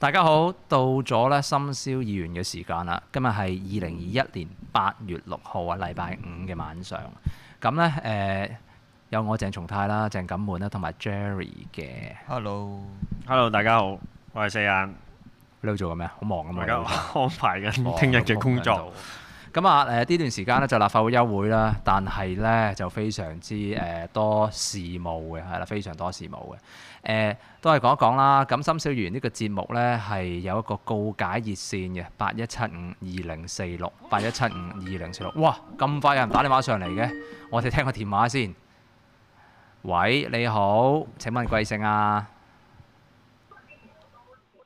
大家好，到咗咧深宵議員嘅時間啦。今日係二零二一年八月六號啊，禮拜五嘅晚上。咁咧誒，有我鄭松泰啦、鄭錦滿啦，同埋 Jerry 嘅。Hello，Hello，Hello，大家好，我係四眼。你喺度做緊咩啊？好忙啊嘛。而家安排緊聽日嘅工作。咁啊誒，呢段時間咧就立法會休會啦，但係咧就非常之誒多事務嘅，係啦，非常多事務嘅。誒，都係講一講啦。咁深宵議員呢個節目咧係有一個告解熱線嘅，八一七五二零四六，八一七五二零四六。哇！咁快有人打電話上嚟嘅，我哋聽個電話先。喂，你好。請問貴姓啊？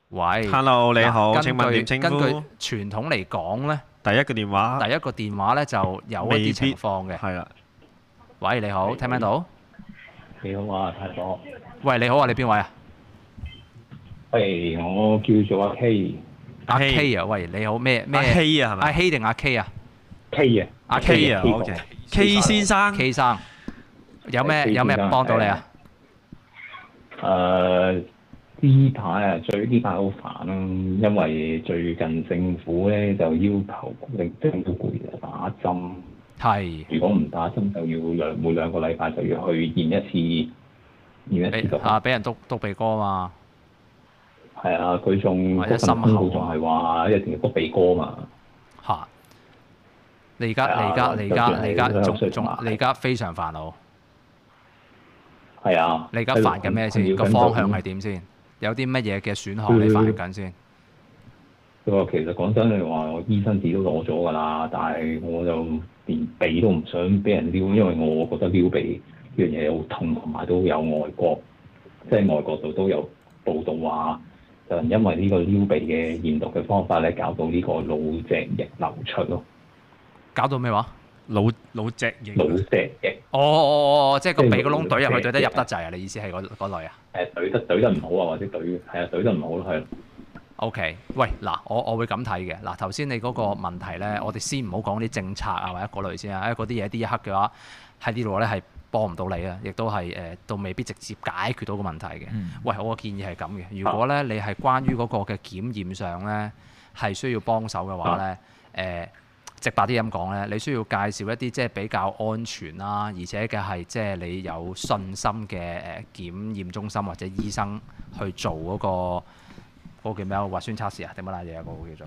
喂。Hello，你好。請問點稱呼？根據傳統嚟講咧。第一個電話，第一個電話咧就有啲情況嘅。係啦，喂，你好，聽唔聽到？你好啊，太忙。喂，你好啊，你邊位啊？喂，我叫做阿 K。阿 K 啊，喂，你好，咩咩？阿 K 啊，阿 K 定阿 K 啊？K 啊？阿 K 啊，K 先生。K 生。有咩有咩幫到你啊？誒。呢排啊，最呢排好煩咯，因為最近政府咧就要求你定係要攰打針，係。如果唔打針，就要兩每兩個禮拜就要去驗一次，驗一次俾人督篤鼻哥啊嘛！係、yeah, er、 啊，佢仲心口，仲係話一定要督鼻哥嘛！嚇！你而家你而家你而家你而家仲仲你而家非常煩惱。係啊！你而家煩緊咩先？個方向係點先？elsewhere aynı ks multi 有啲乜嘢嘅損害你反映緊先？佢話、嗯、其實講真你話，我醫生紙都攞咗㗎啦，但係我就連鼻都唔想俾人撩，因為我覺得撩鼻呢樣嘢好痛，同埋都有外國，即係外國度都有報導話，就係、因為呢個撩鼻嘅驗毒嘅方法咧，搞到呢個腦脊液流出咯，搞到咩話？老老隻，老隻老隻，哦哦哦，即係個鼻個窿懟入去懟得入得滯啊！你意思係嗰嗰類啊？誒，懟得懟得唔好啊，或者懟係啊，懟得唔好咯，O K，喂，嗱，我我會咁睇嘅。嗱，頭先你嗰個問題咧，我哋先唔好講啲政策啊，或者嗰類先啊。因為，嗰啲嘢呢一刻嘅話喺呢度咧係幫唔、呃、到你啊，亦都係誒都未必直接解決到個問題嘅。嗯、喂，我嘅建議係咁嘅，如果咧你係關於嗰個嘅檢驗上咧係需要幫手嘅話咧，誒、嗯。直白啲咁講咧，你需要介紹一啲即係比較安全啦，而且嘅係即係你有信心嘅誒檢驗中心或者醫生去做嗰個嗰個叫咩啊，核酸測試啊定乜嘢啊嗰個好叫做？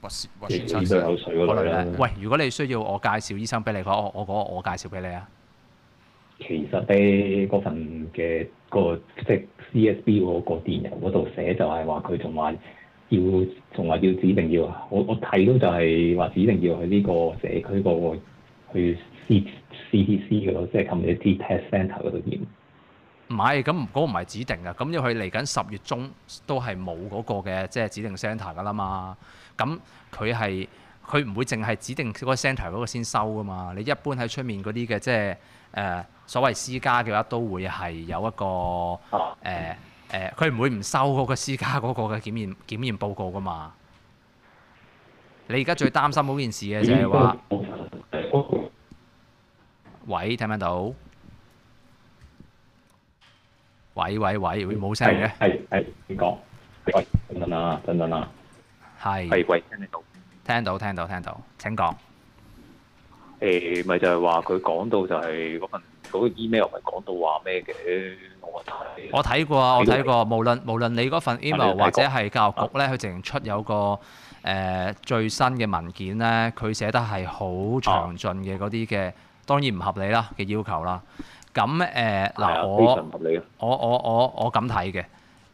核核 酸測試、啊、水嗰類咧。嗯、喂，如果你需要我介紹醫生俾你嘅，我我我我介紹俾你啊。其實咧，嗰份嘅個即係 CSB 嗰個電郵嗰度寫就係話佢同埋。要，仲話要指定要，我我睇到就係話指定要去呢個社區、嗰個去、CD、C CTC 嘅咯，即係琴住啲 test centre 嗰度檢。唔係，咁嗰個唔係指定嘅。咁因佢嚟緊十月中都係冇嗰個嘅，即係指定 centre e 嘅啦嘛。咁佢係佢唔會淨係指定嗰個 centre 嗰個先收啊嘛。你一般喺出面嗰啲嘅，即係誒所謂私家嘅話，都會係有一個誒。啊呃誒，佢唔、欸、會唔收嗰個私家嗰個嘅檢驗檢驗報告㗎嘛？你而家最擔心嗰件事嘅就係話，喂，聽唔聽到？喂喂喂，冇聲嘅。係係係，點講？喂，等等啊，等等啊，係係喂，聽唔聽到？聽到聽到聽到，請講。誒、欸，咪就係話佢講到就係嗰份。嗰個 email 唔係講到話咩嘅，我睇我睇過啊！我睇過，無論無論你嗰份 email 或者係教育局咧，佢直情出有個誒、呃、最新嘅文件咧，佢寫得係好詳盡嘅嗰啲嘅，啊、當然唔合理啦嘅要求啦。咁誒嗱，我我我我咁睇嘅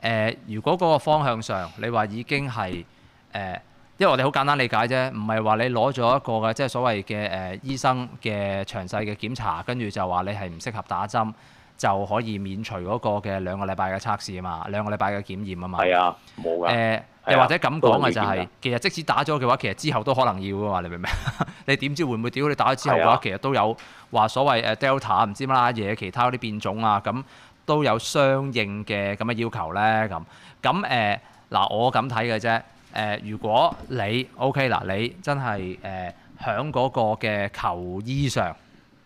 誒，如果嗰個方向上你話已經係誒。呃因為我哋好簡單理解啫，唔係話你攞咗一個嘅，即係所謂嘅誒、呃、醫生嘅詳細嘅檢查，跟住就話你係唔適合打針，就可以免除嗰個嘅兩個禮拜嘅測試啊嘛，兩個禮拜嘅檢驗啊嘛。係啊，冇㗎。誒、欸，又的或者咁講嘅就係，其實即使打咗嘅話，其實之後都可能要啊嘛，你明唔明？ 你點知會唔會屌你打咗之後嘅話，的其實都有話所謂誒 Delta 唔知乜嘢其他嗰啲變種啊，咁都有相應嘅咁嘅要求咧咁。咁誒嗱，我咁睇嘅啫。誒、呃，如果你 OK 啦，你真係誒響嗰個嘅求醫上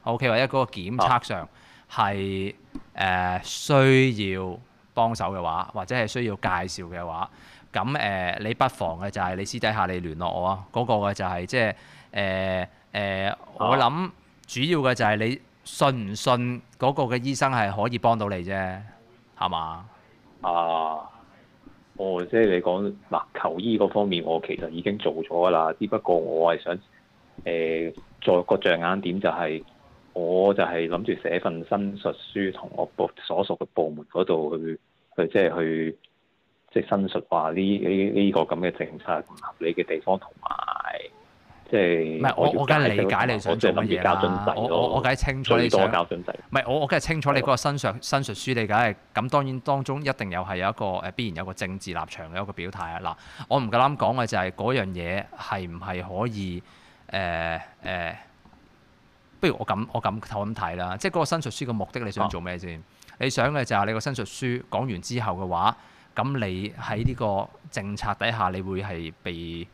OK，或者嗰個檢測上係誒、啊呃、需要幫手嘅話，或者係需要介紹嘅話，咁誒、呃、你不妨嘅就係你私底下你聯絡我啊。嗰、那個嘅就係即係誒誒，我諗主要嘅就係你信唔信嗰個嘅醫生係可以幫到你啫，係嘛？啊！哦，即係你講嗱求醫嗰方面，我其實已經做咗噶啦，只不過我係想誒、呃、再一個着眼點就係、係，我就係諗住寫份申述書，同我部所屬嘅部門嗰度去去即係、即係、去即係申述話呢呢呢個咁嘅、呢個、政策唔合理嘅地方同埋。即係唔係我我梗係理解你想做乜嘢啦。我我梗係清楚你想。唔係我我梗係清楚你嗰個申述申述書理解。係咁，當然當中一定有係有一個誒必然有一個政治立場嘅一個表態啊。嗱，我唔夠膽講嘅就係、是、嗰樣嘢係唔係可以誒誒、呃呃，不如我咁我咁頭咁睇啦，即係嗰個申述書嘅目的你想做咩先？啊、你想嘅就係你個申述書講完之後嘅話，咁你喺呢個政策底下你會係被？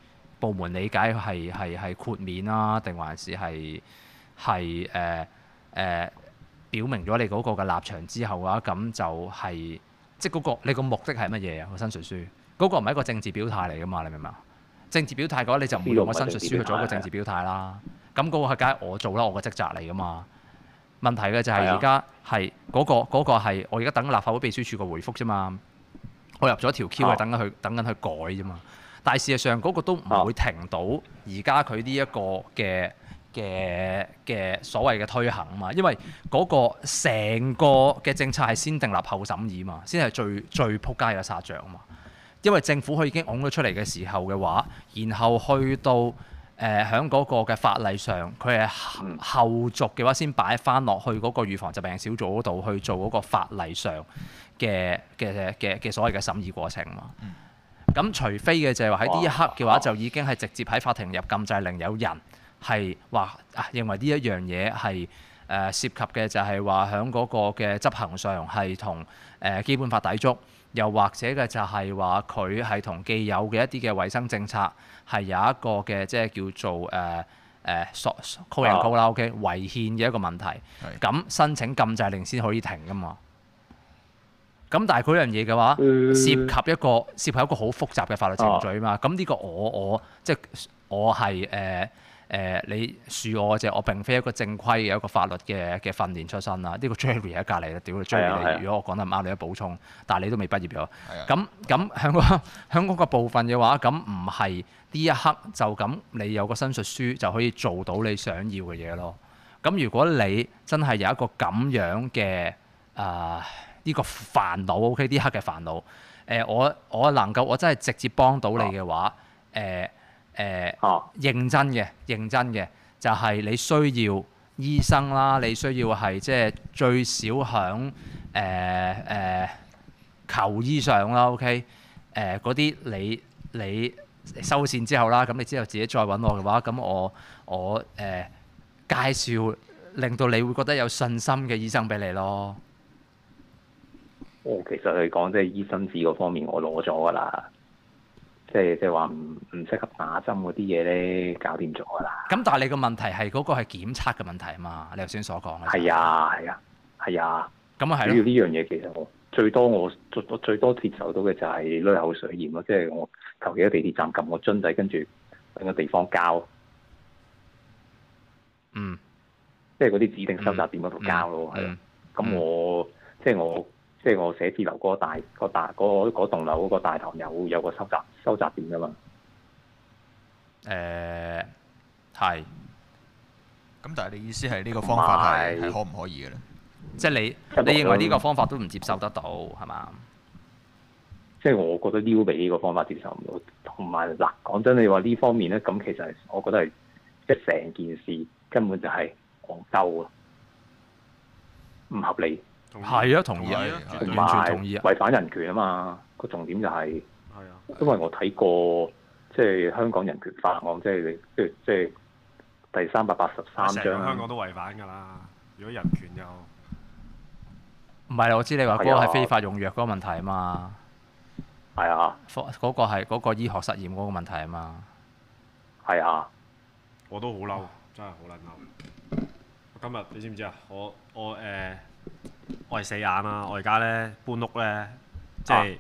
部門理解係係係豁免啦，定、啊、還是係係誒誒表明咗你嗰個嘅立場之後啊？咁就係、是、即係、那、嗰個你個目的係乜嘢啊？申述書那個申述書嗰個唔係一個政治表態嚟噶嘛？你明唔明？政治表態嘅話，你就唔會用個申述書,書去做一個政治表態啦。咁、那、嗰個係梗係我做啦，我個職責嚟噶嘛。問題嘅就係而家係嗰個嗰、那個係我而家等立法會秘書處個回覆啫嘛。我入咗條 Q 係等緊佢、啊、等緊佢改啫嘛。但事實上嗰個都唔會停到而家佢呢一個嘅嘅嘅所謂嘅推行啊嘛，因為嗰個成個嘅政策係先訂立後審議嘛，先係最最撲街嘅殺著啊嘛。因為政府佢已經拱咗出嚟嘅時候嘅話，然後去到誒喺嗰個嘅法例上，佢係後續嘅話先擺翻落去嗰個預防疾病小組嗰度去做嗰個法例上嘅嘅嘅嘅所謂嘅審議過程啊嘛。咁除非嘅就係話，喺呢一刻嘅話就已經係直接喺法庭入禁制令，有人係話認為呢一樣嘢係誒涉及嘅就係話響嗰個嘅執行上係同誒基本法抵觸，又或者嘅就係話佢係同既有嘅一啲嘅衛生政策係有一個嘅即係叫做誒誒索高人高啦，OK 違憲嘅一個問題。咁申請禁制令先可以停噶嘛。咁但係嗰樣嘢嘅話、嗯涉，涉及一個涉及一個好複雜嘅法律程序啊嘛。咁呢、哦、個我我即係我係誒誒，你恕我，就我並非一個正規嘅一個法律嘅嘅訓練出身啦。呢、這個 Jerry 喺隔籬啦，屌 Jerry，、啊、如果我講得啱，你可以補充。但係你都未畢業咗。咁咁、啊、香港香港個部分嘅話，咁唔係呢一刻就咁，你有個申述書就可以做到你想要嘅嘢咯。咁如果你真係有一個咁樣嘅啊～、呃呢個煩惱，OK，呢刻嘅煩惱。誒、呃，我我能夠，我真係直接幫到你嘅話，誒誒，認真嘅，認真嘅，就係、是、你需要醫生啦，你需要係即係最少響誒誒求醫上啦，OK，誒嗰啲你你收線之後啦，咁你之後自己再揾我嘅話，咁我我誒、呃、介紹令到你會覺得有信心嘅醫生俾你咯。哦，其實佢講，即係醫生紙嗰方面，我攞咗噶啦，即係即係話唔唔適合打針嗰啲嘢咧，搞掂咗噶啦。咁但係你個問題係嗰個係檢測嘅問題啊嘛，你頭先所講嘅係啊，係啊，係啊。咁啊係。呢樣嘢其實我最多我最最多接受到嘅就係攞口水鹽咯，即係我求其喺地鐵站撳個樽仔，跟住揾個地方交。嗯。即係嗰啲指定收集點嗰度交咯，係咯、嗯。咁我即係我。即係我寫字樓嗰大、那個大嗰嗰棟樓嗰個大堂有有個收集收集點噶嘛？誒係、呃。咁但係你意思係呢個方法係是可唔可以嘅咧？即係你你認為呢個方法都唔接受得到係嘛？即係我覺得撩 e 呢個方法接受唔到。同埋嗱，講真你話呢方面咧，咁其實我覺得係即係成件事根本就係講鬥啊，唔合理。係啊，同意，啊，完全同意。啊。違反人權啊嘛，個重點就係、係。係啊。因為我睇過即係香港人權法案，即係你即即係第三百八十三章香港都違反㗎啦，如果人權又？唔係、啊，我知你話嗰、啊、個係非法用藥嗰個問題啊嘛。係啊。嗰個係嗰個醫學實驗嗰個問題啊嘛。係啊。我都好嬲，真係好撚嬲。今日你知唔知啊？我我誒。我呃我係死眼啦！我而家咧搬屋咧，即係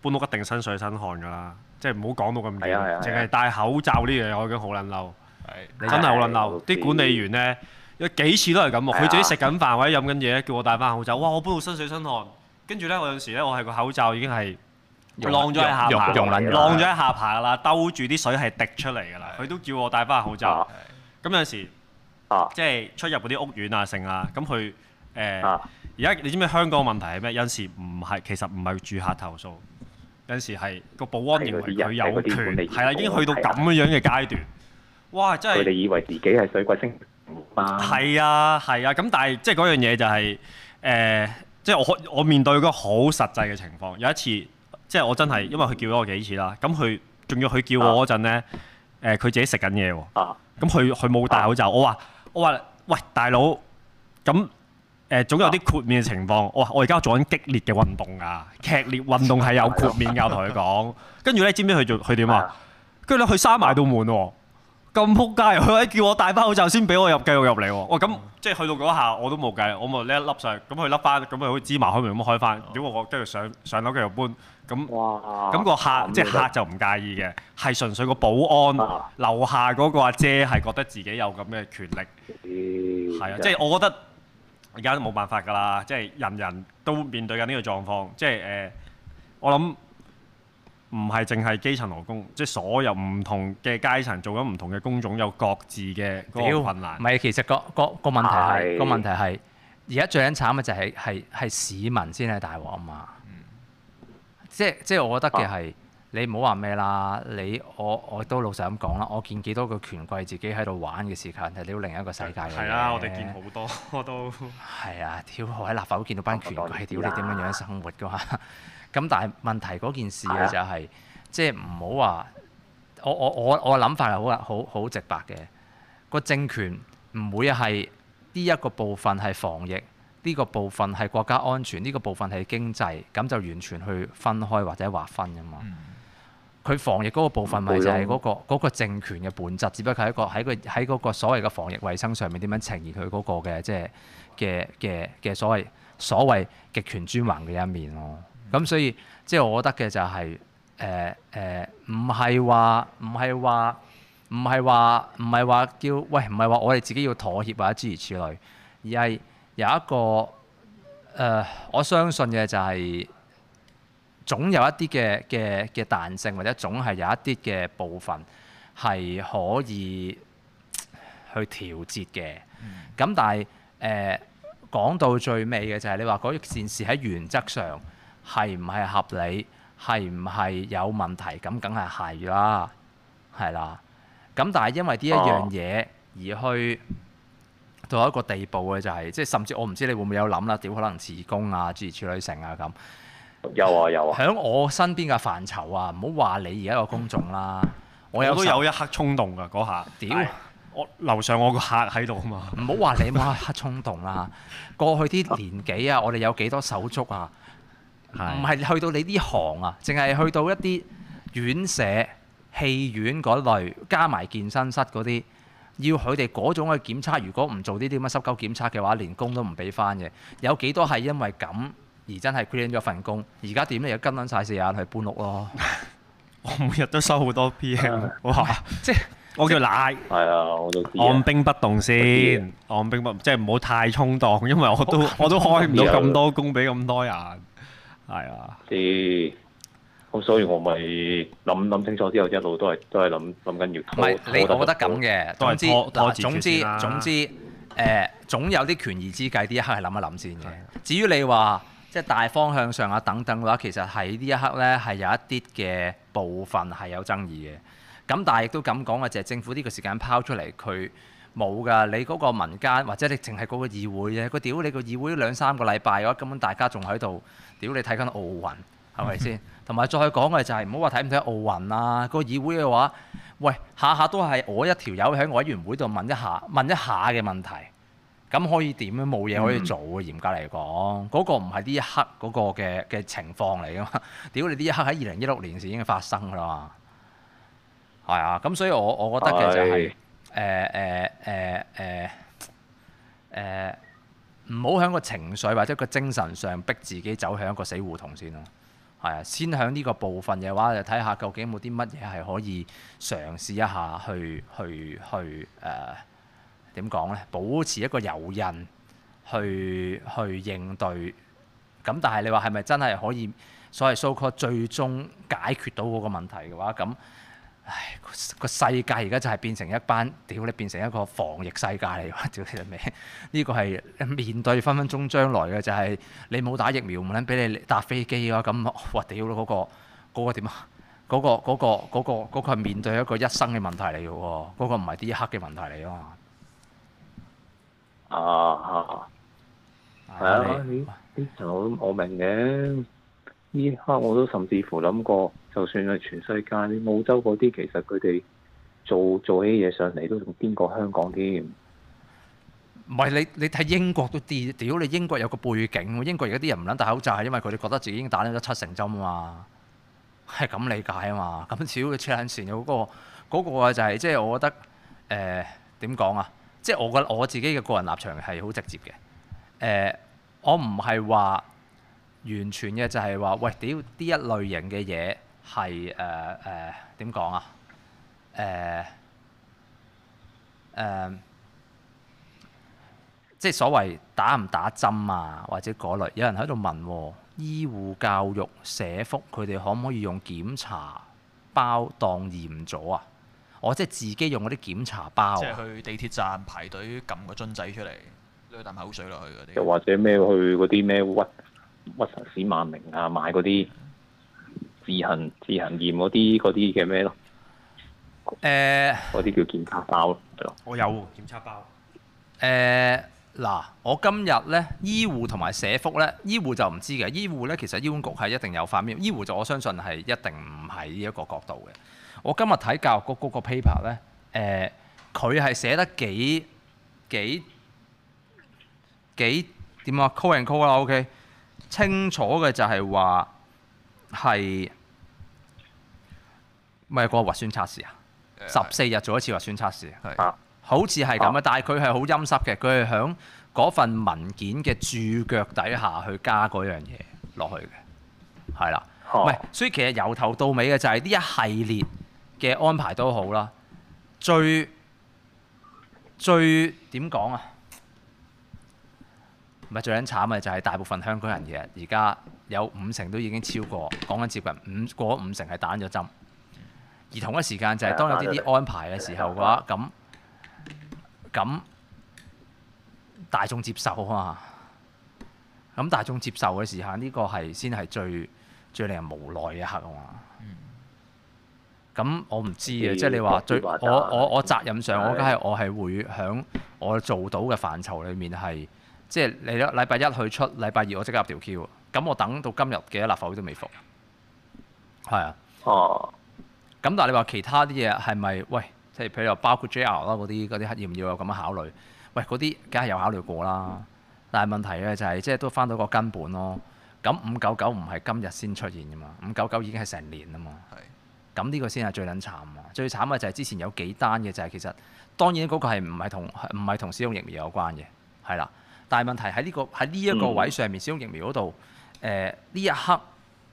搬屋一定身水身汗噶啦，即係唔好講到咁遠，淨係戴口罩呢樣嘢我已經好撚嬲，真係好撚嬲！啲管理員有幾次都係咁啊！佢自己食緊飯或者飲緊嘢，叫我戴翻口罩。哇！我搬到身水身汗，跟住呢，我有時呢，我係個口罩已經係晾咗喺下排，晾咗喺下排啦，兜住啲水係滴出嚟噶啦。佢都叫我戴翻口罩。咁有時即係出入嗰啲屋苑啊，成啊，咁去。誒，而家、欸啊、你知唔知香港嘅問題係咩？有陣時唔係，其實唔係住客投訴，有陣時係個保安認為佢有權，係啦，啊、已經去到咁樣嘅階段。啊、哇！真係你哋以為自己係水鬼星巴。係啊係啊，咁、啊、但係即係嗰樣嘢就係、是、誒，即、欸、係、就是、我我面對一個好實際嘅情況。有一次，即、就、係、是、我真係因為佢叫咗我幾次啦，咁佢仲要佢叫我嗰陣咧，佢、啊呃、自己食緊嘢喎，咁佢佢冇戴口罩。我話我話喂，大佬咁。誒，總有啲豁免嘅情況，我我而家做緊激烈嘅運動啊！劇烈運動係有豁免嘅，我同佢講。跟住咧，知唔知佢做佢點啊？跟住咧，佢閂埋道門喎，咁撲街！佢喺叫我戴翻口罩先俾我入，繼續入嚟喎、啊。咁即係去到嗰下我都冇計，我咪呢一粒上。咁佢甩翻，咁佢芝麻開門咁開翻。如果我跟住上上樓繼續搬，咁咁哇個客即係客就唔介意嘅，係純粹個保安樓、啊、下嗰個阿姐係覺得自己有咁嘅權力，係啊、嗯，即係我覺得。而家都冇辦法㗎啦，即係人人都面對緊呢個狀況，即係誒、呃，我諗唔係淨係基層勞工，即係所有唔同嘅階層做緊唔同嘅工種，有各自嘅嗰個困難。唔係，其實個個個問題係是個問題係，而家最緊慘嘅就係係係市民先係大鑊啊嘛，嗯、即係即係我覺得嘅係。啊。你唔好話咩啦，你我我都老實咁講啦，我見幾多個權貴自己喺度玩嘅時間，係啲另一個世界嘅。係啊，我哋見好多，我都。係啊，屌喺立法會見到班權貴屌你點樣樣生活噶嚇。咁但係問題嗰件事嘅就係，即係唔好話，我我我我嘅諗法係好好好直白嘅。個政權唔會係呢一個部分係防疫，呢個部分係國家安全，呢個部分係經濟，咁就完全去分開或者劃分㗎嘛。嗯佢防疫嗰個部分咪就係嗰個嗰個政權嘅本質，只不過係一個喺個喺嗰個所謂嘅防疫衛生上面點樣呈現佢嗰個嘅即係嘅嘅嘅所謂所謂極權專橫嘅一面咯。咁所以即係我覺得嘅就係誒誒唔係話唔係話唔係話唔係話叫喂，唔係話我哋自己要妥協或者諸如此類，而係有一個誒我相信嘅就係。總有一啲嘅嘅嘅彈性，或者總係有一啲嘅部分係可以去調節嘅。咁、嗯、但係誒講到最尾嘅就係你話嗰件事喺原則上係唔係合理，係唔係有問題？咁梗係係啦，係啦。咁但係因為呢一樣嘢而去到一個地步嘅就係、是，啊、即係甚至我唔知你會唔會有諗啦，點可能辭工啊，諸如此類啊咁。有啊有啊！喺、啊、我身邊嘅範疇啊，唔好話你而家個公眾啦，我有都有一刻衝動噶嗰下。屌、那個，但我樓上我個客喺度啊嘛！唔好話你冇一刻衝動啦、啊。 過去啲年紀啊，我哋有幾多手足啊？唔係去到你啲行啊，淨係去到一啲院舍、戲院嗰類，加埋健身室嗰啲，要佢哋嗰種嘅檢測。如果唔做呢啲咁嘅濕鳩檢測嘅話，連工都唔畀返嘅。有幾多係因為咁而真係 clean 咗份工，而家點咧？而家跟揾曬時間去搬屋咯。我每日都收好多 PM，我話即係我叫奶係啊，我就按兵不動先，按兵不即係唔好太衝動，因為我都我都開唔到咁多工俾咁多人係啊啲咁，所以我咪諗諗清楚之後，一路都係都係諗諗緊要。唔係，你我覺得咁嘅，總之總之總之誒，總有啲權宜之計，啲一刻係諗一諗先嘅。至於你話。即係大方向上啊等等嘅話，其實喺呢一刻呢，係有一啲嘅部分係有爭議嘅。咁但係亦都咁講嘅就係政府呢個時間拋出嚟，佢冇㗎。你嗰個民間或者你淨係嗰個議會嘅個屌，你個議會兩三個禮拜嘅話，根本大家仲喺度屌你睇緊奧運係咪先？同埋 再講嘅就係唔好話睇唔睇奧運啊，個議會嘅話，喂下下都係我一條友喺委員會度問一下問一下嘅問題。咁可以點咧？冇嘢可以做嘅，嚴格嚟講，嗰個唔係呢一刻嗰個嘅嘅情況嚟噶嘛？屌 你呢一刻喺二零一六年時已經發生㗎啦，係啊。咁所以我我覺得嘅就係誒誒誒誒誒，唔好喺個情緒或者個精神上逼自己走向一個死胡同先咯。係啊，先喺呢個部分嘅話，就睇下究竟有冇啲乜嘢係可以嘗試一下去去去誒。去呃點講呢？保持一個油印去去應對咁，但係你話係咪真係可以所謂 so call 最終解決到嗰個問題嘅話咁？唉，個世界而家就係變成一班屌你變成一個防疫世界嚟喎，屌你咩呢個係面對分分鐘將來嘅就係、係、你冇打疫苗唔撚俾你搭飛機嘅話咁哇屌嗰、嗰個嗰、嗰個點啊嗰個嗰、嗰個嗰、嗰個係、嗰個、面對一個一生嘅問題嚟嘅喎，嗰個唔係啲一刻嘅問題嚟啊嘛～啊啊！係啊，啲啲我明嘅。呢刻我都甚至乎諗過，就算係全世界，啊、你澳洲嗰啲其實佢哋做做起嘢上嚟都仲經過香港添。唔係你你睇英國都跌屌！你英國有個背景，英國而家啲人唔撚戴口罩係因為佢哋覺得自己已經打咗七成針啊嘛。係咁理解啊嘛。咁少嘅出震前有嗰、嗰個嗰、嗰個啊、就係，就係即係我覺得誒點講啊？即係我覺得我自己嘅個人立場係好直接嘅，誒、呃，我唔係話完全嘅就係、是、話，喂，屌，呢一類型嘅嘢係誒誒點講啊？誒、呃、誒、呃，即係所謂打唔打針啊，或者嗰類，有人喺度問、哦，醫護教育社福佢哋可唔可以用檢查包當驗咗啊？我即係自己用嗰啲檢查包、啊，即係去地鐵站排隊撳個樽仔出嚟，攞啖口水落去嗰啲。又或者咩去嗰啲咩屈屈臣氏萬寧啊，買嗰啲自行自行驗嗰啲啲嘅咩咯？誒，嗰啲、呃、叫檢查包咯、啊，啊、我有檢查包。誒嗱、呃，我今日咧醫護同埋社福咧，醫護就唔知嘅，醫護咧其實醫管局係一定有發面，醫護就我相信係一定唔係呢一個角度嘅。我今日睇教育局嗰個 paper 咧，誒、呃，佢係寫得幾幾幾點啊，call in call 啦，OK。 清楚嘅就係話係咪個核酸測試啊？十四日做一次核酸測試，係，好似係咁啊。啊但係佢係好陰濕嘅，佢係響嗰份文件嘅注腳底下去加嗰樣嘢落去嘅，係啦，唔係、啊。所以其實由頭到尾嘅就係呢一系列。嘅安排都好啦，最最點講啊？唔係最撚慘嘅就係大部分香港人嘅，而家有五成都已經超過，講緊接近五過五成係打咗針。而同一時間就係當有啲啲安排嘅時候嘅話，咁咁、嗯嗯、大眾接受啊嘛，咁大眾接受嘅時候，呢、呢個係先係最最令人無奈嘅一刻啊嘛。嗯咁、嗯、我唔知啊，即係你話最我我我責任上，我梗係我係會喺我做到嘅範疇裏面係，即係你咧禮拜一去出，禮拜二我即刻入條 Q，咁我等到今日嘅立法會都未覆，係啊。哦。咁但係你話其他啲嘢係咪？喂，即係譬如又包括 JR 啦，嗰啲嗰啲要唔要又咁樣考慮？喂，嗰啲梗係有考慮過啦。但係問題咧就係、是，即係都翻到個根本咯。咁五九九唔係今日先出現㗎嘛？五九九已經係成年啦嘛。係。咁呢個先係最撚慘啊！最慘嘅就係之前有幾單嘅，就係、是、其實當然嗰個係唔係同唔係同使用疫苗有關嘅，係啦。但係問題喺呢、這個喺呢一個位上面，使用疫苗嗰度，誒、呃、呢一刻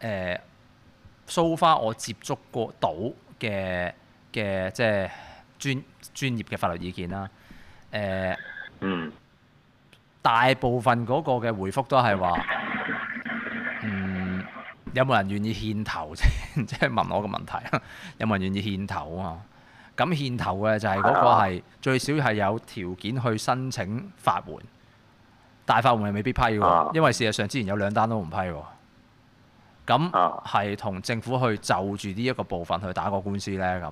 誒 so far 我接觸過到嘅嘅即係專專業嘅法律意見啦，誒、呃、嗯，大部分嗰個嘅回覆都係話。有冇人願意獻頭？即 即問我個問題。有冇人願意獻頭 啊？咁獻頭嘅就係嗰個係最少係有條件去申請法援。但法援係未必批嘅，因為事實上之前有兩單都唔批。咁係同政府去就住呢一個部分去打個官司咧咁。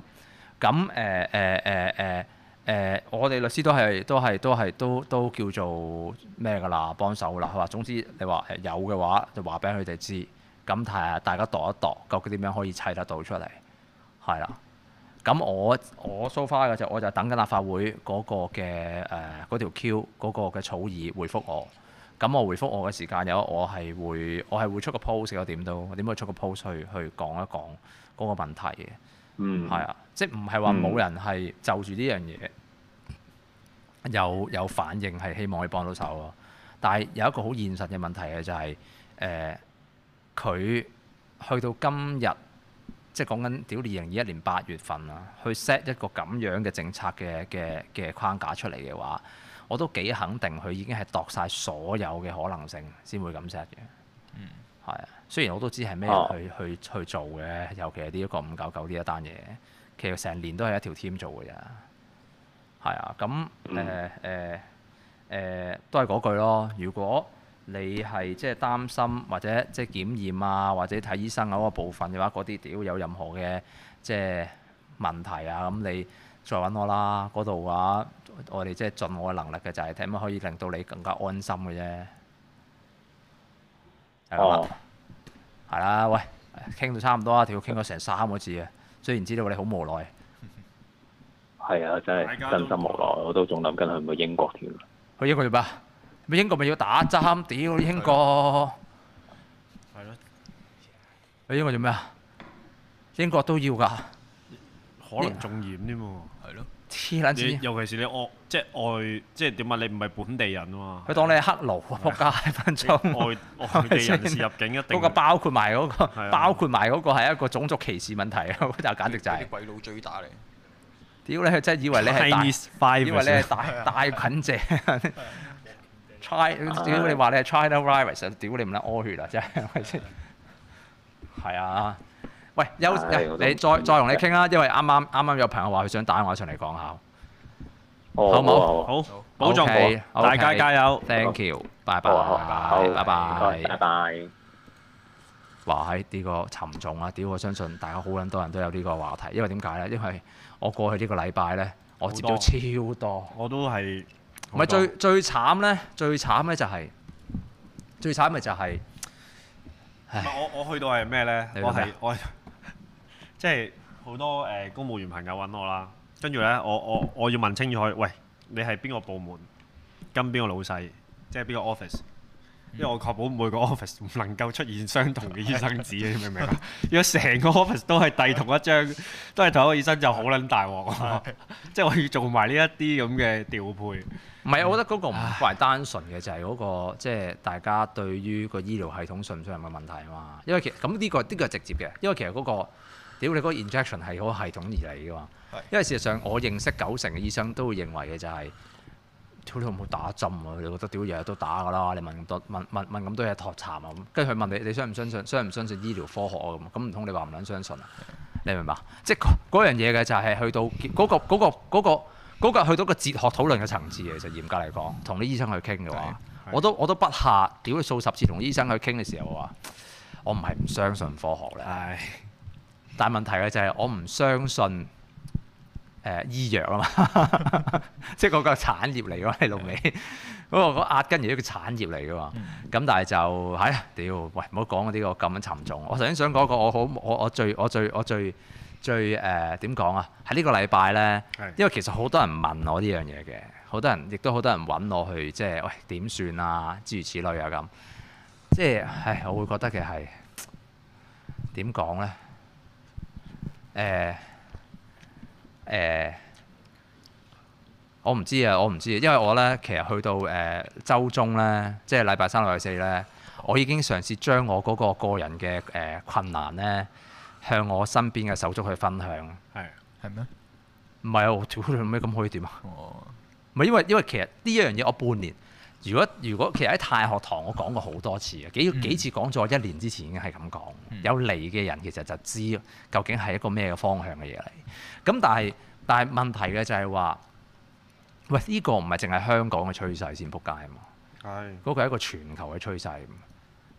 咁誒誒誒誒誒，我哋律師都係都係都係都都叫做咩㗎啦？幫手啦，係話總之你話有嘅話就話俾佢哋知。咁睇下大家度一度，究竟點樣可以砌得到出嚟？係啦，咁我我 so far 嘅就我就等緊立法會嗰個嘅誒嗰條 Q 嗰個嘅草擬回覆我。咁我回覆我嘅時間有我係會我係會出個 post 有點都，我點會出個 post 去去講一講嗰個問題嘅？嗯，係啊，即係唔係話冇人係就住呢樣嘢有有反應係希望佢幫到手喎？但係有一個好現實嘅問題嘅就係、是、誒。呃佢去到今日，即係講緊屌二零二一年八月份啊，去 set 一個咁樣嘅政策嘅嘅嘅框架出嚟嘅話，我都幾肯定佢已經係度晒所有嘅可能性先會咁 set 嘅。嗯，係啊。雖然我都知係咩去、啊、去去，去做嘅，尤其係呢一個五九九呢一單嘢，其實成年都係一條 team 做嘅啫。係啊。咁誒誒誒都係嗰句咯。如果你係即係擔心或者即係檢驗啊，或者睇醫生嗰個部分嘅話，嗰啲屌有任何嘅即係問題啊，咁你再揾我啦。嗰度嘅話，我哋即係盡我嘅能力嘅、就係，就係睇乜可以令到你更加安心嘅啫。係啦，喂，傾到差唔多啊，條傾咗成三個字啊。雖然知道你好無奈，係啊，真係真心無奈。我都仲諗緊去唔去英國添。去一個月吧。咪英國咪要打針？屌英國，係咯。你英國做咩啊？英國都要㗎。可能仲嚴啲喎。係咯。黐撚線。你尤其是你外即係外即係點啊？你唔係本地人啊嘛。佢當你係黑奴啊！撲街！外外地人士入境一定。不過包括埋嗰個，包括埋嗰個係一個種族歧視問題啊！嗱，簡直就係。啲鬼佬追打你。屌你！佢真係以為你係大以為你係大大貧者。屌你話你係 China virus，屌你唔撚屙血啊！真係，係啊，喂，休，你再再同你傾啊，因為啱啱啱啱有朋友話佢想打電話上嚟講下，好唔好？好，保重，大家加油，Thank you，拜拜，拜拜，拜拜，拜拜。話喺呢個沉重啊，屌！我相信大家好撚多人都有呢個話題，因為點解咧？因為我過去呢個禮拜咧，我接到超多，我都係。唔係很最最慘咧，最慘咧就係最慘咪就係、是。就是、唉我我去到係咩咧？我係我即係好多誒、呃、公務員朋友揾我啦，跟住咧我我我要問清楚，喂，你係邊個部門？跟邊個老細？即係邊個 office？因為我確保每個 office 唔能夠出現相同嘅醫生紙， 你明唔明啊？如果成個 office 都係遞同一張， 都係同一個醫生就， 就好撚大鑊喎。即係我要做埋呢一啲咁嘅調配。唔係，我覺得嗰個唔係單純嘅唉、那個，就係嗰個即係大家對於個醫療系統信唔信任嘅問題啊嘛。因為其咁呢、這個呢、這個係直接嘅，因為其實嗰、那個屌你嗰個 injection 係嗰個系統而嚟嘅嘛。是的 因為事實上我認識九成嘅醫生都會認為嘅就係、是，屌你有冇打針喎、啊？你覺得屌日日都打㗎啦？你問咁多問問問咁多嘢托查啊，跟住佢問你你相唔相信相唔相信醫療科學啊？咁咁唔通你話唔撚相信啊？你明白？即係嗰樣嘢嘅就係、是、去到嗰個嗰嗰個。那個那個嗰個去到個哲學討論嘅層次，其實嚴格嚟講，同啲醫生去傾嘅話對我，我都我都不下，屌佢數十次同醫生去傾嘅時候，我話我唔係唔相信科學咧。對唉，但問題呢就係我唔相信誒、呃、醫藥啊嘛，即係嗰個產業嚟㗎，係老尾嗰個壓根而家個產業嚟㗎嘛。咁對但係就唉，屌、這個，喂，唔好講嗰啲個咁樣沉重。我首先想講個我好，我我最我最我最。我最最最最最誒點講啊？喺、呃、呢個禮拜呢，的因為其實好多人問我呢樣嘢嘅，好多人亦都好多人揾我去，即係喂點算啊？諸如此類啊咁，即係唉，我會覺得其實係點講呢？誒、呃、誒、呃，我唔知啊，我唔知，因為我呢，其實去到誒週、呃、中呢，即係禮拜三、禮拜四呢，我已經嘗試將我嗰個個人嘅誒、呃、困難呢。向我身邊嘅手足去分享。係係咩？唔係啊？做咩咁可以點啊？唔係，因為因為其實呢一樣嘢我半年，如果如果其實喺太學堂我講過好多次嘅，幾幾次講咗一年之前已經係咁講。有嚟嘅人其實就知究竟係一個咩嘅方向嘅嘢嚟。咁但係但係問題嘅就係話，喂，呢個唔係淨係香港嘅趨勢先撲街嘛。係。嗰個係一個全球嘅趨勢。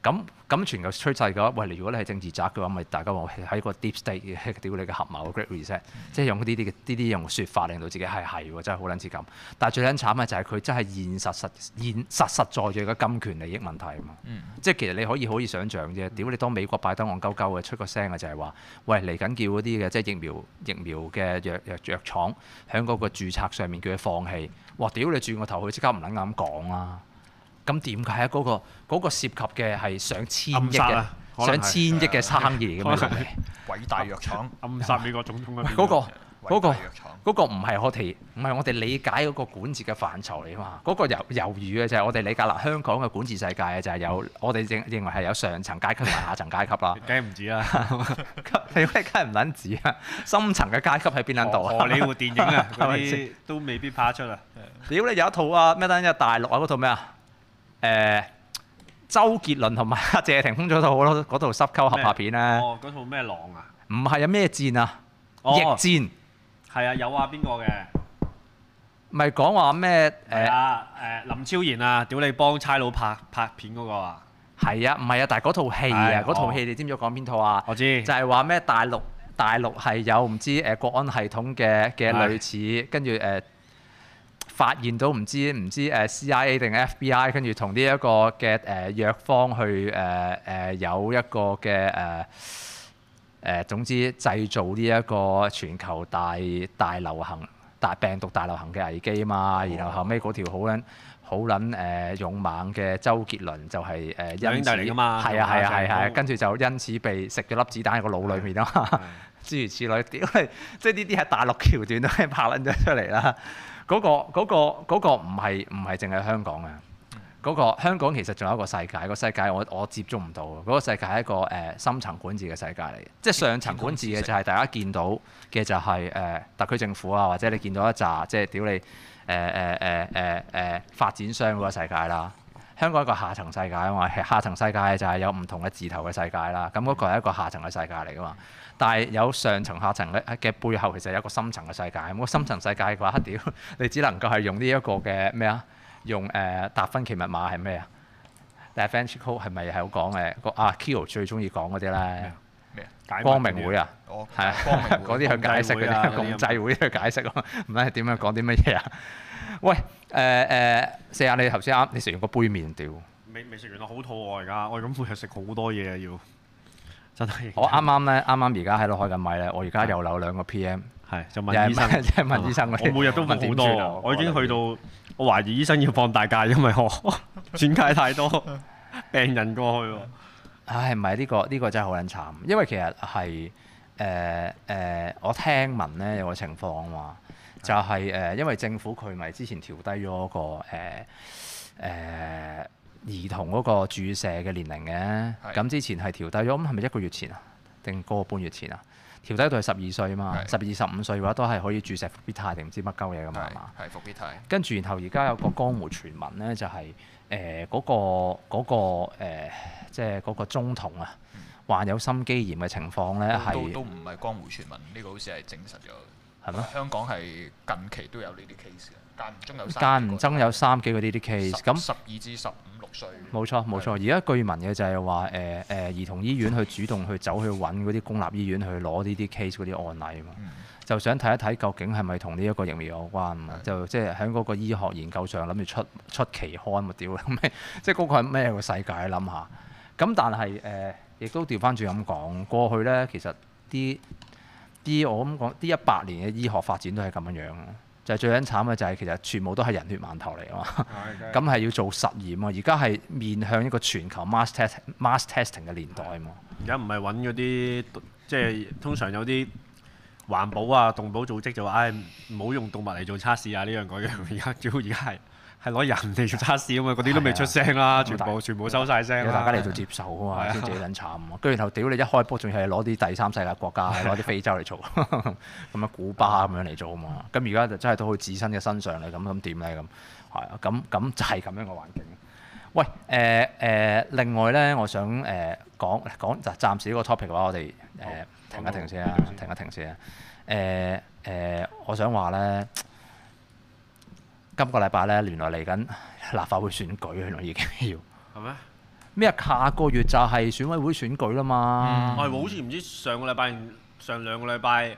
咁咁全球趨勢嘅話，喂，如果你係政治宅嘅話，咪大家話喺個 deep state，屌 你嘅合謀，great reset，mm hmm. 即係用啲啲嘅啲用説法，令到自己係係喎，真係好撚似咁。但係最撚慘嘅就係佢真係現實實現實實在嘅金權利益問題啊嘛。Mm hmm. 即係其實你可以可以想像啫，屌、mm hmm. 你當美國拜登戇鳩鳩嘅出個聲啊，就係話，喂嚟緊叫嗰啲嘅即係疫苗疫苗嘅藥藥藥廠喺嗰個註冊上面叫佢放棄。哇，屌你轉個頭去，佢即刻唔撚咁講啦。咁點解啊？嗰、嗰個嗰個涉及嘅係上千億嘅，上千億嘅生意嚟㗎嘛。偉大藥廠、嗯、暗殺美國總統嘅嗰、嗰個嗰、嗰個嗰、嗰個唔係我哋唔係我哋理解嗰個管治嘅範疇嚟嘛？嗰、嗰個猶，猶豫嘅就係、是、我哋理解啦香港嘅管治世界就係、是、有、嗯、我哋認認為係有上層階級同埋下層階級啦。梗唔止啦，梗係唔捻止啊！深層嘅階級喺邊撚度啊？荷里活電影啊，嗰啲都未必拍得出啊！屌你、 哎、有一套啊咩？等一大陸啊嗰套咩啊？誒、呃、周杰倫同埋謝霆鋒嗰套套濕溝合拍片咧。嗰、哦、套咩狼啊？唔係，有咩戰啊？哦、逆戰係啊，有說說、呃、啊，邊個嘅？唔係講話咩？誒誒林超賢啊，屌你幫差佬拍拍片嗰個啊？係啊，唔係啊，但係嗰套戲啊，嗰、哎哦、套戲你知唔知講邊套啊？我知。就係話咩大陸大陸係有唔知誒國安系統嘅嘅類似，跟住誒。呃發現到唔知唔知誒 CIA 定 FBI 跟住同呢一個嘅誒藥方去誒誒有一個嘅誒誒總之製造呢一個全球大大流行大病毒大流行嘅危機嘛，哦、然後後尾嗰條好撚好撚誒勇猛嘅周杰倫就係誒印度嚟㗎嘛，係啊係啊係啊，跟住就因此被食咗粒子彈喺個腦裡面啊嘛，諸、嗯、 如此類，因為即係呢啲係大陸橋段都係拍撚咗出嚟啦。嗰個嗰個嗰個唔係唔係淨係香港啊！嗰個香港其實仲有一個世界，嗰個世界我我接觸唔到嘅。嗰個世界係一個誒深層管治嘅世界嚟嘅，即係上層管治嘅就係大家見到嘅就係誒特區政府啊，或者你見到一紮即係屌你誒誒誒誒誒發展商嗰個世界啦。香港一個下層世界啊嘛，下層世界就係有唔同嘅字頭嘅世界啦。咁嗰個係一個下層嘅世界嚟啊嘛。但係有上層下層咧嘅背後，其實係有一個深層嘅世界。咁、嗰個深層世界嘅話，屌你只能夠係用呢一個嘅咩、呃、啊？用誒達芬奇密碼係咩啊？達芬奇 code 係咪係講誒阿 Kio 最中意講嗰啲咧？咩？光明會啊？係啊我，嗰啲吧 去解釋佢哋共濟會去解釋啊嘛？唔理點樣講啲乜嘢啊？ 喂誒誒，四、呃、啊、呃！你頭先啱，你食完個杯麵屌，未未食完啊！好肚餓而家，我係咁每日食好多嘢啊，要。我啱啱咧，啱啱而家喺度開緊咪咧，我而家又留兩個 PM，係，就問醫生，即係問，吧問醫生每日都問好多， 多我，我已經去到，我懷疑醫生要放大假，因為我 轉介太多病人過去喎。唉、哎，唔係呢個呢、呢個真係好撚慘，因為其實係誒誒，我聽聞咧有個情況啊嘛，就係、係、誒、呃，因為政府佢咪之前調低咗、嗰個誒誒。呃呃兒童嗰個注射嘅年齡嘅咁是之前係調低咗，咁係咪一個月前啊？定嗰個半月前啊？調低到係十二歲啊嘛。十二十五歲嘅話都係可以注射復必泰定唔知乜鳩嘢㗎嘛，嘛係復必泰。跟住然後而家有個江湖傳聞咧，就係誒嗰個嗰個誒即係嗰個中童啊，患有心肌炎嘅情況咧，係都唔係江湖傳聞，呢個好似係證實咗係咩？香港係近期都有呢啲 case，間唔中有三間唔中有三幾嗰啲啲 case 咁十二至十五十。冇錯冇錯，而家據聞嘅就係話誒誒兒童醫院去主動去走去揾嗰啲公立醫院去攞呢啲 case 嗰啲案例啊嘛，嗯、就想睇一睇究竟係咪同呢一個疫苗有關啊、嗯？就即係喺嗰個醫學研究上諗住出出期刊、就係、啊！屌咩？即係嗰個係咩個世界諗下？咁但係誒、呃，亦都調翻轉咁講，過去咧其實啲啲我咁講，啲一百年嘅醫學發展都係咁樣樣。就係最緊慘嘅就係其實全部都係人血饅頭嚟啊嘛，咁係 Okay. 要做實驗啊，而家係面向一個全球 mass test、mass testing 嘅年代啊嘛。而家唔係揾嗰啲，即係通常有啲環保啊、動保組織就話，唉，唔好用動物嚟做測試啊，呢樣嗰樣。而家主要而家係。係攞人嚟做測試啊嘛，嗰啲都未出聲啦，全部全部收晒聲，大家嚟做接受啊嘛，先自己撚慘。跟住然後屌你一開波，仲要係攞啲第三世界國家，攞啲非洲嚟做，咁樣古巴咁樣嚟做啊嘛。咁而家就真係到佢自身嘅身上嚟，咁咁點咧咁？係啊，咁咁就係咁樣嘅環境。喂，誒誒，另外咧，我想誒講講就暫時呢個 topic 嘅話，我哋誒停一停先啊，停一停先啊。誒誒，我想話咧。今個禮拜咧，原來嚟緊立法會選舉，原來已經要係咩？咩嗎下個月就係選委會選舉啦嘛？嗯，我好似唔知上個禮拜，上兩個禮拜，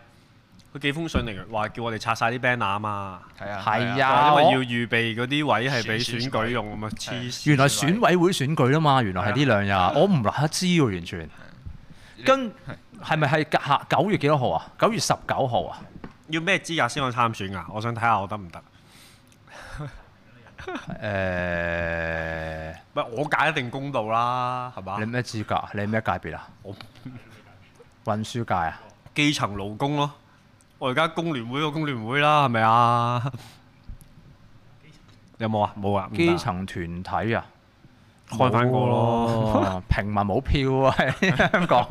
佢幾封信嚟，話叫我哋拆晒啲 banner 啊嘛。係啊，係啊，因為要預備嗰啲位係俾選舉用啊嘛。黐線。原來選委會選舉啦嘛，原來係呢兩日，啊、我唔立刻知喎，完全。 跟係咪係下九月幾多號啊？九月十九號啊？要咩資格先可參選啊？我想睇下我得唔得？誒，唔係我解一定公道啦，係嘛？你咩資格？你咩界別啊？我運輸界啊，基層勞工咯。我而家工聯會個工聯會啦，係咪啊？有冇啊？冇啊！基層團體啊，開翻過咯。平民冇票啊，香港。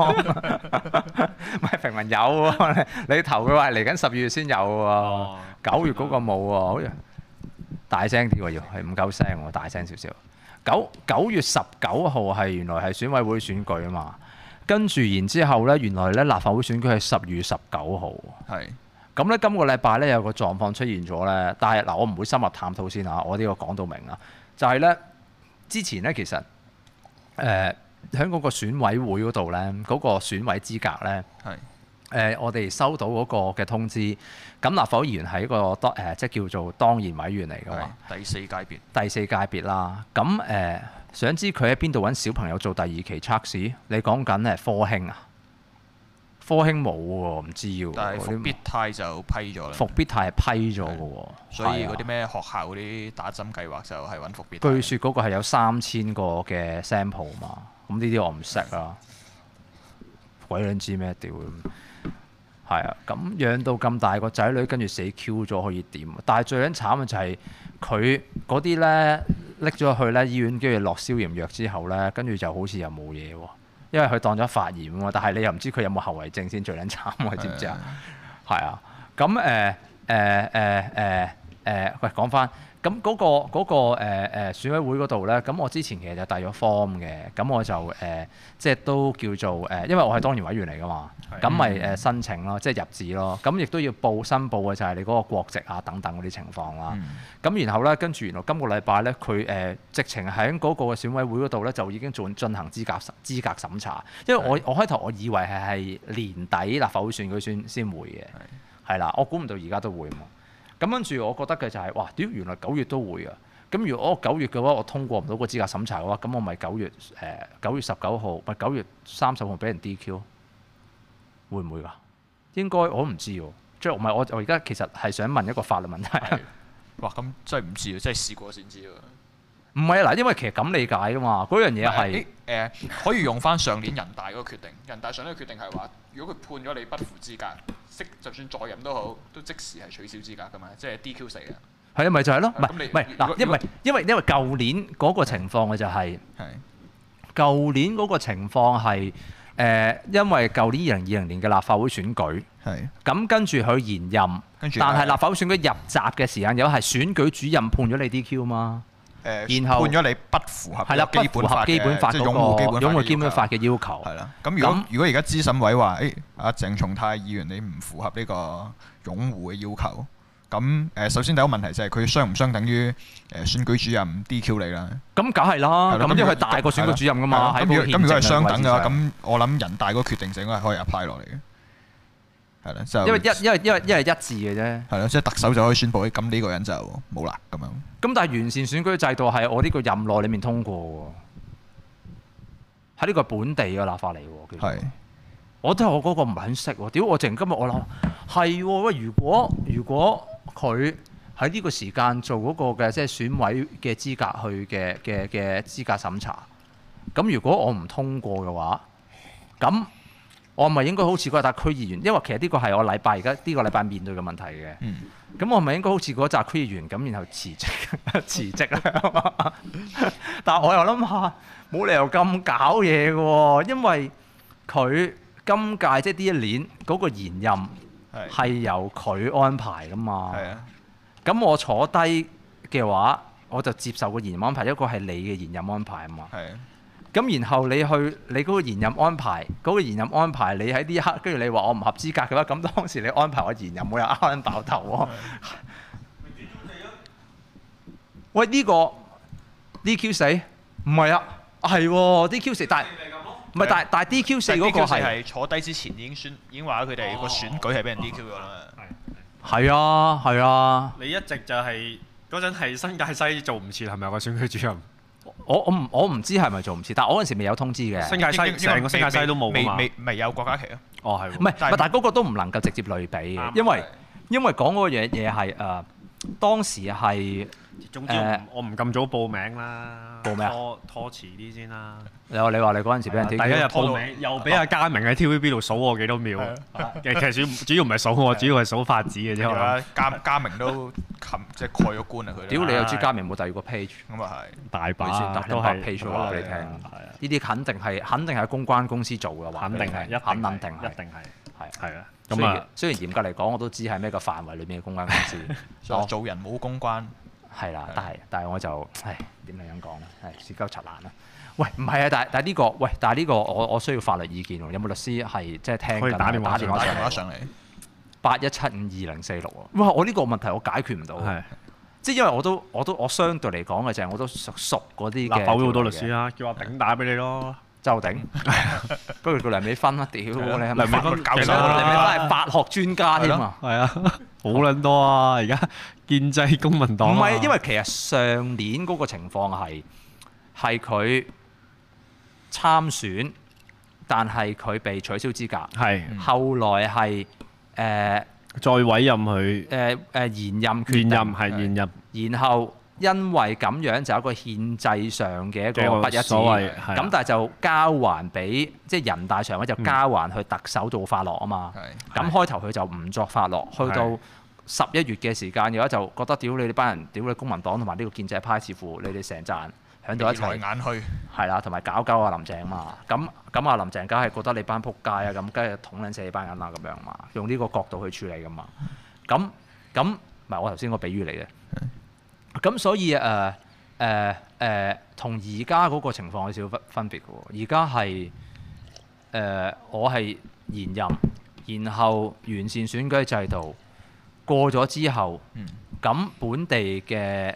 唔係平民有喎，你投佢話嚟緊十二月先有喎，九月嗰個冇喎，好似。大聲啲喎要，係唔夠聲喎，大聲少少。九九月十九號係原來係選委會選舉啊嘛，跟住然之後呢，原來呢立法會選舉係十月十九號。係。咁呢，今個禮拜呢，有個狀況出現咗呢。但係嗱我唔會深入探討先嚇，我呢個講到明啊，就係呢。之前呢，其實誒喺嗰個選委會嗰度呢，嗰個選委資格呢。係。誒、呃，我哋收到嗰個嘅通知。咁立法會議員係一個當誒，即、呃、係叫做當然委員嚟嘅嘛。第四界別，第四界別啦。咁、嗯、誒、呃，想知佢喺邊度揾小朋友做第二期測試？你講緊咧科興啊？科興冇喎，唔知要。但係伏必泰就批咗啦。伏必泰係批咗嘅喎，所以嗰啲咩學校嗰啲打針計劃就係揾伏必泰。啊、據說嗰個係有三千個嘅 sample 嘛，咁呢啲我唔識啊， 鬼卵知咩屌？係啊，咁養到咁大個仔女跟，跟住死 Q 咗可以點？但係最撚慘嘅就係佢嗰啲呢，拎咗去呢醫院，跟住落消炎藥之後呢，跟住就好似又冇嘢喎，因為佢當咗發炎喎。但係你又唔知佢有冇後遺症先最撚慘喎，是的 知唔知是的 啊？係啊，咁誒誒誒誒誒，喂、呃，講、呃、翻。呃呃呃咁嗰、那個嗰、那個誒、呃、選委會嗰度咧，咁我之前其實就遞咗 form 嘅，咁我就誒、呃、即係都叫做誒，因為我係當然委員嚟噶嘛，咁咪誒申請咯，即係入字咯，咁亦都要報申報嘅就係你嗰個國籍啊等等嗰啲情況啦。咁、嗯、然後咧，跟住原來今個禮拜咧，佢誒、呃、直情喺嗰個選委會嗰度咧，就已經進進行資格資格審查，因為我是我開頭我以為係係年底立法會選舉先先會嘅，係啦是，我估唔到而家都會。咁跟住，我覺得嘅就係、是，哇！屌，原來九月都會啊！咁如果我九月嘅話，我通過唔到個資格審查嘅話，咁我咪九月誒九月十九號，咪九月三十號俾人 DQ，會唔會㗎？應該我唔知喎，即係唔係我我而家其實係想問一個法律問題。哇！咁真係唔知啊，真係試過先知喎。唔係啊，嗱，因為其實咁理解㗎嘛，嗰樣嘢係誒可以用返上年人大嗰個決定。 人大上年嘅決定係話，如果佢判咗你不符資格。sẽ, 就算再任都好,都即時係取消資格噶嘛,即係 DQ 死啊.係啊,咪就係咯誒，然後判咗你不符合係啦，不符合基本法嘅，即係擁護基本法嘅要求。係啦、那個，咁如果如果而家資審委話，誒、欸，阿鄭松泰議員你唔符合呢個擁護嘅要求，咁誒，首先第一個問題就係佢相唔相等於誒選舉主任 DQ 你啦。咁梗係啦，咁的因為佢大過選舉主任噶嘛，喺編制上。咁如果係相等嘅話，咁我諗人大嗰個決定性應該係可以 apply 落嚟嘅。係啦，因為一因為因為一係一致嘅啫。係啦，即係特首就可以宣布，咁呢個人就冇啦咁樣。咁但係完善選舉制度係我呢個任內裡面通過喺呢個本地嘅立法嚟喎。係是。我都我嗰個唔肯好識喎，屌我成今日我諗係喎，喂，如果如果佢喺呢個時間做嗰個嘅即係選委嘅資格去嘅嘅嘅資格審查，咁如果我唔通過嘅話，咁。我係咪應該好似嗰紮區議員，因為其實呢個係我禮拜而家呢個禮拜面對嘅問題嘅。嗯。咁我係咪應該好似嗰紮區議員咁，然後辭職、 辭職咧 但係我又諗下，冇、啊、理由咁搞嘢嘅喎，因為佢今屆即係呢一年嗰、那個延任係由佢安排㗎嘛。係啊。咁我坐低嘅話，我就接受個延任安排，一個係你嘅延任安排啊嘛。係啊。咁然後你去你嗰個延任安排，嗰個延任安排，嗰個、安排你喺呢一刻跟住你話我唔合資格嘅話，咁當時你安排我延任會又啱啱爆頭喎、啊。 喂，呢、呢個 DQ 四？唔係啊，係喎 DQ 四，但係唔係但係但係 DQ 四嗰個係坐低之前已經選已經話佢哋個選舉係俾人 DQ 咗啦。係啊，係啊。你一直就係嗰陣係新界西做唔切，係咪個選舉主任？我我唔我唔知係咪做唔切，但係我嗰陣時未有通知嘅。世為界成個世界都冇㗎嘛。未未，未有國家旗啊。哦，係喎。唔係唔係，但係嗰個都唔能夠直接類比嘅，對 因為對 因為講嗰個嘢嘢係誒當時係。總之，我唔咁早報名啦，報名拖遲啲先啦。你話你話你嗰時俾人第一日報名，又俾阿嘉明喺 TVB 度數我幾多秒？其實主要唔係數我，主要係數法子嘅啫。家嘉明都即係蓋咗棺啊！佢屌你又知嘉明冇第二個 page 咁啊，係大把都係 page，話俾你聽，呢啲肯定係肯定係公關公司做嘅話，肯定係肯定一定係係啊。咁啊，雖然嚴格嚟講，我都知係咩個範圍裏面嘅公關公司。做人冇公關。係啦，但係但係我就係點樣講咧？係舌膠拆爛啦！喂，唔係啊，但係但係呢個喂，但係呢個我我需要法律意見喎。有冇律師係即係聽緊？可以打電話打電話上嚟八一七五二零四六喎。哇！我呢個問題我解決唔到，即係因為我都我都我相對嚟講嘅就係我都熟嗰啲嘅。立法會，好多律師啊？叫阿炳打俾你咯。周鼎。不如叫梁美芬啊，屌你，梁美芬教授，梁美芬係法學專家添啊！係啊，好撚多啊！而家。建制公民黨，啊。唔係，因為其實上年嗰個情況係係佢參選，但係佢被取消資格。係。嗯、後來係誒、呃、再委任佢。誒誒、呃，延、呃、任權。延任係延任。然後因為咁樣就有一個憲制上嘅一個不一致。所謂。咁、啊、但係就交還俾即係人大常委就交還去特首做發落啊嘛。係。咁開頭佢就唔作發落，去到，十一月嘅時間，有啲就覺得屌你哋班人，屌你，公民黨同埋呢個建制派，似乎你哋成扎人響度一齊眼虛係啦，同埋搞搞啊林鄭啊，咁咁啊林鄭梗係覺得你班撲街啊，咁梗係捅撚死你班人啊咁樣嘛，用呢個角度去處理噶嘛。咁咁唔係我頭先個比喻嚟嘅。咁所以誒誒誒，同而家嗰個情況有少少分別嘅喎。而家係誒，我係現任，然後完善選舉制度。過咗之後，咁、嗯、本地嘅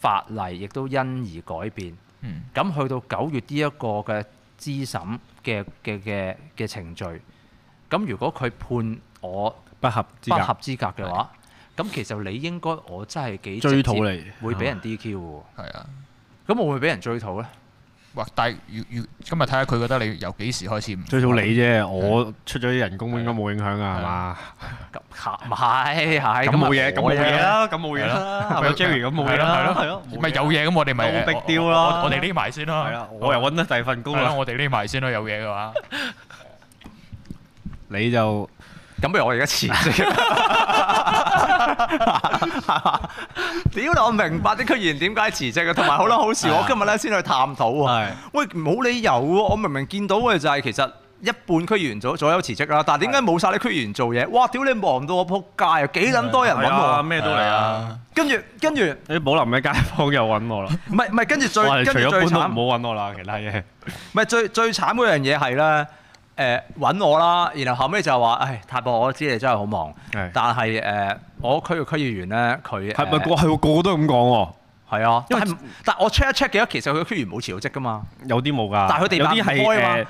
法例亦都因而改變。咁、嗯、去到九月呢一個嘅資審嘅嘅嘅程序，咁如果佢判我不合不合資格嘅話，咁的其實你應該我真係幾直接你，會俾人 DQ 喎。係啊，咁我會俾人追討咧。但係要要今日睇下佢覺得你由幾時開始唔追到你啫？我出咗啲人工應該冇影響啊，係嘛？嚇唔係咁冇嘢，咁冇嘢啦，咁冇嘢啦。有 Jerry 咁冇嘢啦，係咯係咯。咪有嘢咁，我哋咪躲逼掉啦。我哋匿埋先啦。係啦，我，我又揾得第二份工啦。我哋匿埋先啦，有嘢嘅話， 你就。咁不如我而家辭職，屌！ 我明白啲區員點解辭職嘅，同埋好啦，好事！我今日咧先去探討啊，的喂，冇理由喎！我明明見到嘅就係、是、其實一半區員左左右辭職啦，但係點解冇晒啲區員做嘢？哇！屌你忙，忙到我撲街啊！幾撚多人揾我啊？咩都嚟啊！跟住跟住，你保、哎、林嘅街坊又揾我啦，唔係唔係，跟住最跟住最，最慘唔好揾我啦，其他嘢，唔 係最最慘嗰樣嘢係啦。誒揾我啦，然後後尾就係話，誒泰伯，我知你真係好忙。但係誒我區嘅區議員咧，佢係咪過去個個都咁講喎？係啊，但係我 check 一 check 嘅多，其實佢區議員冇辭咗職㗎嘛。有啲冇㗎。但係佢哋有啲啊係。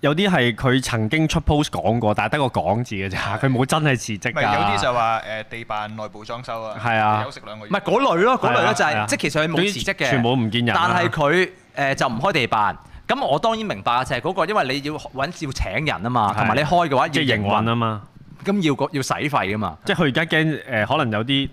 有啲係佢曾經出 post 講過，但係得個講字嘅咋。佢冇真係辭職㗎。有啲就話誒地辦內部裝修啊，休息兩個月。唔係嗰類咯，嗰類咧就係即係其實佢冇辭職嘅，全部唔見人。但係佢誒就唔開地辦。咁我當然明白，就係嗰個，因為你要揾照請人啊嘛，同埋的你開嘅話要要，要營運啊嘛，咁要要使費啊嘛，即係佢而家驚誒，可能有啲。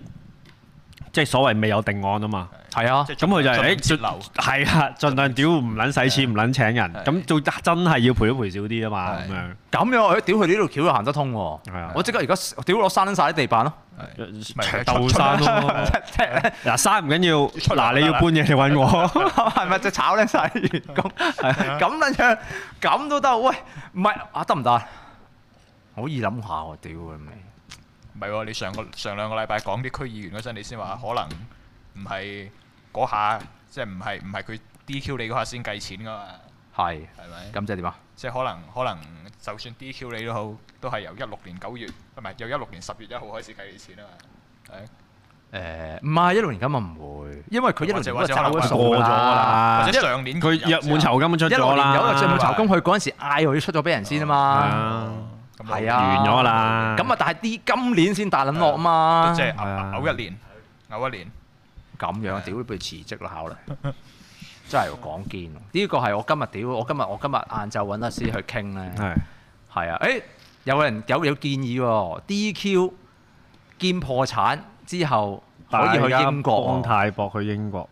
即係所謂未有定案啊、嗯、嘛、欸，係啊，咁佢就誒盡係啊，盡量屌唔撚使錢，唔撚請人，咁做真係要賠都賠少啲啊嘛，咁樣咁樣我屌佢呢度橋又行得通喎，是啊、我即刻而家屌我刪晒啲地板咯，鬥刪咯，嗱刪唔緊要，嗱你要搬嘢你揾我，係咪只炒靚晒是、啊， 咁，咁撚樣咁都得？喂，唔係啊得唔得？好易諗下喎屌咁。唔係喎，你上個上兩個禮拜講啲區議員嗰陣，你先話可能唔係嗰下，即係唔係唔係佢 DQ 你嗰下先計錢噶嘛？係係咪？咁即係點啊？即係可能可能，可能就算 DQ 你都好，都係由一六年九月，唔係由一六年十月一號開始計你錢啊嘛？誒誒，唔係一六年咁啊，唔會，因為佢一六年個酬金過咗啦，或者上年佢入換酬金，一六年有即係換酬金，佢嗰陣時嗌佢出咗俾人先啊嘛。嗯嗯嗯。係啊，完咗啦。咁啊，但係啲今年先大捻落啊嘛，即係牛一年，牛一年。咁樣，屌不如辭職啦，考慮。真係講堅，呢個係我今日屌，我今日我今日晏晝揾阿師去傾咧。係。係啊，誒，有人有有建議喎，DQ 見破產之後可以去英國。大家泰博去英國，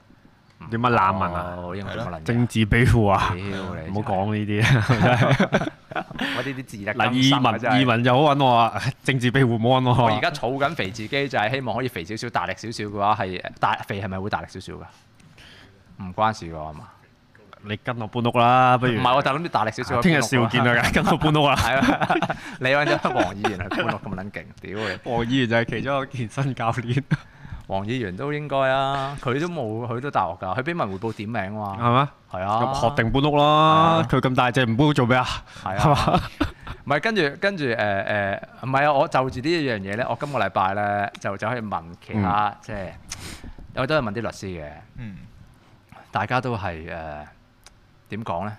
點乜難民啊？政治庇護啊？唔好講呢啲。我呢啲智力，嗱，移民移民又好揾喎，政治庇護冇安我而家儲緊肥自己，就係、是、希望可以肥少少，大力少少嘅話係大肥係咪會大力少少噶？唔關事噶係嘛？你跟我搬屋啦，不如唔係我大諗住大力少少。聽日笑見啦，的跟到搬屋啦。 你揾隻王議員係搬落咁撚勁，屌！ 王議員就係其中一個健身教練。黃議員都應該啊，佢都冇，去到大學㗎，佢俾文匯報點名喎。係咪？係啊。嗎啊學定搬屋啦，佢咁、啊、大隻唔搬屋做咩啊？係啊。 係嘛？唔係跟住跟住誒誒，唔係啊！我就住呢一樣嘢咧，我今個禮拜咧就走去問其他，即係有都係問啲律師嘅。嗯。大家都係誒點講咧，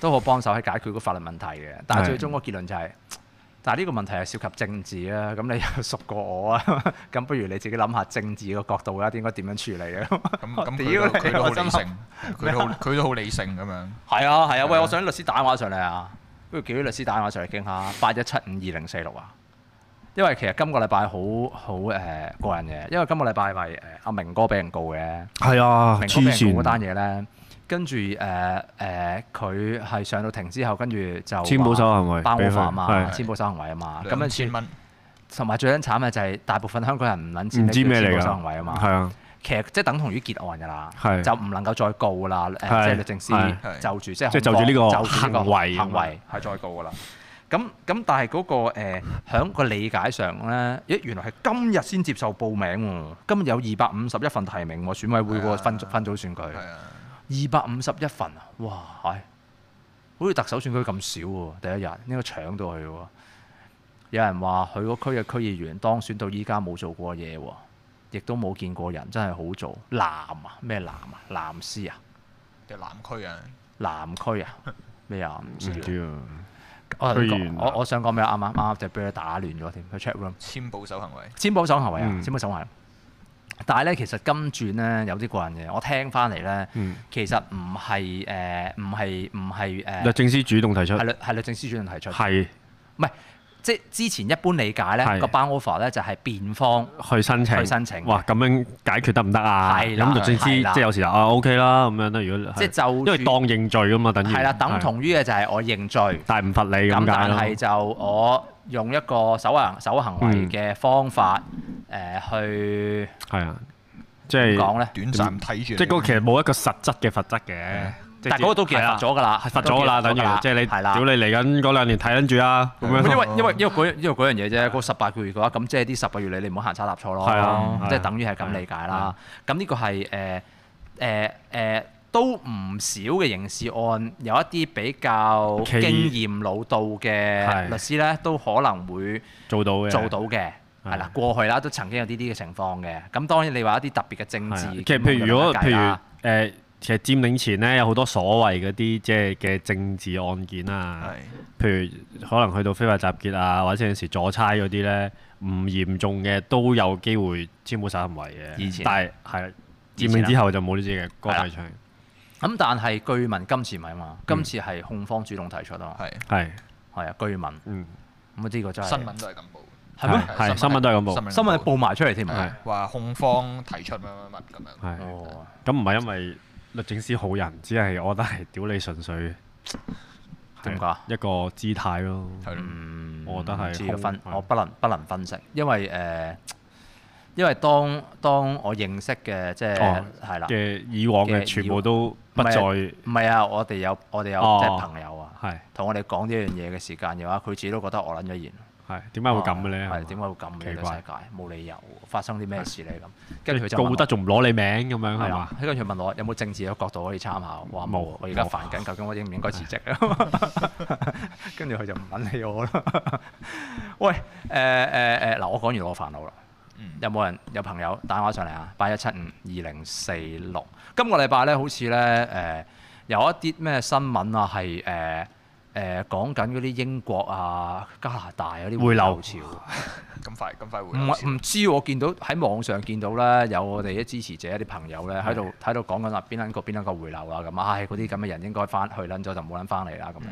都好幫手去解決個法律問題嘅。但係最終個結論就係、是。但係呢個問題係涉及政治啊，咁你又熟過我啊？咁 不如你自己諗下政治個角度啦，應該點樣處理啊？咁咁佢都好你理性，佢麼都好 理性咁樣。係啊係啊，啊啊喂！ 我想律師打電話上嚟啊，不如叫啲律師打電話上嚟傾下，八一七五二零四六啊。因為其實今個禮拜好好誒過癮嘅，因為今個禮拜係阿明哥俾人告嘅。係啊，明哥俾人告嗰單嘢咧。跟住誒誒，佢係上到庭之後，跟住就簽保守行為，包庇法嘛，簽保守行為啊嘛。咁樣同埋最憎慘嘅就係大部分香港人唔捻知。咩嚟㗎？簽保守行為啊嘛。係啊，其實即係等同於結案㗎啦，就唔能夠再告啦。即係律政司就住即係就住呢個行為行為係再告㗎啦。咁咁，但係嗰個誒，喺個理解上咧，咦？原來係今日先接受報名喎。今日有二百五十一份提名喎，選委會個分分組選舉。二百五十一份啊！哇，哎、好似特首選區咁少喎，第一日應該搶到去喎。有人話佢個區嘅區議員當選到依家冇做過嘢喎，亦都冇見過人，真係好做。南啊，咩南啊？南師啊？啲南區啊？南區啊？咩 啊？唔 知啊。 我我我想講咩？啱啱啱啱就俾佢打亂咗添。佢 check room。簽保守行為。簽保守行為啊！嗯、簽保守行為。但係咧，其實今轉咧有啲過人嘅，我聽翻嚟咧，其實唔係誒，唔係唔係誒律政司主動提出，係律係律政司主動提出，係唔係即係之前一般理解咧是個 bind over 咧就係辯方去申請去申請，哇咁樣解決得唔得啊？咁的律政司即係有時就啊 OK 啦咁樣咧，如果即係就因為當認罪㗎嘛，等於係啦，等同於嘅就係我認罪，但係唔罰你咁解咯，但係就我。用一個守行守行為嘅方法，誒去係啊，即係點講咧？短暫睇住，即係嗰個其實冇一個實質嘅罰則嘅，但係嗰個都其實罰咗㗎啦，罰咗㗎啦，等於即係你，如果你嚟緊嗰兩年睇緊住啦，咁樣。因為因為因為嗰因為嗰樣嘢啫。個十八個月嘅話，咁即係啲十八月你你唔好行差踏錯咯，係啊，即係等於係咁理解啦。咁呢個係誒誒誒。都唔少嘅刑事案，有一啲比較經驗老道嘅律師呢，是都可能會做到嘅，做到嘅，係啦的。過去啦都曾經有啲啲嘅情況嘅。咁當然你話一啲特別嘅政治，譬如如果譬如誒、呃，其實佔領前呢，有好多所謂嗰啲即係嘅政治案件啊，譬的如可能去到非法集結啊，或者有時阻差嗰啲呢，唔嚴重嘅都有機會簽保釋行為嘅。以前，但係係佔領之後就冇呢啲嘅。郭偉昌。咁但係據聞今次唔係啊嘛，今次係控方主動提出啊嘛。係係係啊，據聞。嗯。咁啊，呢個真係新聞都係咁報。係咩？係新聞都係咁報。新聞報埋出嚟添。係。話控方提出乜乜乜咁樣。係。哦。咁唔係因為律政司好人，只係我覺得係屌你純粹點解？一個姿態咯。嗯。我覺得係。分，我不能不能分析，因為誒，因為當當我認識嘅即係係啦嘅以往嘅全部都。唔係唔係啊！我哋有我哋有即係朋友啊，係同我哋講呢樣嘢嘅時間嘅話，佢自己都覺得我諗咗言。係點解會咁嘅咧？係點解會咁嘅世界？冇理由發生啲咩事咧咁。跟住佢就道德仲唔攞你名咁樣係嘛？跟住佢問我有冇政治嘅角度可以參考？哇！冇，我而家煩緊，究竟我應唔應該辭職啊？跟住佢就唔問你我啦。喂誒誒誒，嗱我講完我煩惱啦。嗯。有冇人有朋友打電話上嚟啊？八一七五二零四六。今個禮拜咧，好似咧，誒、呃、有一啲咩新聞啊，係誒誒講緊嗰啲英國啊、加拿大嗰啲回流潮，咁、哦、快咁快回。唔 知我見到喺網上見到咧，有我哋啲支持者一啲朋友咧喺度喺度講緊話，邊一個邊一個回流啊咁，唉嗰啲咁嘅人應該翻去撚咗就冇撚翻嚟啦咁樣。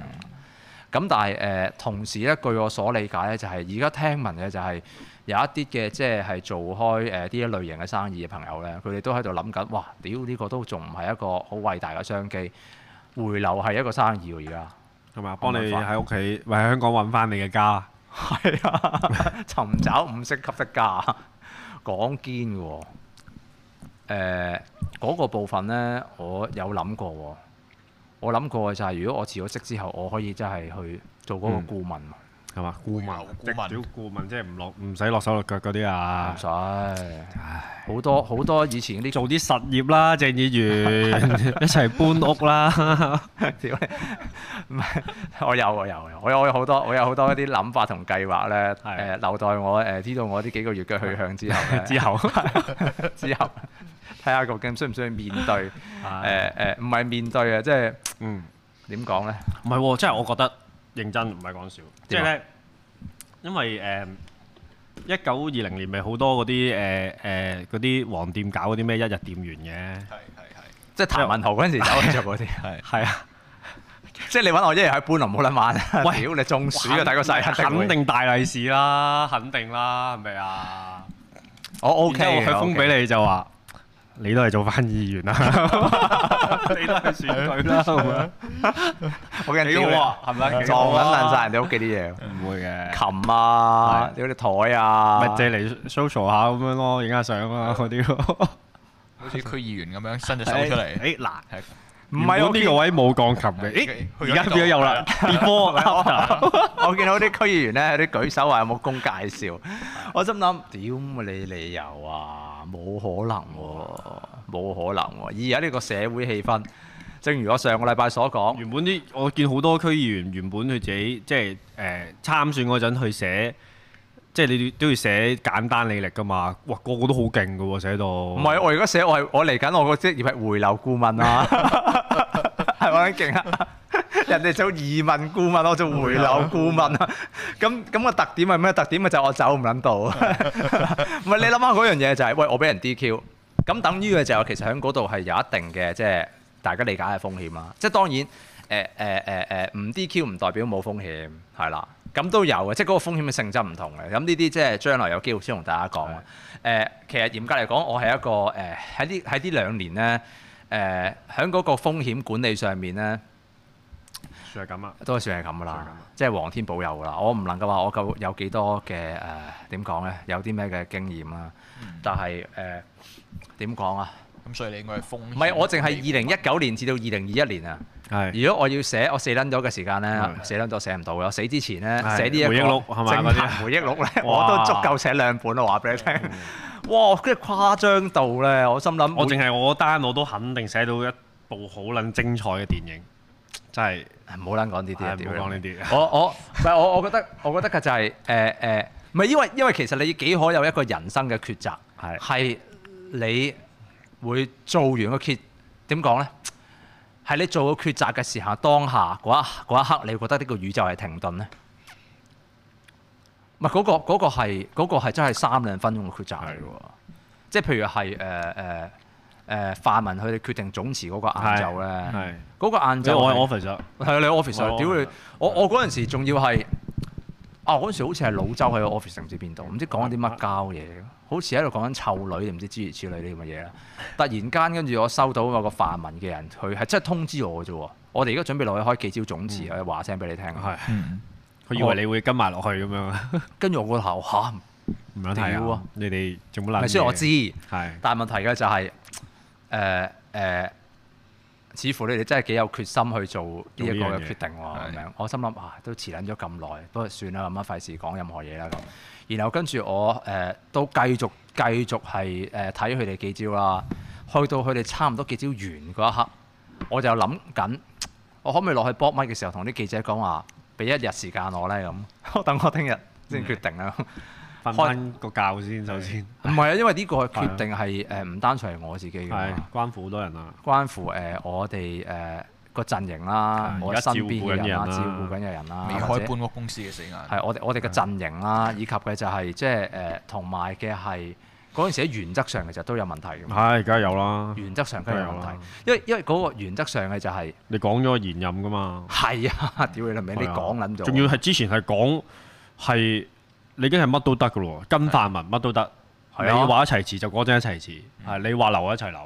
咁、嗯、但係誒、呃、同時咧，據我所理解咧，就係而家聽聞嘅就係、是。有一啲嘅即係係做開誒呢一類型嘅生意嘅朋友呢，佢哋都喺度諗緊，哇！屌、這、呢個都仲唔係一個好偉大嘅商機，回流係一個生意喎，而在幫你 家係咪 啊？幫你喺屋企為香港揾翻你嘅家，係啊！尋找五星級的家，講堅嘅喎。嗰、呃那個部分呢，我有諗過喎、哦。我諗過嘅就係，如果我辭咗職之後，我可以真係去做嗰個顧問。嗯係嘛？顧問，直叫顧問，即係唔落唔使落手落腳嗰啲啊！唔使，好多好多以前啲做啲實業啦，鄭議員一齊搬屋啦，唔係，我有我有，我有我有好多我有好多一啲諗法同計劃咧。係留待我誒，知道我呢幾個月嘅去向之後，之後之後睇下究竟需唔需要面對誒誒？唔係面對啊，即係嗯點講咧？唔係喎，即係我覺得。認真唔係講笑，即係咧，因為誒一九二零年咪好多嗰啲誒誒啲黃店搞嗰啲咩一日店員嘅，係係係，即係譚文豪嗰陣時走去做嗰啲，係係 啊， 啊，即係你揾我一日喺半林冇得玩啊！餵喂 你中暑啊！大個世肯定大利是啦，肯定啦，係咪啊？哦 okay 嗯、我 OK，我封俾你就話。 你都係做翻議員啦，你都係選舉啦。我見人吊喎，係咪啊？撞撚爛曬人哋屋企啲嘢，唔會嘅。琴啊，你嗰啲台啊，咪借嚟 social 下咁樣咯，影下相啊嗰啲。好似區議員咁樣伸隻手出嚟。誒嗱，唔係我呢個位冇鋼琴嘅。咦，而家變咗有啦，電波。我見到啲區議員咧有啲舉手話有冇工介紹，我心諗，屌你理由啊！冇可能喎、啊，冇可能喎、啊！而家呢個社會氣氛，正如我上個禮拜所講，原本啲我見好多區議員原本佢自己即係誒參選嗰陣去寫，即係你都要寫簡單履歷噶嘛。哇，個個都好勁噶喎，寫到唔係我而家寫，我係我嚟緊，我個職業係回流顧問啊，係咪？ 啲勁啊！人哋做移民顧問，我做回流顧問。咁咁、 個特點係咩？特點咪就我走唔撚到。唔係你諗下嗰樣嘢就係、是，喂，我俾人 DQ，咁等於嘅就係、是、其實喺嗰度係有一定嘅，即、就、係、是、大家理解嘅風險啊。即係當然，誒誒誒誒，唔、呃、DQ 唔代表冇風險，係啦，咁都有嘅，即係嗰個風險嘅性質唔同嘅。咁呢啲即係將來有機會先同大家講。誒是的、呃，其實嚴格嚟講，我係一個誒喺呢喺呢兩年咧，誒喺嗰個風險管理上面咧。就係咁啦，都算係咁噶啦，即係皇天保佑啦。我唔能夠話我夠有幾多嘅誒點講咧，有啲咩嘅經驗啦。但係誒點講啊？咁所以你應該係風險唔係我淨係二零一九年至到二零二一年啊。係。如果我要寫我死撚咗嘅時間咧，寫撚咗寫唔到嘅。我死之前咧，寫啲嘢，回憶錄係咪啊？精品回憶錄咧，我都足夠寫兩本啦。話俾你聽，哇！即係誇張到咧，我心諗。我淨係我單我都肯定寫到一部好撚精彩嘅電影，真係。唔好撚講呢啲，唔好講呢啲。我我唔係我，我覺得我覺得嘅就係誒誒，唔係因為因為其實你幾可有一個人生嘅抉擇，係係的你會做完個決點講咧，係你做個抉擇嘅時候，當下嗰一一刻，你覺得呢個宇宙係停頓咧？唔係嗰個嗰個係嗰個係真係三兩分鐘嘅抉擇嚟，即係譬如係誒誒。呃呃誒泛民佢哋決定總辭嗰個晏晝咧，嗰個晏晝，我係 office 啊，係啊，你 office 啊，屌你！我我嗰陣時仲要係啊，嗰陣時好似係老周喺個 office 定唔知邊度，唔知講緊啲乜交嘢，好似喺度講緊臭女定唔知諸如此類呢啲咁嘅嘢啦。突然間跟住我收到個泛民嘅人，佢係真係通知我嘅啫，我哋而家準備落去開記招總辭啊，話聲俾你聽，佢以為你會跟埋落去咁樣，跟住我個頭嚇，唔想睇啊！你哋仲冇難，雖然我知，係，但問題嘅就係。誒誒、呃呃，似乎你哋真係幾有決心去做呢一個決定喎，咁樣我心諗啊，都遲鈴遲撚咗咁耐，都算啦，咁啊費事講任何嘢啦。然後跟住我誒、呃、都繼續繼續係誒睇佢哋幾招啦，去到佢哋差唔多幾招完嗰一刻，我就諗緊，我可唔可以落去搏米嘅時候同啲記者講話，俾一日時間我呢？」咁，我等我聽日先決定啦、嗯。 瞓翻個覺先，首先。唔係啊，因為呢個決定係誒唔單純係我自己嘅嘛。關乎好多人啊。關乎誒我哋誒個陣營啦，我身邊嘅人啦，照顧緊嘅人啦。未開搬屋公司嘅死硬。係我哋我哋嘅陣營啦，以及嘅就係即係誒，同埋嘅係嗰陣時喺原則上其實都有問題嘅。係，梗係有啦。原則上都有問題，因為因為嗰個原則上嘅就係。你講咗延任㗎嘛？係啊，屌你老味，你講撚咗。仲要係之前係講係。你已經係乜都得噶咯喎，跟范文乜都得，係啊，要話一齊辭就嗰陣一齊辭，係你話留一齊留，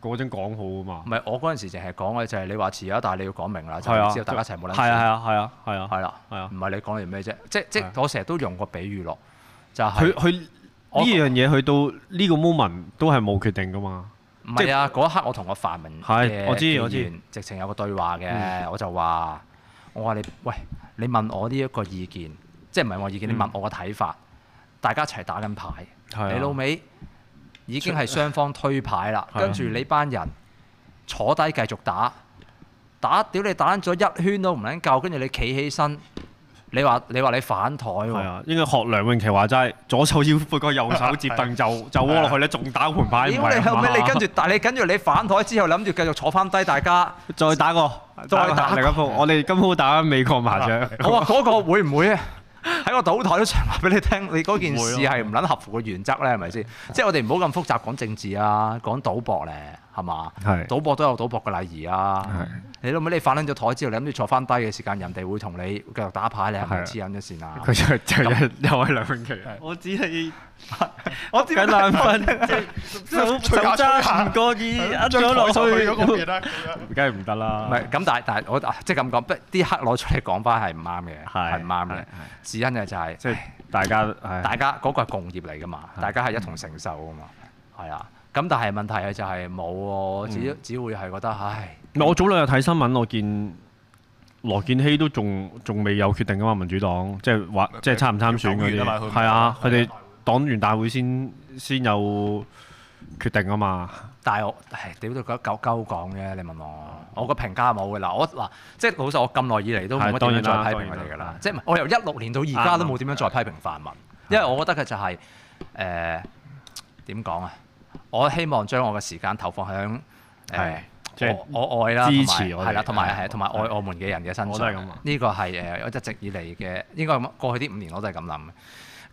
嗰陣講好啊嘛。唔係我嗰陣時淨係講嘅就係你話辭啊，但係你要講明啦，就之後大家一齊冇諗。係啊係啊係啊係啊，係啊，係啊，唔係你講完咩啫？即即我成日都用個比喻落，就係佢佢呢樣嘢去到呢個 moment 都係冇決定噶嘛。唔係啊，嗰一刻我同個范文係我知我知，直情有個對話嘅，我就話我話你喂，你問我呢一個意見。即係唔係我意見，你問我個睇法。嗯、大家一齊打緊牌，啊、你老味已經係雙方推牌啦。跟住、啊、你班人坐低繼續打，打屌你打咗一圈都唔撚夠，跟住你企起身，你話你話你反台喎。應該學梁詠琪話齋，左手腰背個右手接凳就就窩落去咧，仲、啊、打盤牌。屌你後尾你跟住，但你跟住你反台之後，諗住繼續坐翻低，大家再打個再打我哋今鋪打美國麻將。 我話嗰個會唔會啊？喺個賭台都長話俾你聽，你嗰件事係唔撚合乎個原則咧，係咪先？是是，即係我哋唔好咁複雜講政治啊，講賭博咧。係嘛？係。賭博都有賭博嘅禮儀啊！你諗唔諗你反拎咗台之後，你諗住坐翻低嘅時間，人哋會同你繼續打牌，你係咪黐緊咗線啊？佢又係兩分期。我只係我只係兩分，即係手揸唔過意，押咗落去。咁唔記得梗係唔得啦。唔係咁，但係但係我即係咁講，啲黑攞出嚟講翻係唔啱嘅，係唔啱嘅。主因嘅就係即係大家大家嗰個係共業嚟㗎嘛，大家係一同承受㗎嘛，係啊。咁但係問題啊，就係冇喎，只只會係覺得唉。我早兩日睇新聞，我見羅健熙都仲仲未有決定㗎嘛，民主黨即係話即係參唔參選嗰啲。係啊，佢哋黨員大會先先有決定啊嘛。但係唉，屌都夠夠講嘅，你問我。嗯、我個評價冇嘅嗱，我嗱即係老實，我咁耐以嚟都冇點樣再批評佢哋㗎啦。即係、啊啊就是、我由一六年到而家都冇點樣再批評泛民，因為我覺得嘅就係誒點講啊？呃我希望將我嘅時間投放喺誒、呃、我我愛啦，支持我啦，同埋係同埋愛的的我們嘅人嘅身上。咁呢個係誒一直以嚟嘅，應該咁。過去啲五年我都係咁諗嘅。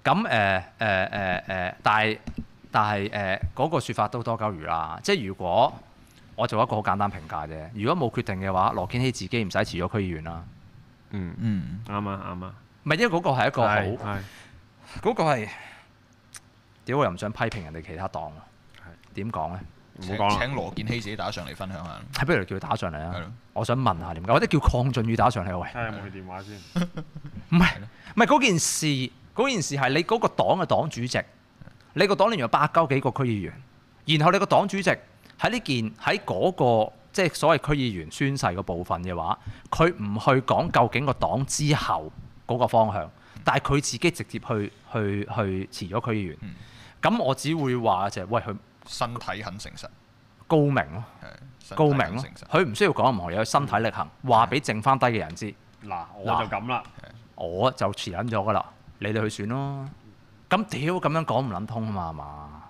咁誒誒誒誒，但係、呃呃、但係誒嗰個説法都多鳩餘啦。即係如果我做一個好簡單評價啫，如果冇決定嘅話，羅健熙自己唔使辭咗區議員啦、嗯。嗯嗯，啱啊啱啊。唔係因為嗰個係一個好，嗰個係屌我又唔想批評人哋其他黨。點講咧？唔好講，請羅健熙自己打上嚟分享下。係不如叫佢打上嚟啊！的我想問下點解，或者叫鄺俊宇打上嚟？喂，睇下冇佢電話先。唔係唔係，嗰件事，嗰件事係你嗰個黨嘅黨主席，你個黨員有八九幾個區議員，然後你個黨主席喺呢件喺嗰個即係所謂區議員宣誓嘅部分嘅話，佢唔去講究竟個黨之後嗰個方向，但係佢自己直接去去去辭咗區議員。咁、嗯、我只會話就係喂佢。身體很誠實，高明咯、啊，高明咯、啊。佢唔需要講任何嘢，身體力行，話俾剩翻低嘅人知。嗱，嗱就咁啦，的我就遲撚咗噶啦。你哋去選咯。咁屌咁樣講唔撚通啊嘛？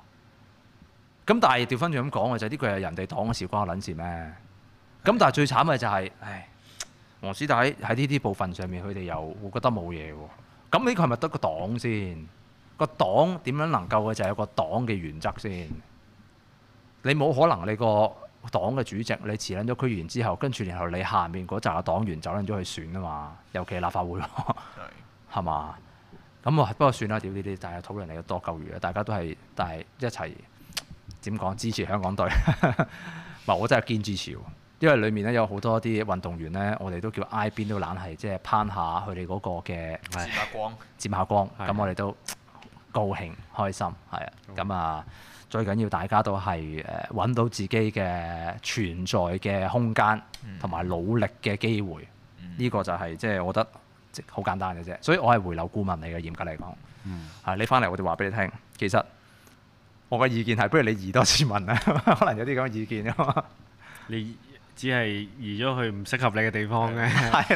咁但、這個、係調翻轉咁講嘅就呢個係人哋黨嘅事，關我撚事咩？咁但係最慘嘅就係、是、唉，黃師弟喺呢啲部分上面，佢哋又會覺得冇嘢喎。咁呢個係咪得個黨先？個黨點樣能夠嘅就係有個黨嘅原則先。你冇可能，你個黨嘅主席，你辭撚咗區議員之後，跟住然後你下面嗰集嘅黨員走撚咗去選啊嘛，尤其係立法會咯，係嘛？咁我對不過算啦，屌呢啲，大家討論嚟嘅多夠魚啊，大家都係，但係一齊點講支持香港隊，唔 我真係堅支持，因為裡面咧有好多啲運動員咧，我哋都叫挨邊都懶係即係攀下佢哋嗰個嘅沾光下光，沾下光，咁我哋都高興開心，係興啊，咁啊。最緊要大家都係誒揾到自己嘅存在嘅空間，同埋、嗯、努力嘅機會，呢、嗯、個就係即係我覺得即好簡單嘅啫。所以我係回流顧問嚟嘅，嚴格嚟講，嚇、嗯、你翻嚟我就話俾你聽，其實我嘅意見係不如你移多次民啊，可能有啲咁嘅意見啊，你只係移咗去唔適合你嘅地方咧，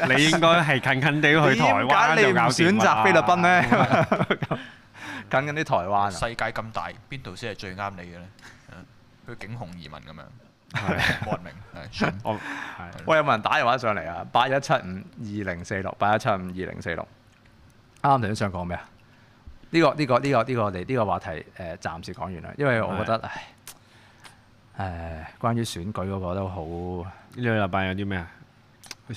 對你應該係近近地去台灣，你唔選擇菲律賓咩？ 跟緊啲台灣啊！世界咁大，邊度先係最啱你嘅咧？佢 景洪移民咁樣，冇人明。我，喂有冇人打電話上嚟啊？八一七五二零四六，八一七五二零四六。啱啱頭先想講咩啊？呢個呢個呢個呢個我哋呢個話題誒，暫時講完啦。因為我覺得誒的，關於選舉嗰個都好。呢個禮拜有啲咩啊？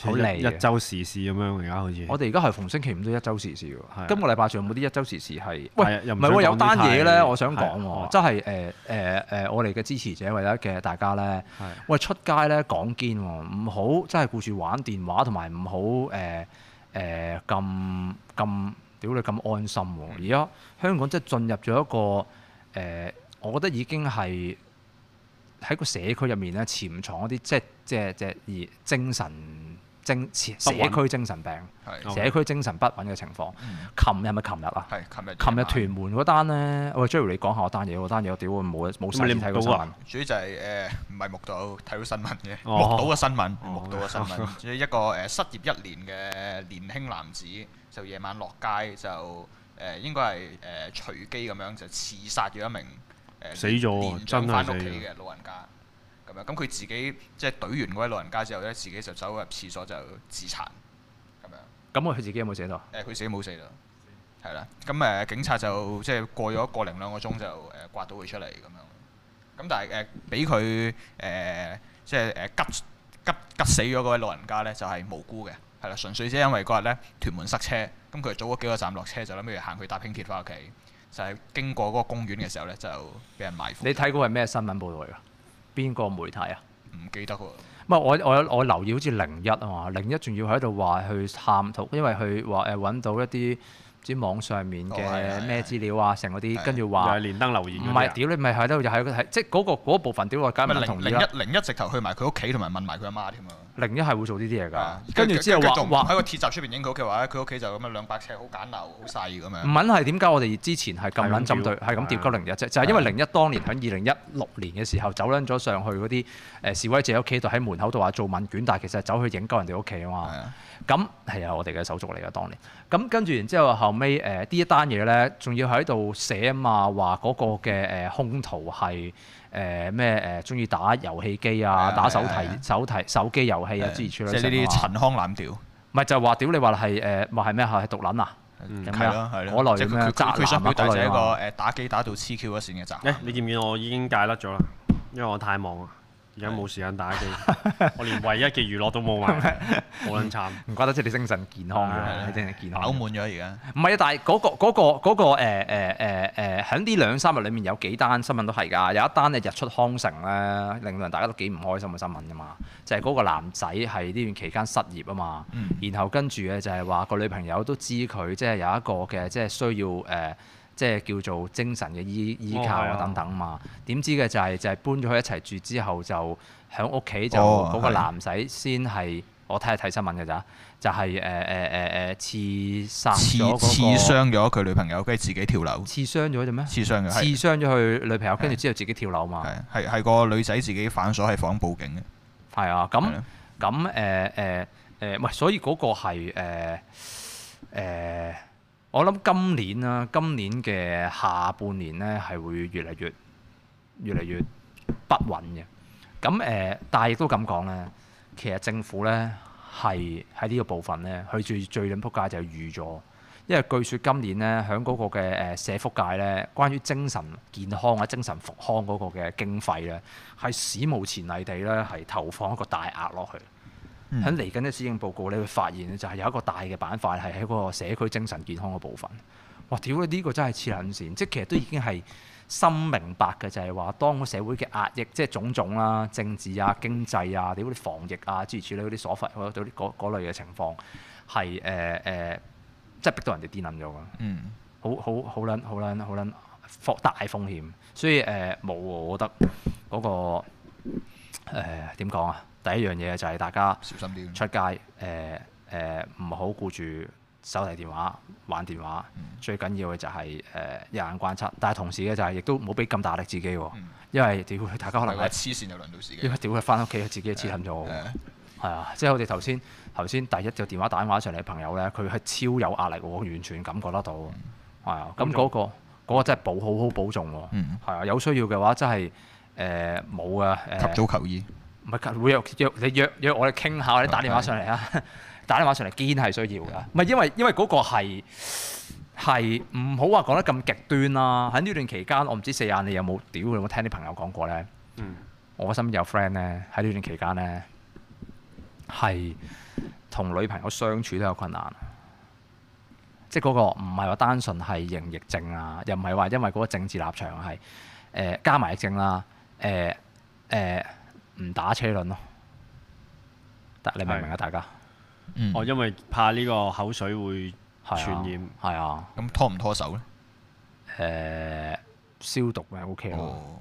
好利，一周時事咁樣而家好似我哋而家係逢星期五都一周時事喎。的今個禮拜仲有冇啲一周時事係？係，又唔係喎？有單嘢咧，我想講喎，真係誒誒我哋嘅支持者或者嘅大家咧，的喂出街咧講見喎，唔好真係顧住玩電話，同埋唔好誒誒咁咁屌你咁安心喎。而家的香港即係進入咗一個誒、呃，我覺得已經係喺個社區入面咧，潛藏一啲即係即係即係而精神。政社社區精神病、社區精神不穩嘅情況。琴日係咪琴日啊？係琴日。琴日屯門嗰單咧，我哋追住你講下嗰單嘢喎。嗰單嘢，屌我冇冇睇到新聞。主要就係誒唔係目睹睇到新聞嘅，目睹嘅新聞，目睹嘅新聞。主要一個誒失業一年嘅年輕男子，就夜晚落街就誒應該係誒隨機咁樣就刺殺咗一名誒，死咗，返屋企嘅老人家。咁佢自己即係懟完嗰位老人家之後呢，自己就走入廁所就自殘咁樣。咁佢自己有冇死咗？佢、欸、自己冇死啦？係啦了。咁誒、呃，警察就即係過咗個零兩個鐘就誒、呃，刮到佢出嚟咁樣。咁但係誒，俾、呃、佢、呃、即係急急急死咗嗰位老人家呢，就係、是、無辜嘅。係啦，純粹只係因為嗰日呢屯門塞車，咁佢早咗幾個站落車就諗住行去搭輕鐵返屋企。就係、是、經過嗰個公園嘅時候呢，就俾人埋伏。你睇過係咩新聞報道嚟㗎？邊個媒體啊？唔記得喎。唔係我我我留意好似零一啊嘛，零一仲要喺度話去探討，因為佢話誒揾到一啲唔知網上面嘅咩資料啊，成嗰啲跟住話。又係、哦、連登留言唔係屌你，咪喺度，又係係即係嗰個部分屌我梗係唔同意零一直頭去埋佢屋企同埋問埋佢阿媽添啊！零一係會做呢啲嘢㗎，跟住的之後畫畫喺個鐵閘出邊影佢屋企，話佢屋企就咁樣兩百尺，好簡陋，好細咁樣。唔撚係點解我哋之前係咁撚針對，係咁疊鳩零一啫？1, 的就係因為零一當年喺二零一六年嘅時候走撚咗上去嗰啲誒示威者屋企度，喺門口度話做問卷，但係其實係走去影鳩人哋屋企啊嘛。咁係有我哋嘅手足嚟嘅當年。咁跟住然之後後尾誒、呃、呢一單嘢咧，仲要喺度寫啊嘛，話嗰個嘅誒兇徒係。誒咩誒中意打遊戲機啊， 打手提 手提，手，提手機遊戲啊，之類之類即係呢啲陳腔濫調。唔係 就係、是、話屌你話係誒，咪係咩？係獨撚啊，咁樣果類咁樣佢想表達一個誒打機打到黐 Q 一線嘅集。誒、欸，你見唔見我已經戒甩咗啦？因為我太忙啊。而家冇時間打機， 我連唯一嘅娛樂都冇玩，好撚慘。唔怪得即係你精神健康嘅，你真係飽滿咗而家。唔係啊，但係嗰、那個嗰、那個嗰、那個誒誒喺呢兩三日裡面有幾單新聞都係㗎，有一單日出康城咧，令人大家都幾唔開心嘅新聞㗎嘛。就係、是、嗰個男仔係呢段期間失業啊嘛，嗯、然後跟住呢就係話個女朋友都知佢即係有一個嘅即係需要誒。呃即係叫做精神嘅依依靠啊等等嘛，點知嘅就係、係、就係、係、搬咗佢一齊住之後就就、哦看看，就喺屋企就嗰個男仔先係，我睇下睇新聞嘅咋，就係誒誒誒誒刺殺，刺刺傷咗佢女朋友，跟住自己跳樓。刺傷咗啫咩？刺傷刺傷咗佢女朋友，跟住知道自己跳樓嘛。係係係個女仔自己反鎖喺房報警嘅。係啊，咁咁誒誒誒，唔係、呃呃呃，所以嗰個係誒、呃呃我諗今年啦，今年嘅下半年呢係會越嚟越、越嚟越不穩嘅。咁誒、呃，但係亦都咁講呢，其實政府呢係喺呢個部分呢去住最撚仆街就係預咗，因為據說今年呢，響嗰個嘅誒社福界呢，關於精神健康或者精神復康嗰個嘅經費呢，係史無前例地呢係投放一個大額落去。喺嚟緊嘅施政報告你會發現咧就係有一個大嘅板塊係喺嗰個社區精神健康嘅部分。哇！屌，你呢個真係黐撚線，即係其實都已經係深明白嘅，就係話當社會嘅壓抑，即係種種啦、啊、政治啊、經濟啊、屌啲防疫啊之類，諸如處理嗰啲所謂嗰嗰啲嗰類嘅情況，係誒誒，即係逼到人哋癲撚咗噶。好好好撚好撚好撚，大風險。所以誒，冇、呃，我覺得嗰、嗰個誒點講啊？呃第一樣嘢就係大家小心啲，出街誒誒唔好顧住手提電話玩電話。嗯、最緊要嘅就係誒一眼觀察，但係同時嘅就係亦都唔好俾咁大力自己喎。因為屌，大家可能話黐線就輪到時間。因為屌佢翻屋企，自己黐痕咗。係啊、嗯，即係、就是、我哋頭先頭先第一隻電話打電話上嚟嘅朋友咧，佢係超有壓力喎，我完全感覺得到。係啊、嗯，咁嗰、那個嗰、那個真係保好好保重喎。係啊、嗯，有需要嘅話真係誒冇啊，呃呃、及早求醫。唔你約約,約我哋傾下，或者打電話上嚟啊！的打電話上嚟堅係需要噶。唔係的因為因為嗰個係係唔好話講得咁極端啦、啊。喺呢段期間，我唔知四眼你有冇？屌，有冇聽啲朋友講過咧。嗯、我身邊有 friend 咧，喺呢段期間咧，係同女朋友相處都有困難。即係嗰個唔係話單純係營疫症啊，又唔係話因為嗰個政治立場係誒、呃、加埋疫症啦、啊，誒、呃、誒。呃唔打車輪咯，得你明唔明啊？大家，我、嗯、因為怕呢個口水會傳染，係啊，咁、啊嗯、拖唔拖手咧？誒、呃，消毒咪 OK 咯。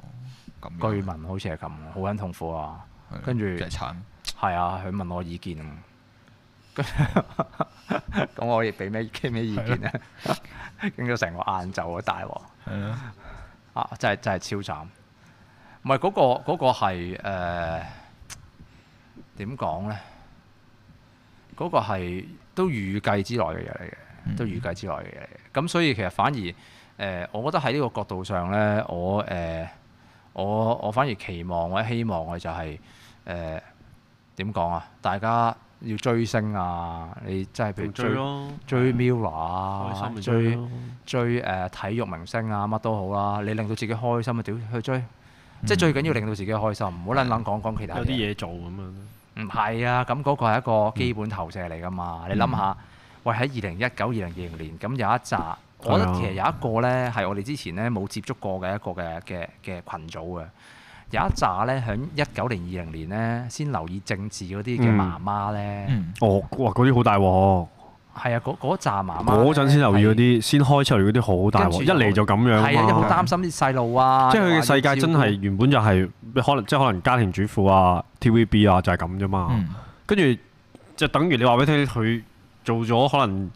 哦、居民好似係咁，好撚痛苦啊！跟住係啊，佢問我意見咁 我亦以俾咩傾咩意見咧？傾到成個晏晝啊，大鑊！啊，真係真係超慘！唔係嗰個嗰、嗰個係誒點講咧？嗰、呃嗰個係都預計之內嘅嘢嚟嘅，都預計之內嘅嘢嚟嘅。咁所以其實反而誒、呃，我覺得喺呢個角度上咧，我誒、呃、我我反而期望或者希望佢就係誒點講啊？大家要追星啊！你真係譬如追追，啊、追 mirror 啊，追追誒、呃、體育明星啊，乜都好啦。你令到自己開心啊，屌去追！嗯、即係最緊要令到自己開心，唔好撚撚講講其他。有啲嘢做咁樣。唔係啊，咁嗰個係一個基本投射嚟噶嘛。嗯、你諗下，喂喺二零一九、二零二零年，咁有一紮，嗯、我覺得其實有一個呢，係我哋之前呢冇接觸過嘅一個嘅嘅嘅羣組嘅。有一紮呢，響一九零二零年呢，先留意政治嗰啲嘅媽媽呢。嗯嗯、哦，哇！嗰啲好大鑊。係啊，嗰嗰扎媽媽嗰陣先留意嗰啲，先開出嚟嗰啲好大鑊，一嚟就咁樣。係啊，好擔心啲細路啊。即係佢嘅世界真係原本就係，可能即係可能家庭主婦啊，TVB 啊，就係咁啫嘛。跟住、嗯、就等於你話俾你聽，佢做咗可能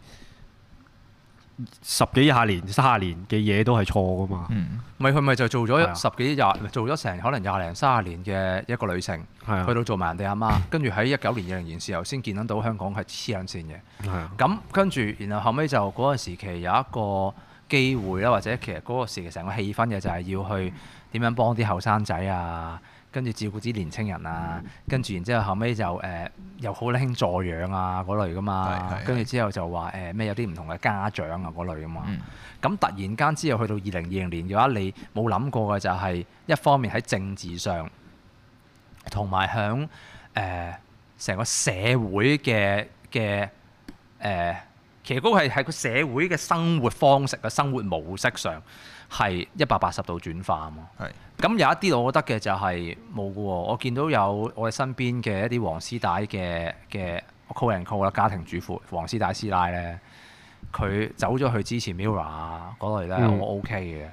十幾廿年、三十年嘅嘢都係錯噶嘛，唔係佢咪就做咗十幾廿年，啊、做咗成可能廿零三十年嘅一個女性，啊、去到做埋人哋阿媽，跟住喺一九年、二零年時候先見得到香港係黐緊線嘅，咁、啊、跟住，然後後尾就嗰、嗰個時期有一個機會啦，或者其實嗰個時期成個氣氛嘅就係要去點樣幫啲後生仔啊。跟住照顧啲年青人啊，跟住然之後後尾就誒、呃、又好興助養啊嗰類噶嘛，跟住之後就話誒咩有啲唔同嘅家長啊嗰類噶嘛，咁、嗯、突然間之後去到二零二零年嘅話，你冇諗過嘅就係一方面喺政治上，同埋響誒成個社會嘅嘅誒，其實嗰個係係個社會嘅生活方式嘅生活模式上。係一百八十度轉化啊嘛，咁是有一啲我覺得嘅就係冇嘅喎，我見到有我哋身邊嘅一啲黃絲帶嘅嘅 call 人 call 啦，家庭主婦黃絲帶師奶咧，佢走咗去支持 Mirror 嗰類咧，嗯、我 OK 嘅，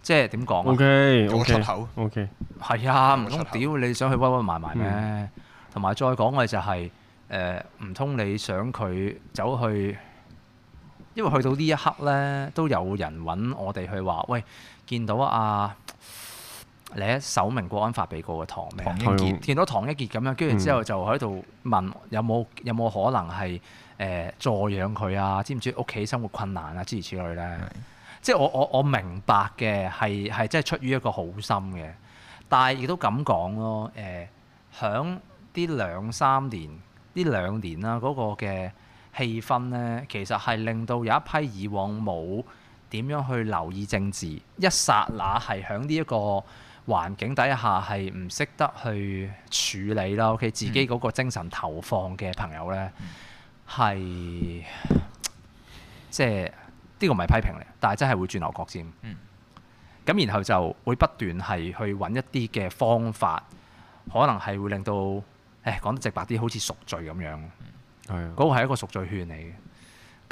即係點講啊？OK 出口。OK 係、okay，啊，唔通屌你想去屈屈埋埋咩？同埋再講嘅就係誒，唔通你想佢走去？因為去到呢一刻咧，都有人揾我哋去話：喂，見到啊，你首名國安法被告嘅唐英傑，見到唐英傑咁樣，跟住之後就喺度問有有：有冇有冇可能係誒、呃、助養佢啊？知唔知屋企生活困難啊，諸如此類呢，是即係我我我明白嘅，係係真係出於一個好心嘅，但係亦都咁講咯。誒、呃，響呢兩三年、呢兩年啦嗰個嘅。氣氛呢，其實係令到有一批以往冇點樣去留意政治，一剎那係喺呢一個環境底下係唔識得去處理啦。OK，自己嗰個精神投放嘅朋友呢，係即係呢個唔係批評嚟，但係真係會轉牛角尖。咁、嗯、然後就會不斷係去揾一啲嘅方法，可能係會令到誒講得直白啲，好似贖罪咁樣。係嗰個係一個贖罪券嚟嘅，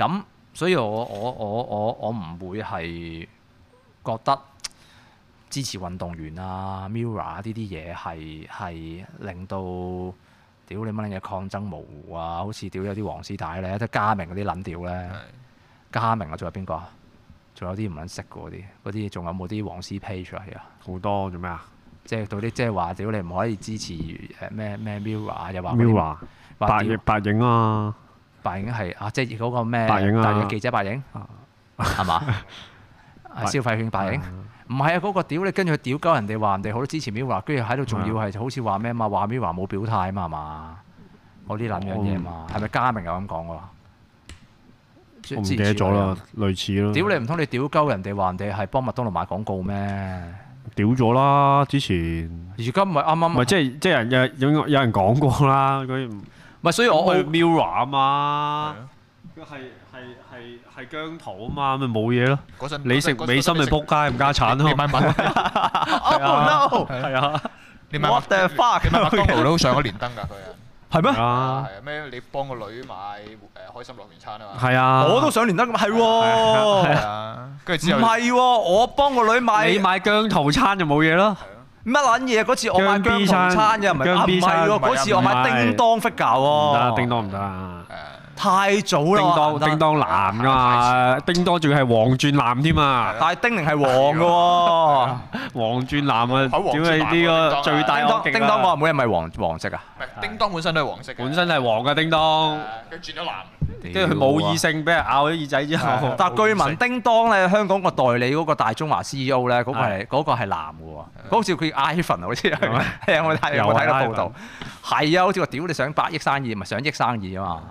咁所以我我我我我唔會係覺得支持運動員啊 MIRROR 呢啲嘢係係令到屌你乜撚嘢抗爭模糊啊，好似屌有啲黃絲帶咧，即係家明嗰啲撚屌咧，家明啊仲有邊個？仲有啲唔撚識嗰啲，嗰啲仲有冇啲黃絲 page 出嚟啊？好多做咩啊？即係嗰啲即係話屌你唔可以支持誒咩咩 MIRROR, MIRROR 又話。白影白影啊！白影係啊，即係嗰個咩？白影啊！記者白影係嘛？ 消費券白影唔係的啊！嗰、那個屌你，跟住屌鳩人哋話人哋好多之前 Mirror，跟住喺度仲要係好似話咩嘛？話 Mirror 冇表態嘛？係嘛？嗰啲咁樣嘢嘛？係咪嘉明又咁講喎？我唔記咗啦，類似咯。屌你唔通你屌鳩人哋話人哋係幫麥當勞買廣告咩？屌咗啦！之前而家唔係啱啱唔係即係即係有有人講過啦，佢。唔係，所以我去 Mirror 啊嘛，佢係係係係姜濤啊嘛，咁咪冇嘢咯。嗰陣你食美心咪撲街唔加橙咯。Oh no！係啊，你買白蘿蔔，你買白蘿蔔都上咗連登㗎佢啊。係咩？係咩？你幫個女買誒開心樂園餐啊嘛。係啊，我都上連登㗎嘛。係喎。係啊，跟住之後唔係喎，我幫個女買。你買姜濤餐就冇嘢咯。乜撚嘢啊？嗰次我買 B 餐嘅，唔係啊，唔係喎，嗰次我買叮當 figure 喎，唔得，叮當唔得。太早啦。叮當叮當藍㗎，叮當仲要係黃轉藍添嘛？但係叮鈴係黃㗎喎，黃轉藍啊？點解呢個最大叮叮當木偶係咪黃黃色㗎？唔係，叮當本身都係黃色嘅。本身係黃㗎，叮當。佢轉咗藍。跟佢冇異性俾人咬咗耳仔之後，但係據聞叮噹咧，香港個代理嗰個大中華 CEO 咧，嗰、嗰個係嗰是的 個男嘅喎是的 好似佢 Ivan 好似係咪？啊是，我睇睇到報道？係啊，好似話屌你想百億生意，唔係想億生意啊嘛。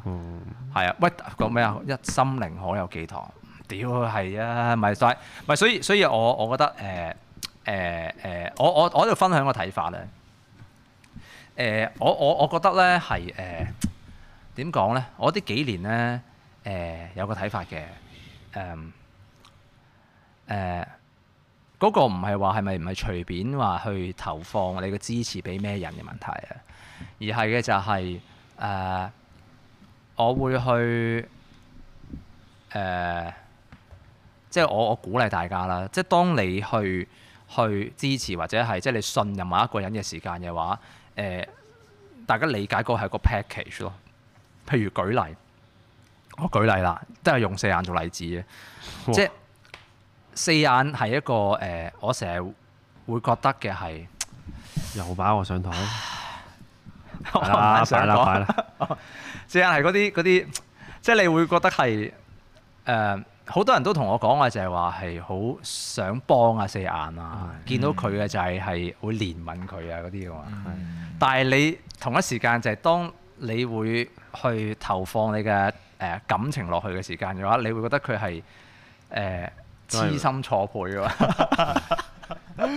係啊、嗯，喂，講咩啊？一心靈可有寄託？屌係啊，唔係，唔係，所以所以，所以我覺、呃呃、我，我，我，我，我，我，我覺得誒誒誒，我我我喺度分享個睇法咧。誒，我我我覺得咧係誒。呃嗯點講呢？我呢幾年呢，誒、呃、有個睇法嘅，誒誒嗰個唔係話係咪唔係隨便話去投放你嘅支持俾咩人嘅問題啊？而係嘅就係、是、誒、呃，我會去誒、呃，即係我我鼓勵大家啦，即係當你去去支持或者係即係你信任某一個人嘅時間嘅話，誒、呃、大家理解嗰個係個 package 咯。譬如舉例，我舉例啦，都係用四眼做例子嘅，即係四眼係一個誒、呃，我成日會覺得嘅係又擺我上台，擺啦擺啦，四眼係嗰啲嗰啲，即係你會覺得係誒好多人都同我講嘅就係話係好想幫阿四眼啊，嗯、見到佢嘅就係係會憐憫佢啊嗰啲㗎嘛。話嗯嗯、但係你同一時間就係當你會。去投放你嘅誒、呃、感情落去嘅時間嘅話，你會覺得佢係誒痴心錯配嘅喎。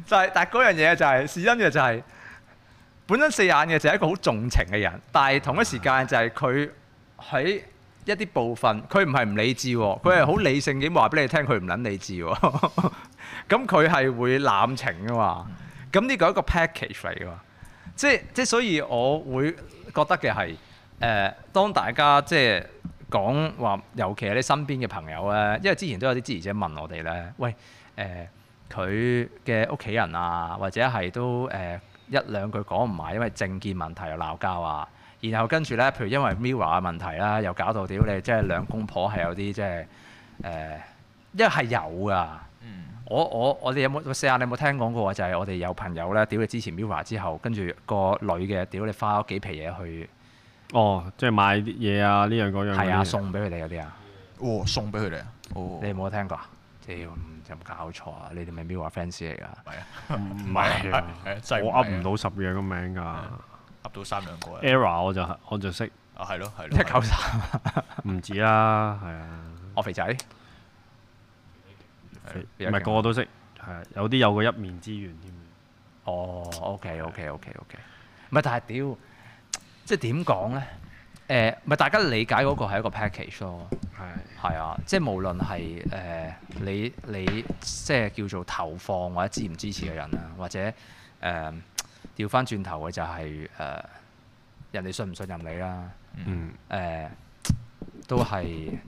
就係、是、但係嗰樣嘢就係、是，事因嘅就係、是，本身四眼嘅就係一個好重情嘅人，但係同一時間就係佢喺一啲部分，佢唔係唔理智喎，佢係好理性咁話俾你聽，佢唔撚理智喎。咁佢係會濫情嘅嘛。咁呢個一個 package 嚟嘅喎，即係即係所以，我會覺得嘅係。誒、呃，當大家即係講話，尤其係你身邊嘅朋友咧，因為之前都有啲支持者問我哋咧，喂，誒、呃，佢嘅屋企人啊，或者係都誒、呃、一兩句講唔埋，因為政見問題又鬧交啊。然後跟住咧，譬如因為 MIRROR 嘅問題啦，又搞到屌你、呃，即係兩公婆係有啲即係誒，一、呃、係有噶、嗯。我我我哋有冇四啊？你有冇聽講過就係我哋有朋友咧，屌你之前 MIRROR 之後，跟住個女嘅，屌、呃、你花幾皮嘢去。哦，即係買啲嘢啊，呢樣嗰樣。係啊，送俾佢哋嗰啲啊。哦，送俾佢哋啊。哦。你有冇聽過啊？即，有冇搞錯啊？你哋咪 Mirror fans 嚟噶。唔係啊，真係，我噏唔到十樣個名噶。噏到三兩個。Error 我就係我就識。啊，係咯，係。一九三。唔止啦，係啊。我肥仔。唔係個個都識，係啊，有啲有嗰一面之緣添。哦，ok，ok，ok，ok，唔係，但係屌。即係點講呢？誒、呃，咪大家理解嗰個係一個 package 咯的。係係啊，即係無論係誒、呃、你你即係叫做投放或者支唔支持嘅人啊，或者誒調翻轉頭嘅就係、是、誒、呃、人哋信唔信任你啦。嗯、呃、誒，都係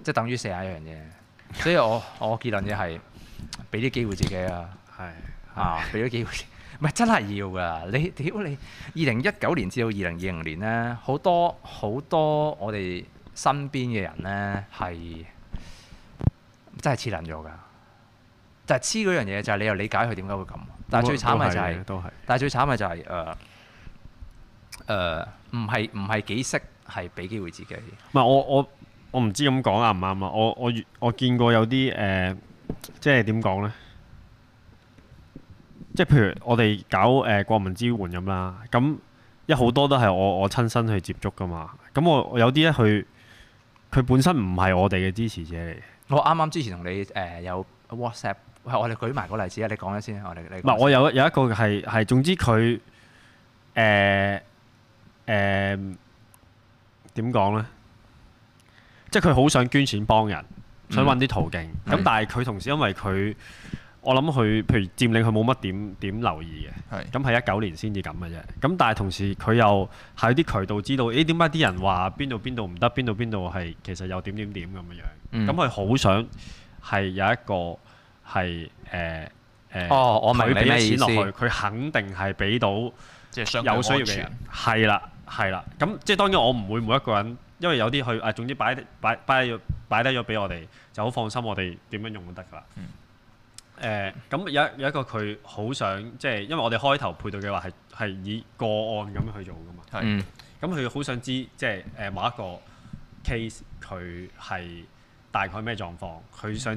即係等於成日一樣嘢。所以我我結論嘅係俾啲機會自己 啊。係啊，俾咗機會。唔係真係要噶，你屌你！二零一九年至到二零二零年咧，好多好多我哋身邊嘅人咧係真係黐捻咗噶。但係黐嗰樣嘢，就係你又理解佢點解會咁。但係最慘嘅就係，都係，都係，但係最慘嘅就係誒誒，唔係唔係幾識係俾機會自己。唔係我我我唔知咁講啱唔啱啊！我我我，我，我見過有啲誒、呃，即係點講咧？即係譬如我哋搞誒國民支援咁啦，咁一好多都係我我親身去接觸㗎嘛，咁我有啲咧佢佢本身唔係我哋嘅支持者嚟。我啱啱之前同你誒、呃、有 WhatsApp，我哋舉埋個例子啊，你講一先，我哋你。唔係，我有有一個係係，總之佢誒誒點講咧？即係佢好想捐錢幫人，想搵啲途徑，咁、嗯嗯、但係佢同時因為佢。我諗佢，譬如佔領佢冇乜點點留意嘅，咁係一九年先至咁嘅啫。咁但係同時佢又喺啲渠道知道，誒點解啲人話邊度邊度唔得，邊度邊度係其實有點點點咁樣、嗯、樣。咁佢好想係有一個係誒誒，我俾咗錢落去，佢肯定係俾到有需要嘅人。係啦，係啦。咁即係當然我唔會每一個人，因為有啲佢誒，總之擺啲擺擺低咗俾我哋，就好放心我哋點樣用都得㗎啦。嗯誒咁有有一個佢好想即係，因為我哋開頭配對嘅話係係以個案咁樣去做㗎嘛。係的。咁佢好想知即係誒某一個 case 佢係大概咩狀況？佢想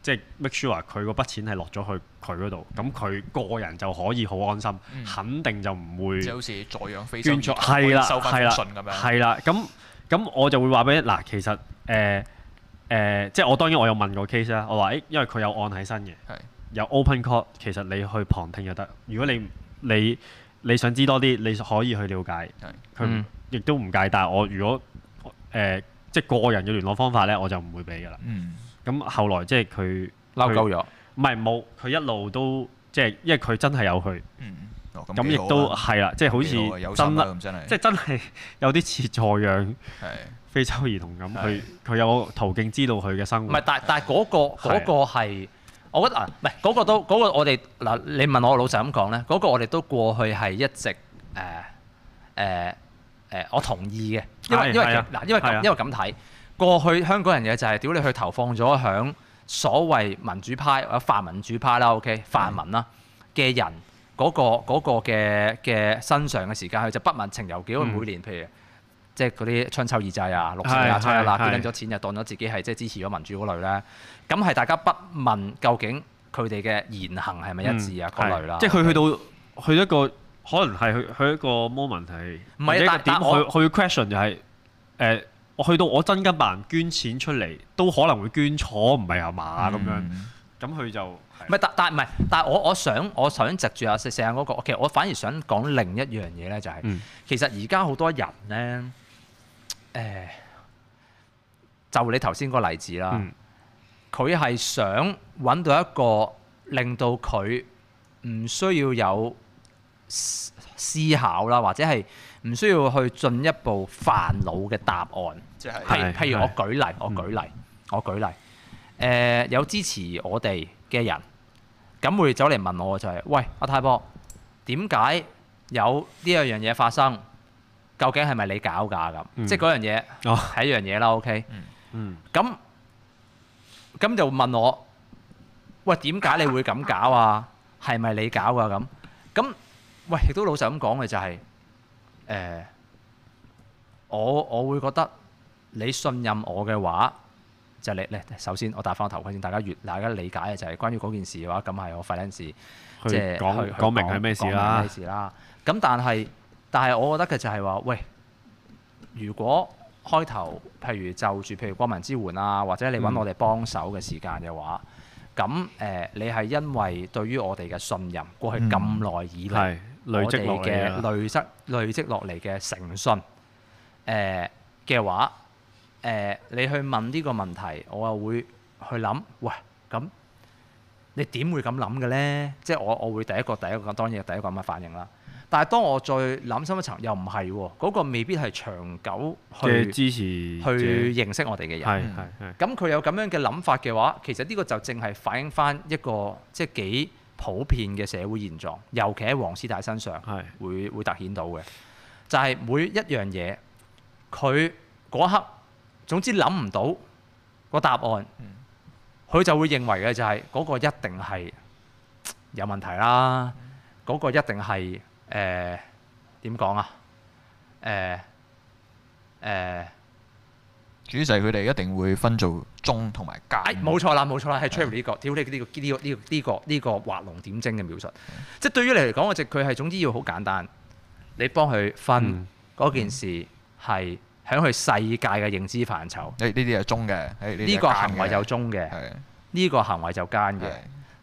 即係 make sure 佢嗰筆錢係落咗去佢嗰度，咁佢個人就可以好安心，肯定就唔會、嗯、即係好似在係啦，係啦了，係啦。咁咁我就會話俾嗱，其實誒。呃誒，即係我當然我有問過 case 啦。我話誒，因為佢有案喺身嘅，有 open court，其實你去旁聽就得。如果你你你想知多啲，你可以去了解。佢亦都唔介，但係我如果誒，即係個人嘅聯絡方法咧，我就唔會俾噶啦。咁後來即係佢嬲咗，唔係冇，佢一路都即係，因為佢真係有去。咁亦都係啦，即係好似真啦，即係真係有啲似坐樣。非洲兒童咁，佢佢有途徑知道佢嘅生活。唔係，但係但係、那、嗰個嗰個係，那個、是的 我覺得啊，唔係嗰個都嗰、那個我哋嗱，你問我老實咁講咧，嗰、那個我哋都過去係一直誒誒誒，我同意嘅，因為的因為嗱，因為的因為咁睇過去香港人嘢就係、是、屌你去投放咗喺所謂民主派或者泛民主派啦，OK，< 是的 S 2> 泛民啦嘅人嗰、那個嘅嘅、那個、身上嘅時間，佢就不問情由幾多，每年譬如。嗯即係嗰啲春秋二祭啊，綠色啊，差啦，捐咗錢就當咗自己係即係支持咗民主嗰類咧。咁係大家不問究竟佢哋嘅言行係咪一致啊？嗰類啦，即係佢去到去一個可能係去佢一個 moment 係，但但我去 question 就係誒，我去到我真金白銀捐錢出嚟都可能會捐錯唔係係嘛咁樣咁佢就唔係，但但唔係，但係我我想我想藉住阿成成晏嗰個，其實我反而想講另一樣嘢咧，就係其實而家好多人咧。誒，就你頭先個例子啦，佢係、嗯、想揾到一個令到佢唔需要有思考啦，或者係唔需要去進一步煩惱嘅答案。即係、就是，譬如是我舉例，我舉例，嗯、我舉例。誒、呃，有支持我哋嘅人，咁會走嚟問我，就係、是，喂，阿太婆，點解有呢樣嘢發生？究竟係咪你搞㗎咁？即係嗰樣嘢係一樣嘢啦。OK。嗯嗯。咁咁就問我：喂，點解你會咁搞啊？係咪你搞㗎咁？咁喂，亦都老實咁講嘅就係誒，我我會覺得你信任我嘅話，就係你咧。首先，我戴翻個頭盔先，大家越大家理解嘅就係關於嗰件事嘅話，咁係我費事去講講明係咩事啦。咁但係。但係我覺得嘅就係話，喂，如果開頭譬如就住譬如國民支援啊，或者你揾我哋幫手嘅時間嘅話，咁誒、嗯呃，你係因為對於我哋嘅信任，過去咁耐以嚟，嗯、我哋嘅累積累積落嚟嘅誠信，嘅、呃、話，誒、呃、你去問呢個問題，我又會去諗，喂，咁你點會咁諗嘅呢？即、就、係、是、我我會第一個第一個當然第一個咁嘅反應啦。但係，當我再諗深一層，又唔係喎，嗰個，未必係長久去支持去認識我哋嘅人。係係係。咁佢有咁樣嘅諗法嘅話，其實呢個就正係反映翻一個即係、就是、幾普遍嘅社會現狀，尤其喺黃師大身上係是會會凸顯到嘅，就係、是、每一樣嘢佢嗰刻總之諗唔到個答案，佢就會認為嘅就係、是、嗰、那個一定係有問題啦，嗰、那個一定係。誒點講啊？誒誒、呃，呃呃、主席佢哋一定會分做忠同埋奸。冇、哎、錯啦，冇錯啦，係 t r a v 呢個，屌你呢個呢、呢個呢、呢個呢、呢個呢、呢個畫龍點睛嘅描述。哎、即係對於你嚟講，我直佢係總之要好簡單。你幫佢分嗰、嗯、件事係喺佢世界嘅認知範疇。呢啲係忠嘅，呢個行為就忠嘅，呢個行為就奸嘅。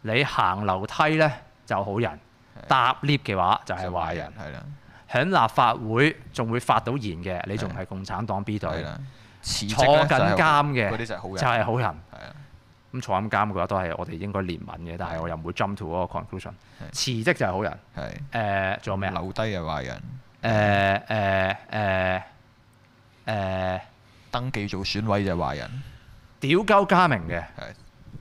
你行樓梯呢，就好人。搭 lift 嘅話，話就係壞人，喺立法會仲會發到言嘅，你仲係共產黨 B 隊，坐緊監嘅就係、是、好人，咁坐緊監嘅話都係我哋應該憐憫嘅，但係我又唔會 jump to 嗰個 conclusion 的。辭職就係好人，誒仲的、啊、有咩？留低就係壞人，誒誒誒誒登記做選委就係壞人，屌鳩加名嘅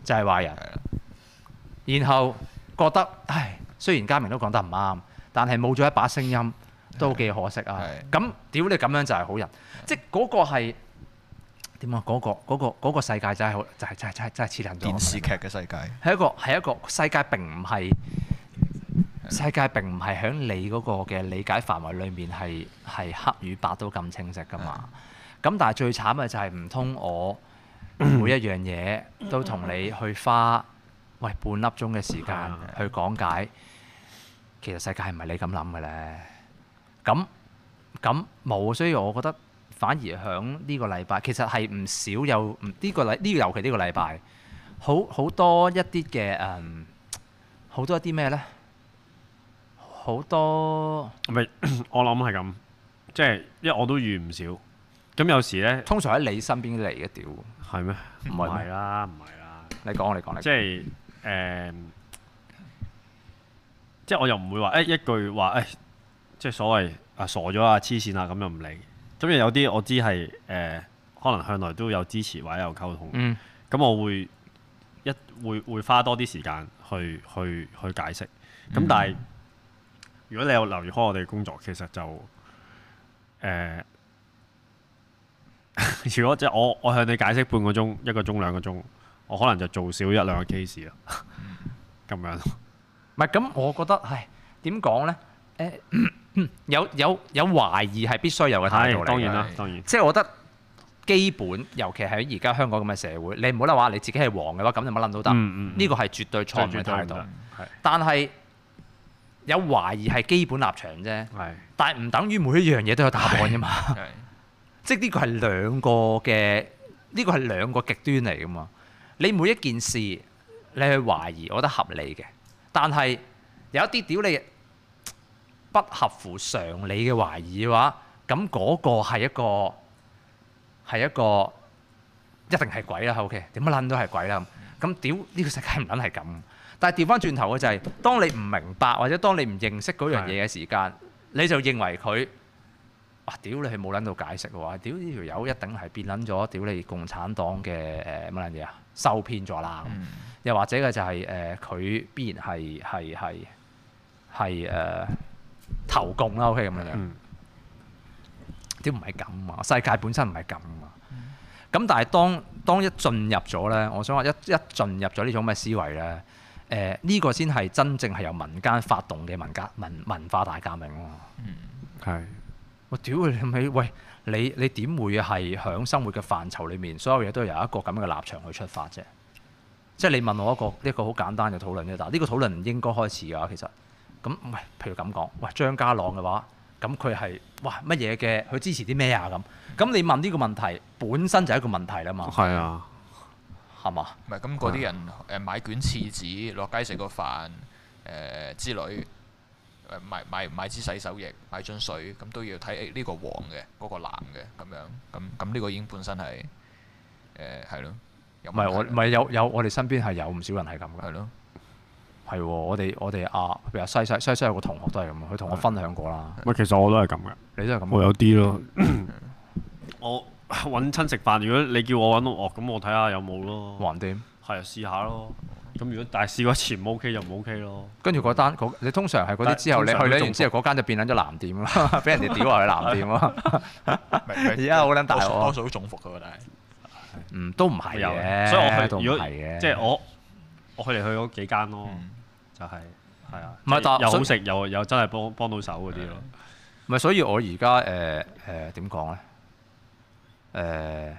就係壞人，的然後覺得唉。雖然嘉明都講得唔啱，但係冇咗一把聲音都幾可惜啊！咁屌你咁樣就係好人，是的 即係嗰個係點啊？嗰、嗰個嗰、嗰個嗰個、世界真係好，就係真係真係就係黐人咗。就係、電視劇嘅世界係一個係一個世界並，並唔係世界並唔係喺你嗰個嘅理解範圍裡面係係黑與白都咁清晰㗎嘛。咁是的 但係最慘嘅就係唔通我每一樣嘢都同你去花喂半粒鐘嘅時間去講解。其實世界係唔係你咁諗嘅咧？咁咁冇，所以我覺得反而響呢個禮拜，其實係唔少有呢、呢個禮呢個尤其呢個禮拜，好好多一啲嘅誒，好多一啲咩咧？好、嗯、多唔係，我諗係咁，即係因為我都遇唔少。咁有時咧，通常喺你身邊嚟嘅屌，係咩嗎？唔係啦，唔係啦。你講，我嚟講，你，你即係誒。呃即係我又唔會話誒、哎、一句話誒、哎，即係所謂啊傻咗啊、黐線啊咁又唔理。咁又有啲我知係誒、呃，可能向來都有支持或者有溝通。咁、嗯、我會一會會花多啲時間去去去解釋。咁但係、嗯、如果你有留意開我哋工作，其實就誒，呃、 如果即係我我向你解釋半個鐘、一個鐘、兩個鐘，我可能就做少一兩個 case 咯。咁樣。唔係咁，我覺得唉，點講咧？誒、嗯嗯、有有有懷疑係必須有嘅態度嚟。當然啦，當然。即係我覺得基本，尤其係而家香港咁嘅社會，你唔好諗話你自己係黃嘅話，咁就冇諗都得。呢個係絕對錯誤嘅態度。但係有懷疑係基本立場啫。是但係唔等於每一樣嘢都有答案㗎嘛？即係呢個係兩個嘅，呢、呢個係兩個極端嚟㗎嘛？你每一件事你去懷疑，我覺得合理嘅。但係有一啲屌你不合乎常理嘅懷疑嘅話，咁嗰個係一個係一個一定係鬼啦，OK？點乜撚都係鬼啦，咁屌呢個世界唔撚係咁？但係調翻轉頭嘅就係、是，當你唔明白或者當你唔認識嗰樣嘢嘅時間，的你就認為佢哇屌你係冇撚到解釋嘅話，屌呢條友一定係變撚咗，屌你共產黨嘅誒乜撚嘢啊，受騙咗啦。嗯又或者嘅就係、是、誒，佢、呃、必然係係係係誒投共啦，OK 咁樣嘅。嗯。唔係咁啊！世界本身唔係咁啊！咁但係當當一進入咗咧，我想話一一進入咗呢種咩思維咧，誒、呃、呢、這個先係真正係由民間發動嘅民間文化文化大革命喎、啊。嗯，我屌、哎、你咪喂你你點會係響生活嘅範疇裡面，所有嘢都由一個咁嘅立場去出發啫？即係你問我一個呢一個好簡單嘅討論啫，但呢個討論唔應該開始㗎。其實咁，唔係，譬如咁講，喂，張家朗嘅話，咁佢係哇乜嘢嘅？佢支持啲咩啊？咁咁你問呢個問題本身就係一個問題啦嘛。係啊，係嘛吧？唔係咁嗰啲人誒買卷廁紙、紙落街食個飯誒、呃、之類，誒買買買支洗手液、買樽水咁都要睇呢個黃嘅、嗰、嗰個藍嘅咁樣，咁咁呢個已經本身係誒係咯。呃唔係我，唔係有有我哋身邊係有唔少人係咁嘅。係咯，係喎，我哋我哋啊，譬如話西西西西有個同學都係咁，佢同我分享過啦。咪其實我都係咁嘅。你都係咁。我有啲咯。我揾親食飯，如果你叫我揾我，咁我睇下有冇咯。橫掂，係啊，試下咯。咁如果但係試過一次唔 OK 就唔 OK 咯。跟住嗰單你通常係嗰啲之後你去完之後嗰間就變緊咗藍店啦，俾人哋屌話係藍店囉。而家好撚大鑊，多數都中伏嘅但係。嗯，都唔係有嘅，所以我去如果即係我我去嚟去嗰幾間咯，就係係啊，又好食又又真係幫幫到手嗰啲咯。唔係，所以我而家誒誒點講咧？誒，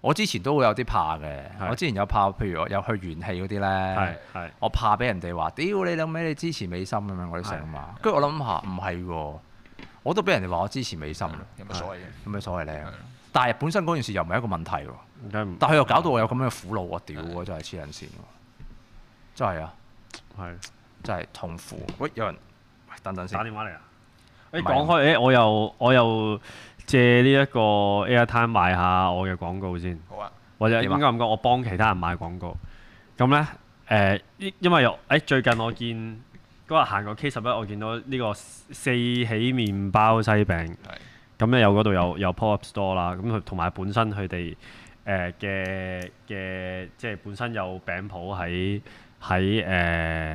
我之前都會有啲怕嘅，是的 我之前有怕，譬如有去元氣嗰啲咧，我怕俾人哋話屌你諗咩？你支持美心咁樣我哋食啊嘛。跟住我諗下唔係喎，我都俾人哋話我支持美心有咩所謂，有咩所謂咧？但係本身嗰件事又唔係一個問題喎。但佢又搞到我有咁嘅苦惱喎，屌喎真係黐人線喎，真係啊，係真係痛苦。的喂，有人，喂等等先，打電話嚟啊！誒講開，誒我又我又借呢一個 Airtime 賣下我嘅廣告先，好啊，或者應該咁講，我幫其他人賣廣告咁呢，誒、呃，因為又誒、欸、最近我見嗰日行過 K 十一，我見到呢個四喜麵包西餅，咁咧的有嗰度有有 Pop Up Store 啦，咁佢同埋本身佢哋。誒嘅嘅，即係本身有餅鋪喺喺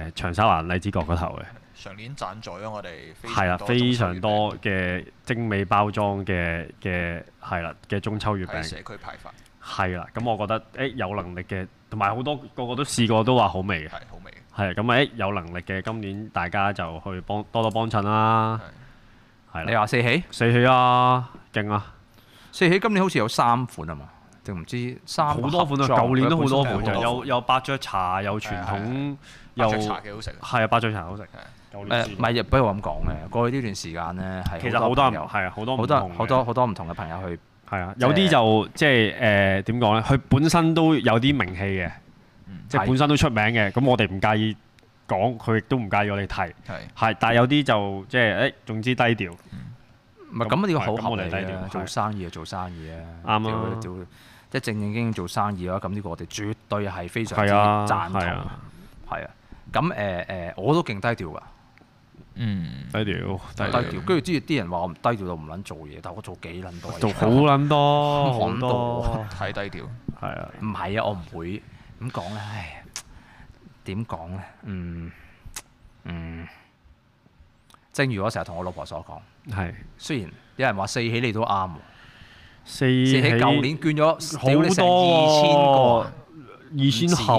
誒長沙灣荔枝角嗰頭嘅。上年贊助咗我哋係啦，非常多嘅精美包裝嘅嘅係啦嘅中秋月餅，喺社區派發。係啦，咁我覺得誒、欸、有能力嘅，同埋好多個個都試過都話好味嘅。係好味。係咁啊！誒有能力嘅，今年大家就去幫多多幫襯啦。係的。啦的。你話四喜？四喜啊，勁啊！四喜今年好似有三款啊嘛。定唔知三好多款啊！舊年都好多款，有有八雀茶，有傳統，有八雀茶幾好食啊！係啊，八雀茶好食！唔係亦不如我咁講嘅，過去呢段時間咧，其實好多唔係啊，好多好多好多唔同嘅朋友去係啊，有啲就即係誒點講咧？佢本身都有啲名氣嘅，即係本身都出名嘅。咁我哋唔介意講，佢亦都唔介意我哋提。係，但係有啲就即係誒，總之低調。唔係咁一定要好合理啊！做生意啊，做生意啊，啱啊！即正正經經做生意啦，咁呢個我哋絕對係非常之贊同，係啊。咁誒誒，我都勁低調㗎，嗯，低調，低調。跟住之後啲人話我低調到唔撚做嘢，但係我做幾撚多，做好撚多，好但多，多多太低調，係啊。唔係啊，我唔會咁講咧，唉，點講咧，嗯嗯。正如我成日同我老婆所講，係是。雖然有人話四起你都啱！四起！舊年捐咗好多二千個喎，二千盒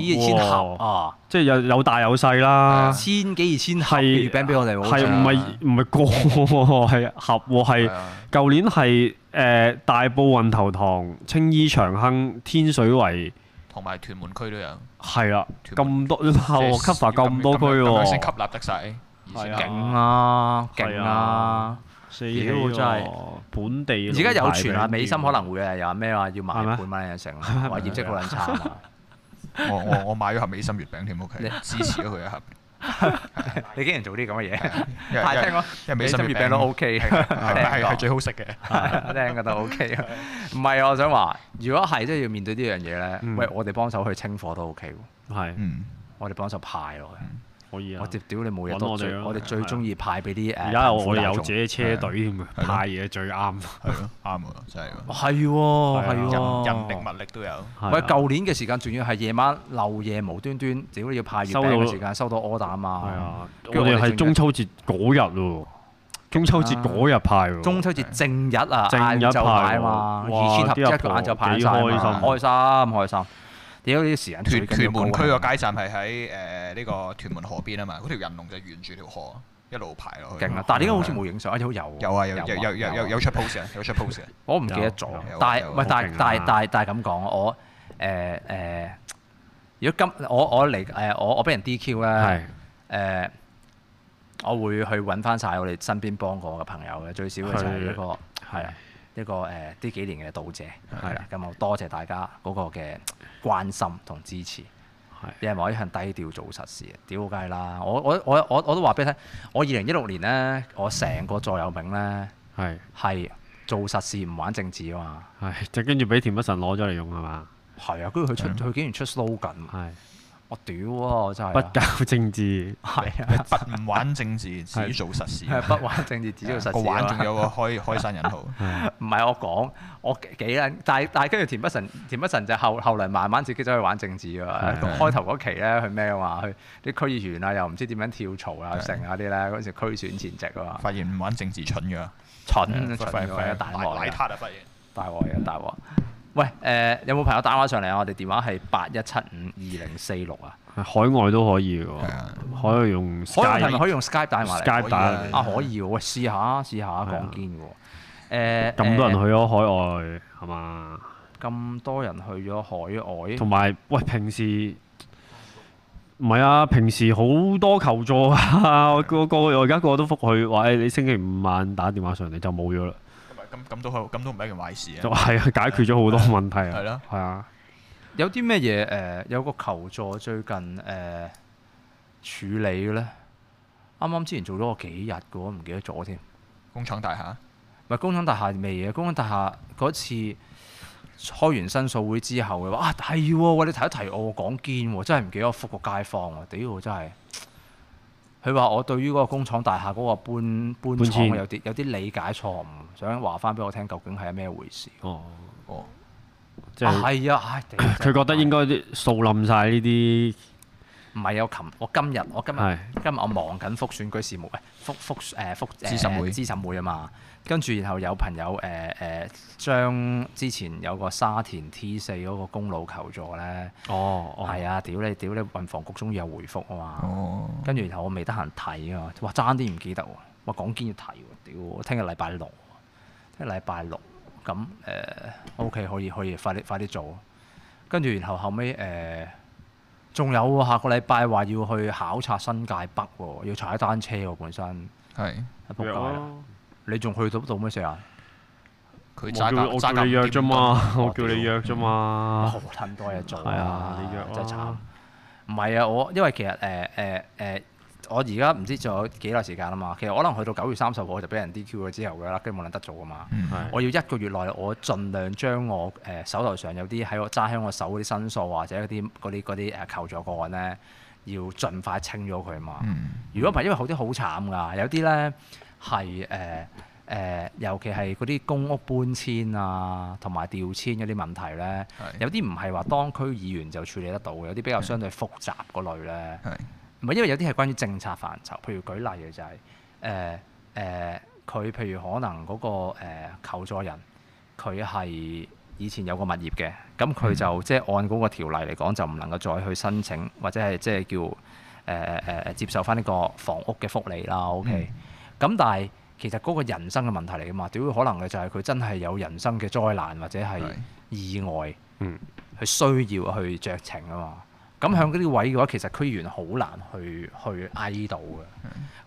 喎，即係有有大有細啦，千幾二千盒月餅俾我哋，係唔係唔係個喎？係盒喎，係舊年係誒大埔運頭塘、青衣長亨、天水圍同埋屯門區都有，係啦，咁多吸 c 咁多區喎，先吸納得晒，而且勁啊，四真係本地，而家有傳啊，美心可能會又話咩話要賣半萬一成，話嗎業績好撚差。 我我我買咗盒美心月餅添，O K，支持咗佢一盒。你竟然做啲咁嘅嘢，太 聽咯。因為美心月餅都 O K，係係係最好食嘅， 聽覺得 O K。唔係我想話，如果係真係要面對呢樣嘢咧，嗯、喂，我哋幫手去清貨都 O K 喎。的嗯、我哋幫手派落去。嗯可以啊！我屌你冇嘢都我哋，最中意派俾啲誒，而家我哋有自己車隊添派嘢最啱，係咯啱啊，真係喎！係喎，人力物力都有。喂，舊年嘅時間仲要係夜晚、漏夜無端端，屌你要派月餅嘅時間，收到 order 啊！係啊，我哋係中秋節嗰日喎，中秋節嗰日派喎，中秋節正日啊，正日派啊嘛，二千盒一腳眼就派曬啦！開心，開心，開心。而家啲時間，屯屯門區街個街站係喺誒呢個屯門河邊啊嘛，嗰條人龍就沿住條河一路排落去。勁，但係點解好似冇影相？好似有喎、啊。有啊，有有有有有出 post 啊，有出 post 我唔記得咗，但係唔係但係但係但係但係咁講，我誒誒，如果今 我我嚟誒我我俾人 DQ 咧，誒，我會去揾翻晒我哋身邊幫過嘅朋友嘅，呃、音 commented influencers also, 最少嘅就係呢個係。 一個誒，呢、呃、幾年嘅道謝，係啦的，咁我、嗯、多謝大家嗰個嘅關心同支持。係的，你係咪一向低調做實事啊？屌計啦？我我我我我都話俾你聽，我二零一六年咧，我成個座右銘咧係係做實事唔玩政治啊嘛。係的，就跟住俾田北辰攞咗嚟用係嘛？係啊的，跟住佢出佢竟然出 slogan。係。.我屌喎，就係不搞政治，係啊，不唔玩政治，只做實事。不玩政治，只做實事。個玩仲有個開開山人號，唔係我講，我幾幾，但係但係跟住田北辰，田北辰就後後嚟慢慢自己走去玩政治喎。開頭嗰期咧，佢咩話，佢啲區議員啊，又唔知點樣跳槽啊，剩啊啲咧，嗰陣時區選前夕啊嘛，發現唔玩政治蠢㗎，蠢大鑊，啊大鑊。喂，誒、呃、有冇朋友打電話上嚟啊？我哋電話係八一七五二零四六啊。海外都可以嘅喎，可以用。海外係咪可以用 Skype 打埋嚟啊，可以喎。喂，試下試下講堅嘅喎。誒咁多人去咗海外係嘛？咁多人去咗海外，同埋喂平時唔係啊，平時好多求助啊， 我個個我而家個個都覆佢話誒，你星期五晚打電話上嚟就冇咗啦。咁都好，咁都唔係一件壞事啊！就係啊，解決咗好多問題啊！係咯，係啊。啊有啲咩嘢誒？有個求助最近誒、呃、處理嘅咧。啱啱之前做咗個幾日嘅，我唔記得咗添。工廠大廈？唔係工廠大廈未啊？工廠大廈嗰次開完申訴會之後嘅話，係喎、啊啊，你提一提我講堅喎，真係唔記得覆個街坊喎，屌真係。佢話我對於嗰個工廠大廈嗰個搬搬廠有啲有啲理解錯誤，想話翻俾我聽，究竟係咩回事？哦哦，哦即係是係啊！佢覺得應該掃冧晒呢啲。唔係有琴我今日我今日是今日我忙緊復選舉事務，喂復復誒復誒資審會資、呃、審會啊嘛。跟住然後有朋友誒誒將之前有個沙田 T 四嗰個公路求助咧，哦，哦，係啊，屌你屌你，運房局終於有回覆啊嘛，哦、跟住然後我未得閒睇啊，哇，爭啲唔記得喎，哇，講堅要睇喎，屌，聽日禮拜六，聽日禮拜六，咁誒，O K，可以可以，可以快啲快啲做，跟住然後後尾，誒、呃，仲有下個禮拜話要去考察新界北喎，要踩單車喎，本身係，啊，撲街。你仲去到唔到咩事啊？佢我叫我約啫嘛，擦架 我叫你約啫嘛。好、嗯，咁、哦、多嘢做啊、哎呀！你約、啊、真係慘。唔係啊，我因為其實誒誒誒，我而家唔知仲有幾耐時間啊嘛。其實可能去到九月三十號就俾人 DQ 咗之後㗎啦，跟住冇人得做啊嘛。嗯、我要一個月內我盡量將我誒手頭上有啲喺我揸喺我手嗰啲申訴或者嗰啲啲啲誒求助個案咧，要盡快清咗佢啊嘛。嗯、如果唔係，因為有啲好慘㗎，有啲咧。係誒誒，尤其係嗰啲公屋搬遷啊，同埋調遷嗰啲問題咧，是的 有啲唔係話當區議員就處理得到嘅，有啲比較相對複雜嗰類咧，唔係是的 因為有啲係關於政策範疇，譬如舉例嘅就係誒誒，佢、呃呃、譬如可能嗰、嗰個、呃、求助人佢係以前有個物業嘅，咁佢就、嗯、即係按嗰個條例嚟講，就唔能夠再去申請或者係即係叫誒誒、呃、接受返呢個房屋嘅福利啦。O、okay? K.、嗯咁但係其實嗰個人生嘅問題嚟㗎嘛，屌可能嘅就係佢真係有人生嘅災難或者係意外，去需要去酌情啊嘛。咁向嗰啲位嘅話，其實區員好難去去哀到嘅。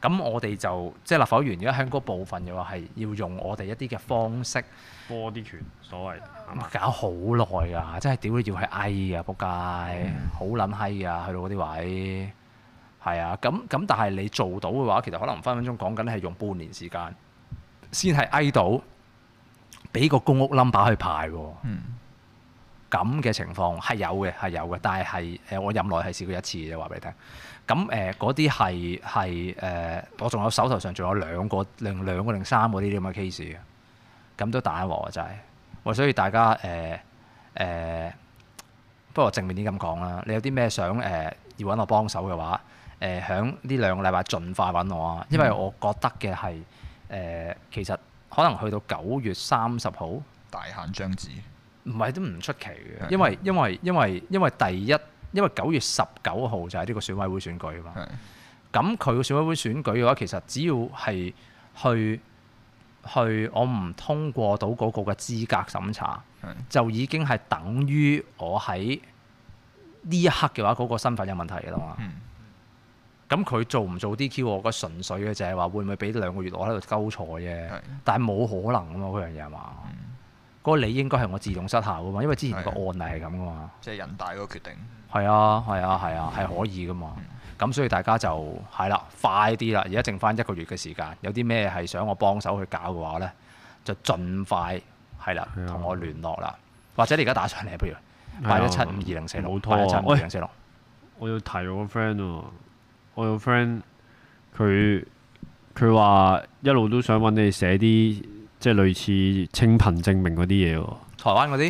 咁是的 我哋就即係立法員如果向嗰部分嘅話係要用我哋一啲嘅方式，播啲拳所謂，搞好耐啊！真係屌要去哀啊！仆街的，好撚閪啊！去到嗰啲位。係啊，咁咁但係你做到嘅話，其實可能分分鐘講緊係用半年時間先係挨到，俾個公屋 number 去排喎。咁嘅、嗯、情況係有嘅，係有嘅，但係係誒我任內係試過一次嘅，話俾你聽。咁誒嗰啲係係誒，我仲有手頭上仲有兩個，零、兩個，零、三個啲咁嘅 case 嘅。咁都大鑊就真係。所以大家誒誒、呃呃，不過正面啲咁講啦。你有啲咩想誒、呃、要揾我幫手嘅話，誒，響呢兩個禮拜盡快揾我啊！因為我覺得嘅係誒，其實可能去到九月三十號大限將至，唔係都唔出奇嘅的。因為因為因為因為第一，因為九月十九號就係呢個選委會選舉啊嘛。咁佢個選委會選舉嘅話，其實只要係去去，去我唔通過到嗰個嘅資格審查，的就已經係等於我喺呢一刻嘅話，嗰個身份有問題嘅啦嘛。咁佢做唔做 DQ？我個純粹嘅就係話會唔會俾兩個月我喺度鳩坐啫？的但係冇可能啊嘛，嗰樣嘢係嘛？嗯、個理應該係我自動失效噶嘛，因為之前個案例係咁噶嘛。即係人大嗰個決定。係啊，係啊，係啊，係可以噶嘛。咁的所以大家就係啦，快啲啦！而家剩翻一個月嘅時間，有啲咩係想我幫手去搞嘅話咧，就盡快係啦，同我聯絡啦。的或者你而家打上嚟，譬如八一七五二零四六，八一七五二零四六。我要提我個 friend 喎。我有 friend，佢佢話一路都想揾你寫啲即係類似清貧證明嗰啲嘢喎。台灣嗰啲，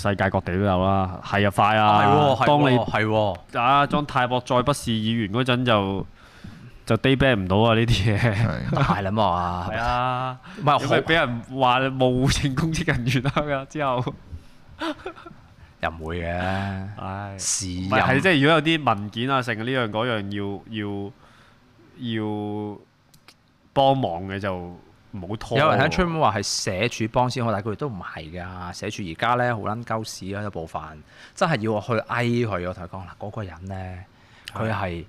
世界各地都有啦。係啊，快啊。係喎，係喎。係喎。啊，裝泰博再不是議員嗰陣就就 day back 唔到啊！呢啲嘢大捻啊！係啊，唔係俾人話你無證公職人員啊！之後。又唔會嘅，唉，市唔係即係如果有啲文件啊，成呢樣嗰樣要要要幫忙嘅就唔好拖。有人聽 Chief 話係社署幫先好，但係佢哋都唔係㗎，社署而家咧好撚鳩屎啊，一部分，真係要我去哀佢，我同佢講嗱，嗰個人咧佢係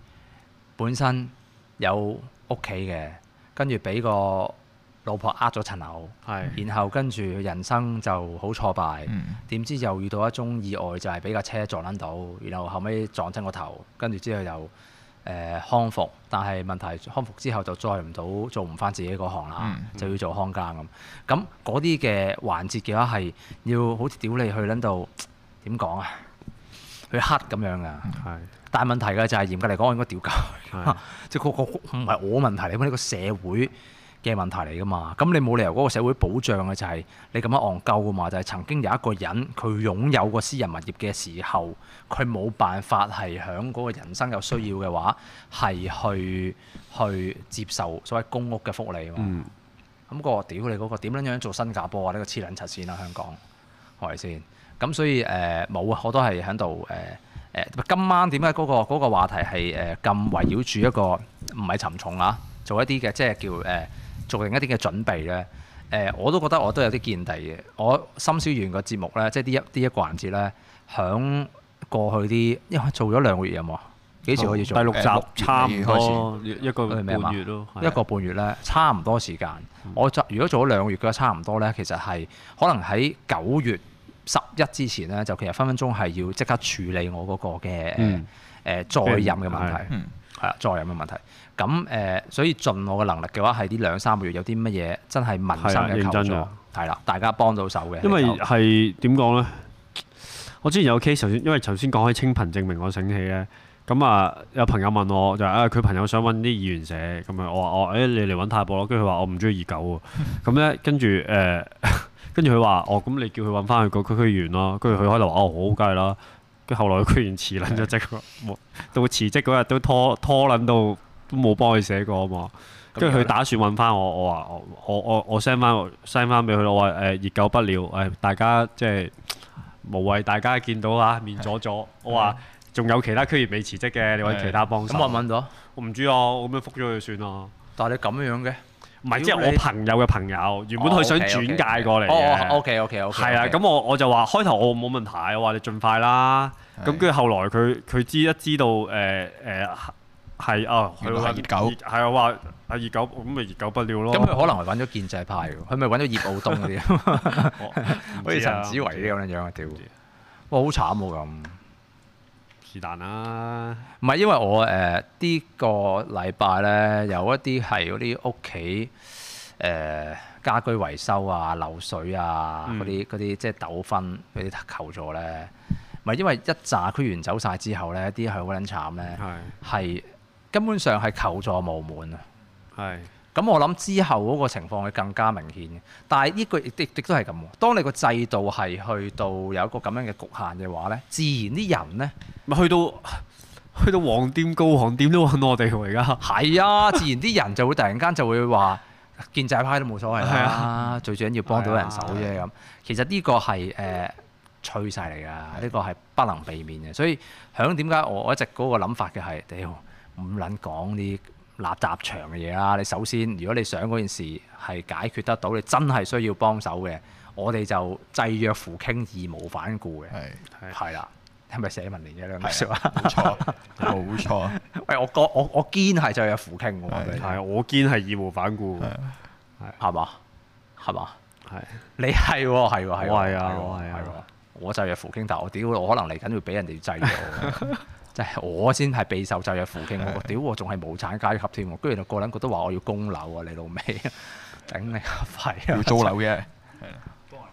本身有屋企嘅，跟住俾個。老婆呃咗層樓，是的 然後跟住人生就好挫敗。點知、嗯、又遇到一宗意外，就係俾架車撞撚到，然後後尾撞親個頭，跟住之後又誒、呃、康復，但係問題康復之後就再唔到做唔返自己嗰行啦，嗯、就要做看更。咁。咁嗰啲嘅環節嘅話係要好似屌你去撚到點講啊？去黑咁樣㗎。係。是的 但係問題嘅就係、是、嚴格嚟講，我應該屌鳩佢，即 係個唔係我問題，你揾呢個社會。嘅問題嚟㗎嘛？咁你冇理由嗰個社會保障嘅就係你咁樣戇鳩㗎嘛？就係、是、曾經有一個人佢擁有過私人物業嘅時候，佢冇辦法係響嗰個人生有需要嘅話，係去去接受所謂公屋嘅福利啊嘛。咁、嗯、個屌你嗰個點撚樣做新加坡啊？呢個黐撚柒先啦，香港係咪先？咁所以誒冇啊，我都係喺度誒誒。今晚點解嗰個嗰、嗰個話題係咁、呃、圍繞住一個唔係沉重啊？做一啲嘅即係叫誒。呃做定一啲嘅準備咧，誒、呃、我都覺得我都有啲見地嘅。我深宵完個節目咧，即係呢一呢一個環節咧，響過去啲，因為做咗兩個月有冇啊？幾時可以做？哦、第六集差唔多一個半月咯，一個半月咧，差唔多時間。嗯、我就如果做咗兩個月嘅話，差唔多咧，其實係可能喺九月十一之前咧，就其實分分鐘係要即刻處理我嗰個嘅誒在任嘅問題。嗯，係、嗯、啊，在任嘅問題。咁誒，所以盡我嘅能力嘅話，係啲兩三個月有啲乜嘢真係民生嘅求助，係啦，大家幫到手嘅。因為係點講咧？我之前有 case 頭先，因為頭先講開清貧證明我醒起咧，咁啊有朋友問我就係佢朋友想揾啲議員寫，咁啊我話我誒你嚟揾泰博咯，跟住佢話我唔中意二九喎，咁咧跟住誒，跟住佢話哦咁你叫佢揾翻佢個區區員咯，跟住佢開頭話哦好，梗係啦，跟後來區員辭撚咗職，到辭職嗰日都拖拖撚到。都冇幫佢寫過啊嘛，跟住佢打算揾翻我，我話我我我 send 翻 send 翻俾佢咯，我話誒、呃、熱狗不了，誒大家即係無謂大家見到啊，面阻阻，我話仲有其他區議員未辭職嘅，你揾其他幫手。咁我揾咗？我唔知哦，我咁樣覆咗佢算咯。但係你咁樣嘅？唔係，即係我朋友嘅朋友，原本佢想轉介過嚟。哦 OK OK OK, okay, okay, okay, okay, okay。係啊，咁我我就話開頭我冇問題，我話你盡快啦。咁跟住後來佢佢知一知道誒誒。呃呃呃係啊，係話熱狗，係啊話阿熱狗，咁咪熱狗不了咯。咁佢可能係揾咗建制派喎，佢咪揾咗葉澳東嗰啲 啊，好似 陳紫維子維啲咁樣啊，屌！哇，好慘喎、啊、咁。是但啦。唔係因為我誒、呃這個、呢個禮拜咧，有一啲係嗰啲屋企誒家居維修啊、漏水啊嗰啲啲即係糾紛俾啲求助咧，唔係因為一紮區員走晒之後咧，啲係好撚慘咧，係係是。根本上係求助無門啊！係咁是，我諗之後嗰個情況係更加明顯嘅。但係呢個亦亦亦都係咁喎。當你個制度係去到有一個咁樣嘅局限嘅話咧，自然啲人咧去到去到黃店高行點都揾我哋㗎。而家係啊， 自然啲人就會突然間就會話建制派都冇所謂啊。係啊，最緊要，要幫到人手啫。咁、啊、其實呢個係誒趨勢嚟㗎，呢個係不能避免嘅。所以響點解我一直嗰個諗法嘅係屌。唔撚講啲垃圾場嘅嘢啦！你首先，如果你想嗰件事係解決得到，你真係需要幫手嘅，我哋就濟弱扶傾，義無反顧嘅。係係啦，係咪寫文嚟嘅兩句説話？冇錯冇錯。喂，我個我我堅係真係扶傾喎，係我堅係義無反顧，係係嘛係嘛係。你係喎係喎係喎啊！我係啊！我濟弱扶傾，但我屌我可能嚟緊會俾人哋濟到。即係我先係備受債務扶傾，我屌我仲係無產階級添，居然就個人覺得話我要供樓啊，你老味啊，頂你個肺啊！要租樓嘅是，幫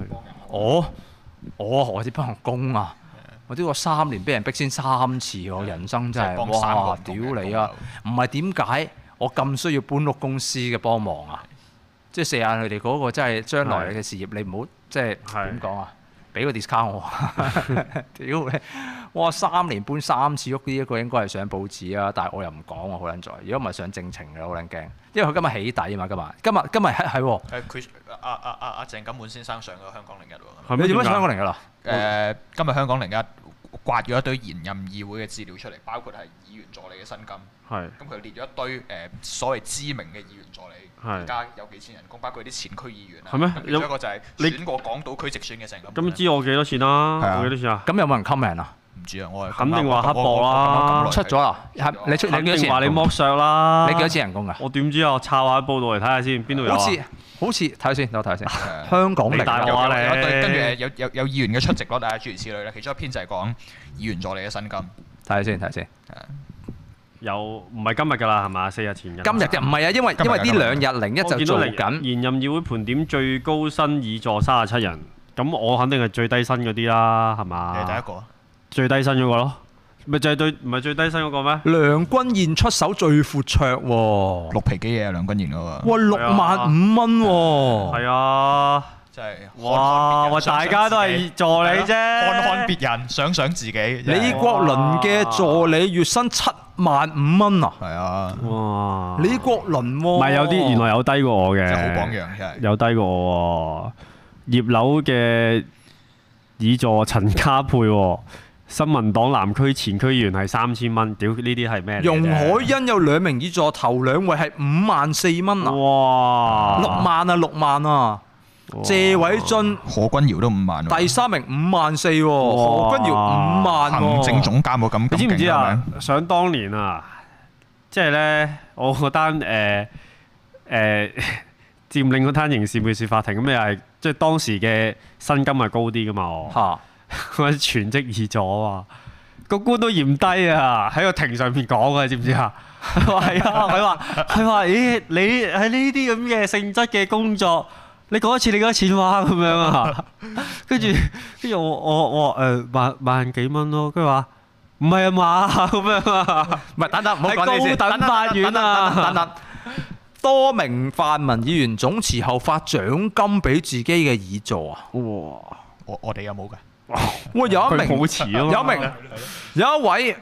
人供，人我我何止幫人供啊？我都話三年俾人逼先三次喎，啊，人生真係哇屌你啊！唔係點解我咁需要搬屋公司嘅幫忙啊？的即係四眼佢哋嗰個真係將來嘅事業，的你唔好即係點講啊？俾個 discount 我，屌你！哇，三年搬三次喐呢，一個應該係上報紙啊！但係我又唔講我好撚在。如果唔係上正情嘅，好撚驚。因為佢今日起底嘛，今日今日今日係佢阿阿阿阿鄭錦滿先生上咗香港零一喎。你做乜上香港零一啦？誒，今日香港零一。刮咗一堆現任議會嘅資料出嚟，包括係議員助理嘅薪金。係是。咁佢列咗一堆誒、呃、所謂知名嘅議員助理，而家是有幾千人工，包括啲前區議員啊。係咩嗎？另一個就係選過你港島區直選嘅成咁。咁知我幾多錢啊？幾、啊、多錢啊？咁有冇人 comment 啊？唔知啊，我肯定話黑幕啦，出咗啦，你出幾多錢？肯定話你剝削啦。你幾多錢人工噶？我點知啊？我抄下報道嚟睇下先，邊度有啊？好似好似睇下先，等我睇先。香港零大話咧，跟住有有有議員嘅出席咯，大家諸如此類咧。其中一篇就係講議員助理嘅薪金。睇下先，睇下先。有唔係今日噶啦，係嘛？四日前日今日嘅唔係啊，因為因為呢兩日零一就見到嚟緊現任議會盤點最高薪議助三十七人。咁我肯定係最低薪嗰啲啦，係嘛？你係第一個啊？最低薪嗰、那個咯，咪就係對唔係最低薪嗰個咩？梁君彥出手最闊綽喎、哦，六皮幾嘢啊梁君彥嗰個？哇，六萬五蚊喎！係啊，真係哇，哇！大家都係助理啫，看看、啊、別人，想想自己。啊、李國麟嘅助理月薪七萬五蚊啊！係啊！哇！李國麟喎、哦，唔係有啲原來有低過我嘅，好榜樣有低過我葉劉嘅以助理陳家佩、哦。 新民黨南區前區議員係三千蚊，屌呢啲係咩？容海恩有兩名議助，頭兩位係五萬四蚊啊！哇，六萬啊，六萬啊！哇謝偉俊、何君堯都五萬，啊，第三名哇五萬四，啊，何君堯五萬，行政總監冇咁。你知唔知啊？想當年啊，即、就、係、是、呢，我嗰單誒誒佔領嗰攤刑事民事法庭，咁又係即係當時嘅薪金係高啲噶嘛？吓。 佢全職議助啊！個官都嫌低啊！喺個庭上面講啊，知唔知啊？係 啊！佢話佢話：咦、欸，你喺呢啲咁嘅性質嘅工作，你講一次你幾多錢花咁樣啊？跟住跟住我我我誒、呃、萬萬幾蚊咯。跟住話唔係啊嘛，咁樣唔係等等唔好講高等法院啊，等等，多名泛民議員總辭後發獎金俾自己嘅議助啊！哇！我我哋有冇㗎？我有，有，有一名，有一名，有一位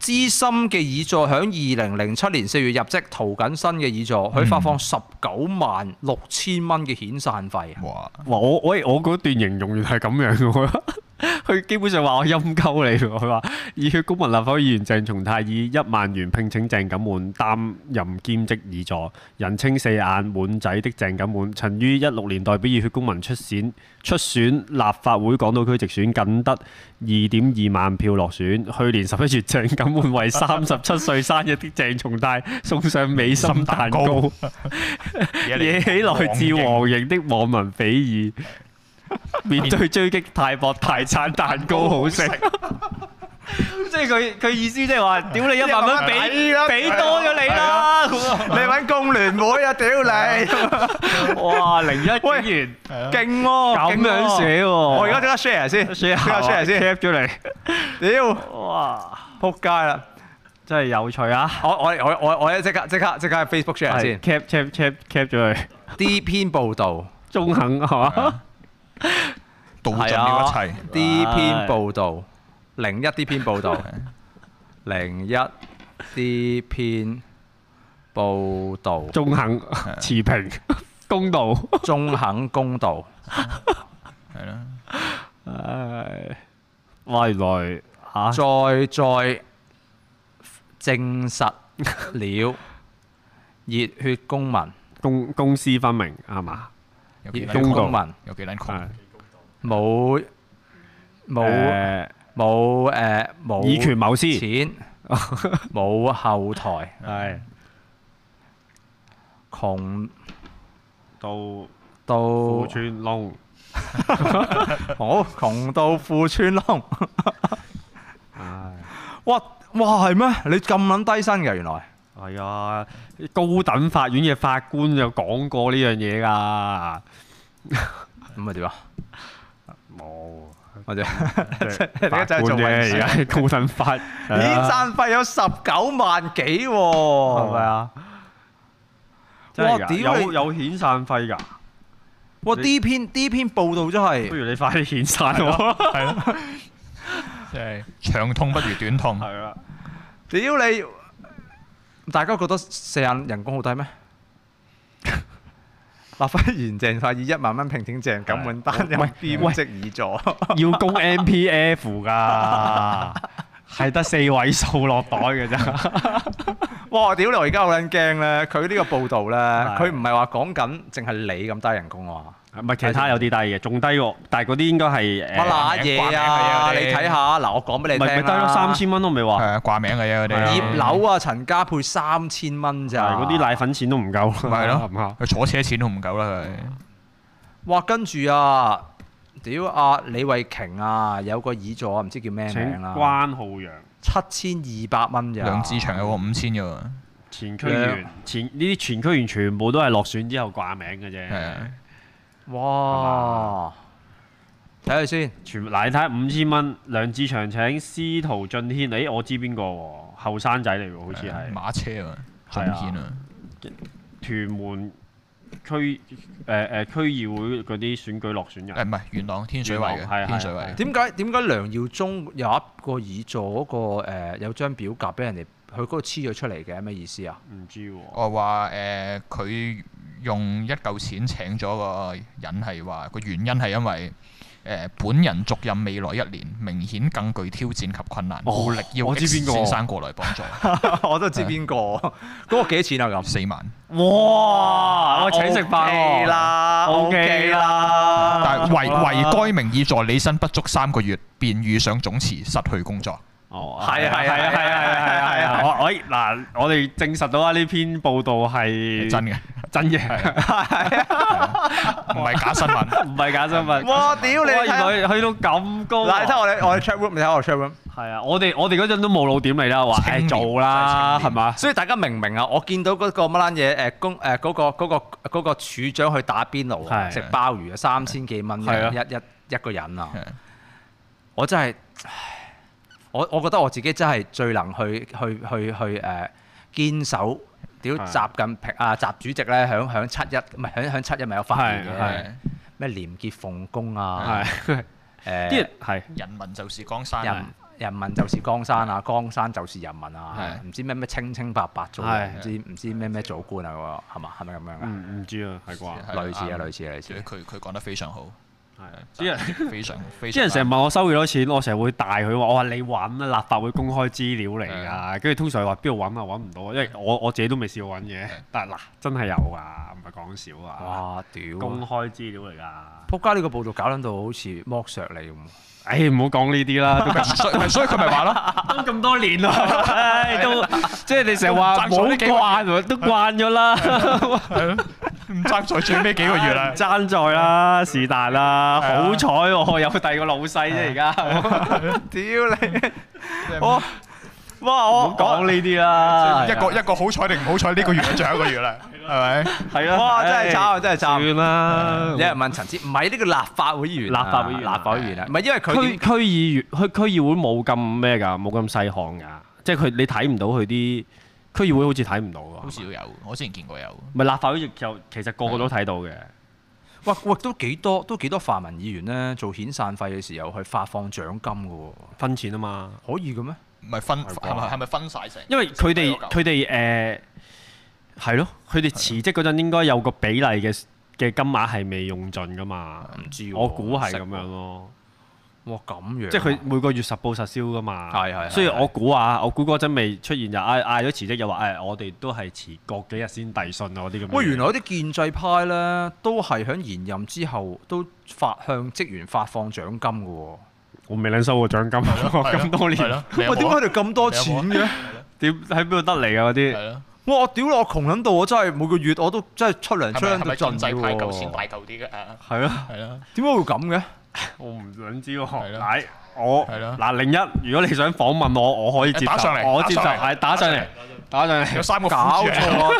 資深嘅議助響二零零七年四月入職，淘緊新嘅議助，佢發放十九萬六千蚊嘅遣散費。哇！哇！我喂，我嗰段形容完係咁樣嘅。 佢基本上話我陰溝你，佢話熱血公民立法議員鄭松泰以一萬元聘請鄭錦滿擔任兼職議助，人稱四眼滿仔的鄭錦滿，曾於一六年代表熱血公民出選出選立法會港島區直選，僅得二點二萬票落選。去年十一月，鄭錦滿為三十七歲生日的鄭松泰送上美心蛋糕，惹 起來自黃營的網民非議。面對追擊泰薄泰餐蛋糕好食，即係佢佢意思即係話，屌你一百蚊俾俾多咗你啦，你搵工聯會啊，屌你！哇零一竟然勁喎，咁樣寫喎，我而家即刻 share 先，share share share 先 cap 咗你！屌哇扑街啦，真係有趣啊！我我我我我即刻即刻即刻 Facebook share 先 cap cap cap cap 咗去啲篇報道中肯係嘛？倒盡了一齊，呢篇報道另一、D，呢篇報道另一，呢篇報道中肯持平公道，中 肯公道係啦，唉、啊，未來吓再再證實了熱血公民 公公私分明啊嘛。有幾撚窮？道有幾撚窮？冇冇冇誒冇以權謀私，冇錢 後台，係的窮到到褲穿窿，好 窮到褲穿窿， 哇哇係咩？你咁撚低薪嘅原來？係啊，高等法院嘅法官就講過呢樣嘢噶。咁咪點啊？冇， 或者，大家就係做維生。而家高等法，遣散費有十九萬幾喎。係咪啊？哇，屌！有遣散費㗎。哇！D 篇 D 篇報道真係。不如你快啲遣散我。係咯。即係長痛不如短痛。 係啊。屌你！大家覺得四眼人工好低咩？嗱，翻完正話以一萬蚊平頂正，咁滿單又唔係變色耳座，要供 MPF 㗎，係得四位數落袋㗎咋。哇！屌你，我而家好撚驚咧，佢呢個報導咧，佢唔係話講緊淨係你咁低人工喎。唔係其他有啲低嘅，仲低喎！但係嗰啲應該係誒掛名啊！你睇下嗱，我講俾你聽啦，低咗三千蚊都咯？咪話係掛名嘅啫，葉柳啊陳家佩三千蚊咋？嗰啲奶粉錢都唔夠，係咯？唔啱，佢坐車錢都唔夠啦佢。哇！跟住啊，屌啊，李慧瓊啊，有個耳座唔知叫咩名啦？關浩洋七千二百蚊咋？梁志祥有個五千嘅喎，前區員前呢啲前區員全部都係落選之後掛名嘅啫。哇！睇下先，全嚟睇五千蚊。梁志祥請司徒俊軒，誒、哎、我知邊個喎？後生仔嚟喎，好似係馬車啊，俊軒啊，啊，屯門區誒誒、呃、區議會嗰啲選舉落選人，唔係、哎、元朗天水圍嘅，天水圍。點解點解梁耀忠有一個議座嗰、嗰個有張表格俾人哋？佢嗰個黐咗出嚟嘅咩意思啊？唔知喎。我話誒，佢用一嚿錢請咗個人，係話個原因係因為誒、呃、本人續任未來一年明顯更具挑戰及困難，故、哦、力邀、哦、我知邊個。知邀先生過來幫助。 我都知邊個。嗰、啊、個幾多錢啊？四萬。哇！我請食飯啦、啊。O K 啦。Okay okay、了但係，唯唯該名已在你身不足三個月便遇上總辭，失去工作。哦，係啊，係啊，係啊，係啊，係啊，係啊！我嗱，我哋證實到啊，呢篇報道係真嘅，真嘅，唔係假新聞，唔係假新聞。哇！屌你，原來去到咁高。嗱，睇我哋我哋 chat room，你睇我 chat room。係啊，我哋我哋嗰陣都冇老點嚟啦，話清點啦，係嘛？所以大家明唔明啊？我見到嗰個乜撚嘢誒公誒嗰個嗰個嗰個處長去打邊爐食鮑魚啊，三千幾蚊一一一個人啊！我真係。我我覺得我自己真係最能去去去去誒堅守屌習近平啊習主席咧響響七一唔係響響七一咪有發言嘅係咩廉潔奉公啊係人民就是江山人人民就是江山啊江山就是人民啊唔知咩咩清清白白做唔知唔知咩咩做官啊喎係嘛係咪咁樣啊？唔知啊係啩類似啊類似啊類似佢佢講得非常好。係，啲人對非常，啲 常 人成日問我 收幾多錢，我成日會帶佢話，我話你搵啊，立法會公開資料嚟噶，跟住的通常係話邊度搵啊，搵唔到，啊，因為我我自己都未試過搵嘅，的但係嗱，真係有噶、啊，唔係講笑啊，哇，屌、啊，公開資料嚟噶，仆街呢個報道搞捻到好似剝削你咁。哎，唔好講呢啲啦，所以佢咪話咯，都咁多年啦，唉，都即係你成日話冇慣，都慣咗啦，唔爭在最尾幾個月啦，爭在啦，是但啦，好彩我有第二個老細啫，而家屌你，哇！唔好講呢啲啦！一個一個好彩定唔好彩？呢個月啊，最後一個月啦，係咪？係啊！哇，真係差啊，真係差啦！有人問層次，唔係呢個立法會議員，立法會議員，立法會議員唔係因為佢區區議員，區區議會冇咁咩㗎，冇咁細項㗎，即係佢你睇唔到佢啲區議會好似睇唔到㗎。好似都有，我之前見過有。唔係立法會議員其實個個都睇到嘅。喂，哇，都幾多都幾多泛民議員咧，做遣散費嘅時候去發放獎金㗎喎？分錢啊嘛，可以嘅咩？咪分係咪係咪分晒成？因為佢哋佢哋誒係咯，佢哋辭職嗰陣應該有個比例嘅嘅金額係未用盡噶嘛？唔知我估係咁樣咯。哇，咁樣！即係佢每個月實報實銷噶嘛？係係。所以我估啊，我估嗰陣未出現，就嗌嗌咗辭職，又話誒，我哋都係遲過幾日先遞信啊嗰啲咁。喂，原來嗰啲建制派咧，都係響延任之後都發向職員發放獎金嘅喎。我未諗收過獎金喎，咁多年，喂，點解度咁多錢嘅？點喺邊度得嚟啊？嗰啲，哇！我屌我窮撚到，我真係每個月我都真係出糧出緊啲建制派大頭啲嘅，係啊，係啊，點解會咁嘅？我唔想知喎。嗱，我嗱另一，如果你想訪問我，我可以接受，我接受，係打上嚟。打上嚟有三個虎主，搞錯，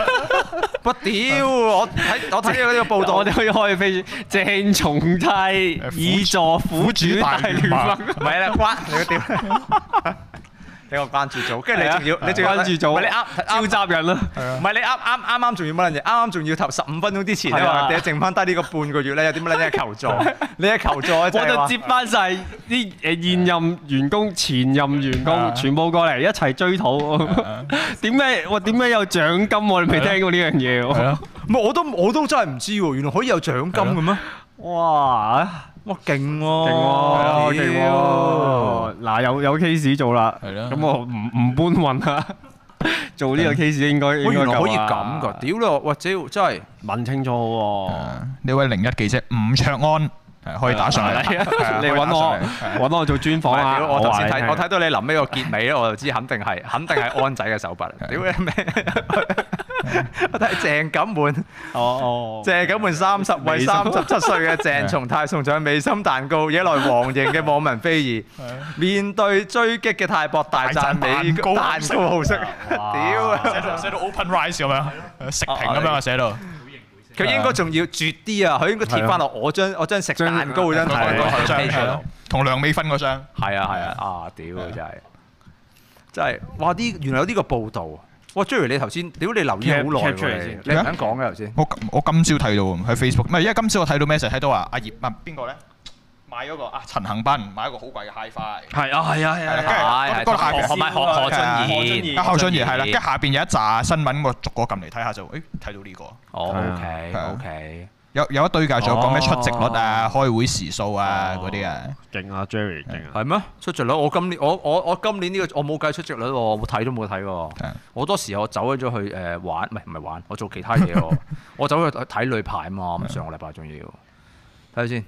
我屌！我睇我睇到呢個報道，正我哋可以開飛，正重梯二座虎主大聯盟，唔係啦，關你個屌！ 俾我關注組，跟住你仲要，你仲關注組，唔係你啱召集人咯，唔係你啱啱啱啱仲要乜嘢，啱啱仲要投十五分鐘之前你咧，剩翻低呢個半個月咧，又啲乜嘢求助，你啲求助就接翻晒啲誒現任員工、前任員工全部過嚟一齊追討。點解我點解有獎金？我未聽過呢樣嘢喎。唔係我都我都真係唔知喎，原來可以有獎金嘅咩？哇！哇，勁喎！勁喎，嗱，有有 case 做啦，咁我唔唔搬運啦，做呢個 case 應該可以咁噶？屌你話，哇蕉真係問清楚喎！呢位零一記者吳卓安，可以打上嚟你嚟我，揾我做專訪啊！我睇我睇到你臨尾個結尾咧，我就知肯定係，肯定係安仔嘅手筆。屌你咩？我睇鄭錦滿，哦，鄭錦滿三十為三十七歲嘅鄭松泰送上美心蛋糕惹來黃營嘅網民非議。面對追擊嘅泰博大讚美蛋糕好色，屌，寫到寫到 open rice 咁樣，食評咁樣啊寫到，佢應該仲要絕啲啊，佢應該貼翻落我張我張食蛋糕嘅張台，同梁美芬嗰張，係啊係啊，啊屌真係，真係，哇啲原來有呢個報道。喂！Jerry 你頭先，屌你留意好耐喎，你係唔係咁講嘅頭先？我我今朝睇到喎，喺 Facebook，唔係因為今朝我睇到咩睇到話阿葉啊邊個咧買嗰個啊陳恒鑌買一個好貴嘅 Hi-Fi，係啊係啊係啊，跟住我見下邊何何何俊賢，何俊賢係啦，跟住下邊有一紮新聞，我逐個撳嚟睇下就誒睇到呢個。哦，OK OK。有有一堆噶，仲有講咩出席率啊、開會時數啊嗰啲啊，勁啊，Jerry 勁啊，係咩出席率？我今年我我我今年呢個我冇計出席率喎，我睇都冇睇喎。好多時我走咗去誒玩，唔係唔係玩，我做其他嘢喎。我走去睇女排啊嘛，上個禮拜仲要睇下先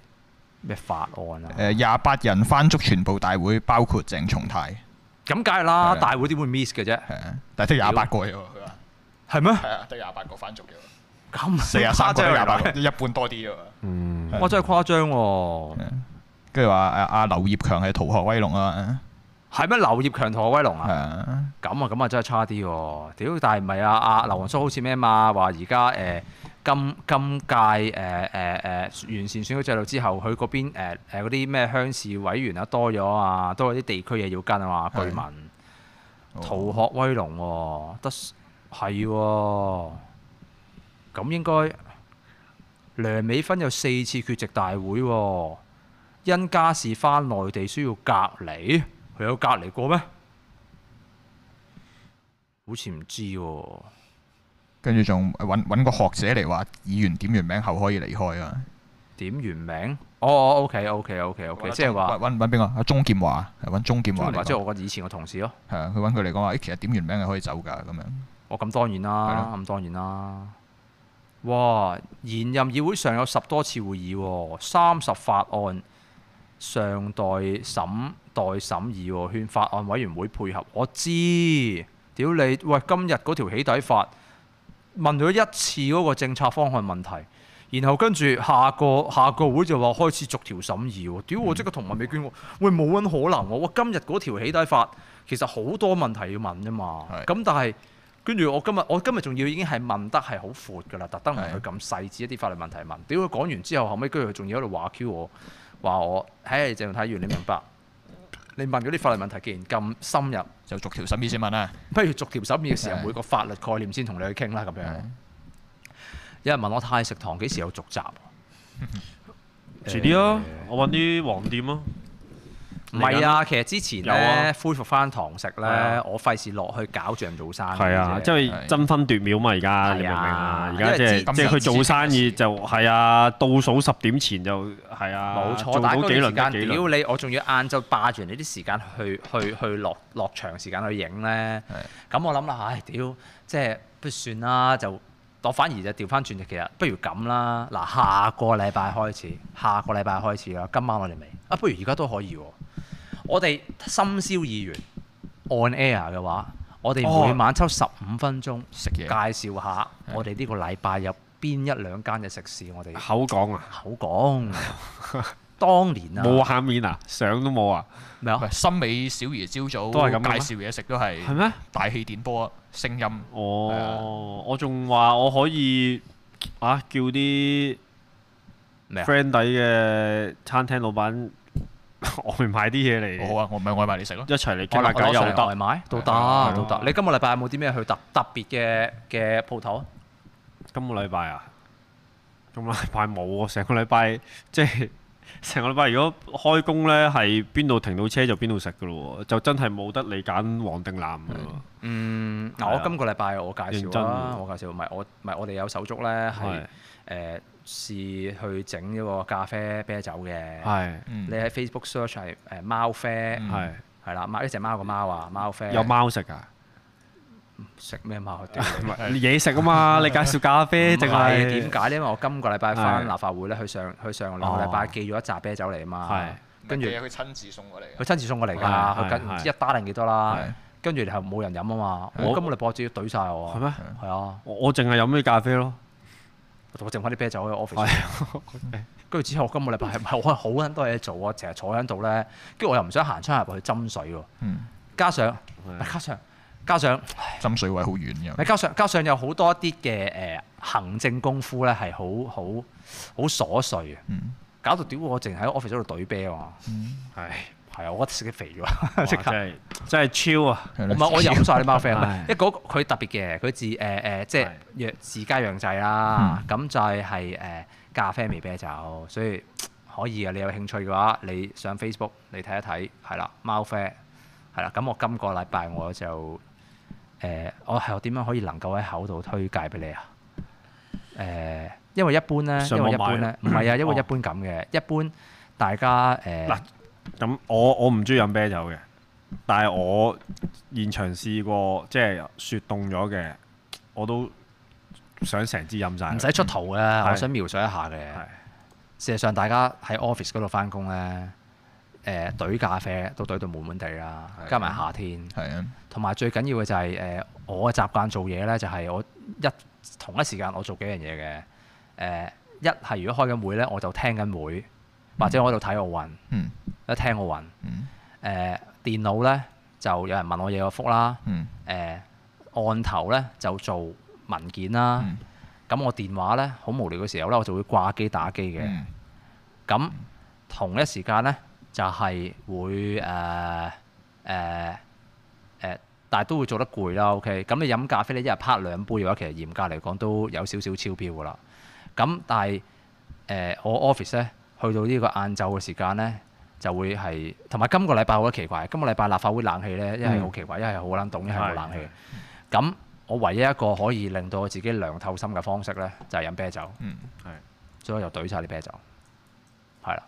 咩法案啊？誒，廿八人翻足全部大會，包括鄭松泰，咁梗係啦，大會點會 miss 嘅啫？但係得廿八個啫喎，係咩？係啊，得廿八個翻足嘅。咁誇張， 三 一半多啲啊！哇，真係誇張喎！跟住話阿阿劉業強係逃學威龍啊！係咩？劉業強逃學威龍是啊，啊！咁啊，啊，咁啊，真係差啲喎！屌，但係唔係啊？阿劉皇叔好似咩嘛？話而家誒今今屆誒誒誒完善選舉制度之後，佢嗰邊誒嗰啲咩鄉事委員啊多咗啊，多咗啲、啊、地區嘢要跟啊嘛，居民逃學是、啊哦、威龍喎、啊，得係喎。咁應該梁美芬有四次缺席大會喎，因家事返內地需要隔離，佢有隔離過咩？好似唔知喎、啊。跟住仲揾揾個學者嚟話，議員點完名後可以離開啊。點完名？哦，OK，OK，OK，OK，即係話揾揾邊個？阿鍾劍華係揾鍾劍華，華華即係我以前嘅同事咯、啊。佢揾佢嚟講話，其實點完名係可以走㗎咁樣。哦，咁當然啦，咁的當然啦。哇！現任議會上有十多次會議，三十法案尚待審待審議，勸法案委員會配合。我知，屌你喂！今日嗰條起底法問咗一次嗰個政策方向問題，然後跟住下個下個會就話開始逐條審議喎。屌我即刻同文未捐喎，嗯、喂冇撚可能喎！哇！今日嗰條起底法其實好多問題要問啫嘛，咁是但係。跟住我今日我今日仲要已經係問得係好闊㗎啦，特登唔係去咁細緻一啲法律問題問。屌佢講完之後，後尾跟住佢仲要喺度話 Q 我，話我，唉，鄭太元你明白？你問嗰啲法律問題既然咁深入，就逐條審議先問啦，啊。不如逐條審議嘅時候，的每個法律概念先同你去傾啦，咁樣。有的人問我太食堂幾時有續集？遲啲啊，嗯、我揾啲黃店啊。唔係啊！其實之前咧恢復翻堂食咧，我費事落去搞住人做生意。係啊，即係爭分奪秒嘛！而家明唔明啊？而家即係即係佢做生意就係啊，倒數十點前就係啊，冇錯，做到幾輪幾秒你我仲要晏晝霸住你啲時間去去去落落場時間去影咧。咁我諗啦，唉，屌即係不如算啦，就我反而就調翻轉。其實不如咁啦，嗱，下個禮拜開始，下個禮拜開始啦。今晚我哋未啊，不如而家都可以喎。我哋深宵議員 on air 嘅話，我哋每晚抽十五分鐘，介紹下我哋呢個禮拜入邊一兩間嘅食肆。我哋口講啊，口講。當年啊，冇下面啊，相都冇啊。咩啊？森美小儀朝早，早都係咁介紹嘢食都係。係咩？大氣電波啊，聲音。哦，呃、我仲話我可以啊，叫啲 friend 底嘅餐廳老闆。我咪買啲嘢嚟，好啊！我唔係外賣你食咯，一齊嚟傾下偈。今日梗係有得外賣，都得都得。你今個禮拜有冇啲咩去特特別嘅嘅鋪頭啊？今個禮拜啊？今個禮拜冇啊！成個禮拜即係成個禮拜，如果開工咧，係邊度停到車就邊度食噶咯喎！就真係冇得你揀黃定藍啊嘛。嗯，嗱我今個禮拜我介紹啦，我介紹唔係我唔係我哋有手足咧係誒。試去整嗰個咖啡啤酒嘅，你喺 Facebook search 係「誒貓啡，係啦，貓呢隻貓個貓啊，貓啡有貓食㗎，食咩貓？嘢食啊嘛！你介紹咖啡定係點解咧？因為我今個禮拜翻立法會咧，去上去上兩個禮拜寄咗一紮啤酒嚟啊嘛，跟住佢親自送過嚟，佢親自送過嚟㗎，佢一打定幾多啦，跟住係冇人飲啊嘛，我今個禮拜直接懟曬我，係咩？係啊，我我淨係飲咩咖啡咯。我剩翻啲啤酒喺 office。跟住 之後，我今個禮拜係唔係我好撚多嘢做啊？成日坐喺度咧，跟住我又唔想行出入去斟水喎。加上，加上，加上。斟水位好遠㗎。加上，加上有好多啲嘅誒行政功夫咧，係好好好瑣碎啊。 搞到屌我淨喺 office 度對啤喎。 係啊，我覺得自己肥咗，即係真係超啊！唔係我飲晒啲貓啡啊，因為佢特別嘅，佢自誒誒即係自家釀製啦，咁就係係咖啡味啤酒，所以可以啊。你有興趣嘅話，你上 Facebook 你睇一睇係啦，貓啡係啦。咁我今個禮拜我就誒，我係我點樣可以能夠喺口度推介俾你啊？誒，因為一般咧，因為一般咧，唔係啊，因為一般咁嘅，一般大家誒咁我我唔中意飲啤酒嘅，但係我現場試過即係雪凍咗嘅，我都想成支飲晒。唔使出圖嘅，嗯、我想描述一下嘅。是事實上，大家喺 office 嗰度翻工呢，誒、呃，懟咖啡都懟到悶悶地啦，的加埋夏天。同埋的最緊要嘅就係我嘅習慣做嘢呢，就係我一同一時間我做幾樣嘢嘅。一係如果開緊會呢，我就聽緊會。或者我喺度睇奧運，一聽奧運，誒、呃、電腦呢，就有人問我嘢我覆啦，誒、呃、案頭呢就做文件啦。咁我電話呢，好無聊嘅時候呢，我就會掛機打機嘅。咁同一時間呢，就係、是、會誒誒、呃呃呃、但係都會做得攰啦。OK，咁你飲咖啡呢一日拍兩杯嘅話，其實嚴格嚟講都有少少超標㗎啦。咁但係、呃、我 office 呢。去到呢個晏晝嘅時間呢，就會係同埋今個禮拜好奇怪，今個禮拜立法會冷氣呢，一係好奇怪，一係好冷凍，一係冇冷氣。咁的我唯一一個可以令到我自己涼透心嘅方式呢，就係、是、飲啤酒。嗯，係，所以就懟曬啲啤酒。係啦，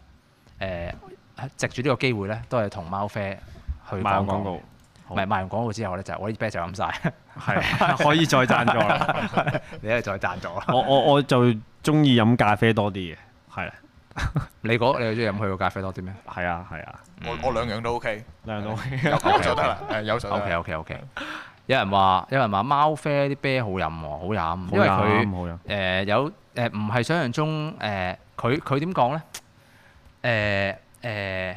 誒、呃，藉住呢個機會呢，都係同貓啡去講講賣廣告，唔賣完廣告之後呢，就是、我啲啤酒飲晒，係的 可以再贊助啦， 你係再贊助啦。我我就中意飲咖啡多啲嘅，係。你嗰，你中意飲佢個咖啡多啲咩？係啊，係啊，啊嗯、我我兩樣都 OK，兩樣都 OK，有手得啦，有 O K O K O K，有人話有人話貓啡啲啤好飲，好飲，好飲，因為佢誒有誒唔係想象中誒，佢佢點講咧？誒誒。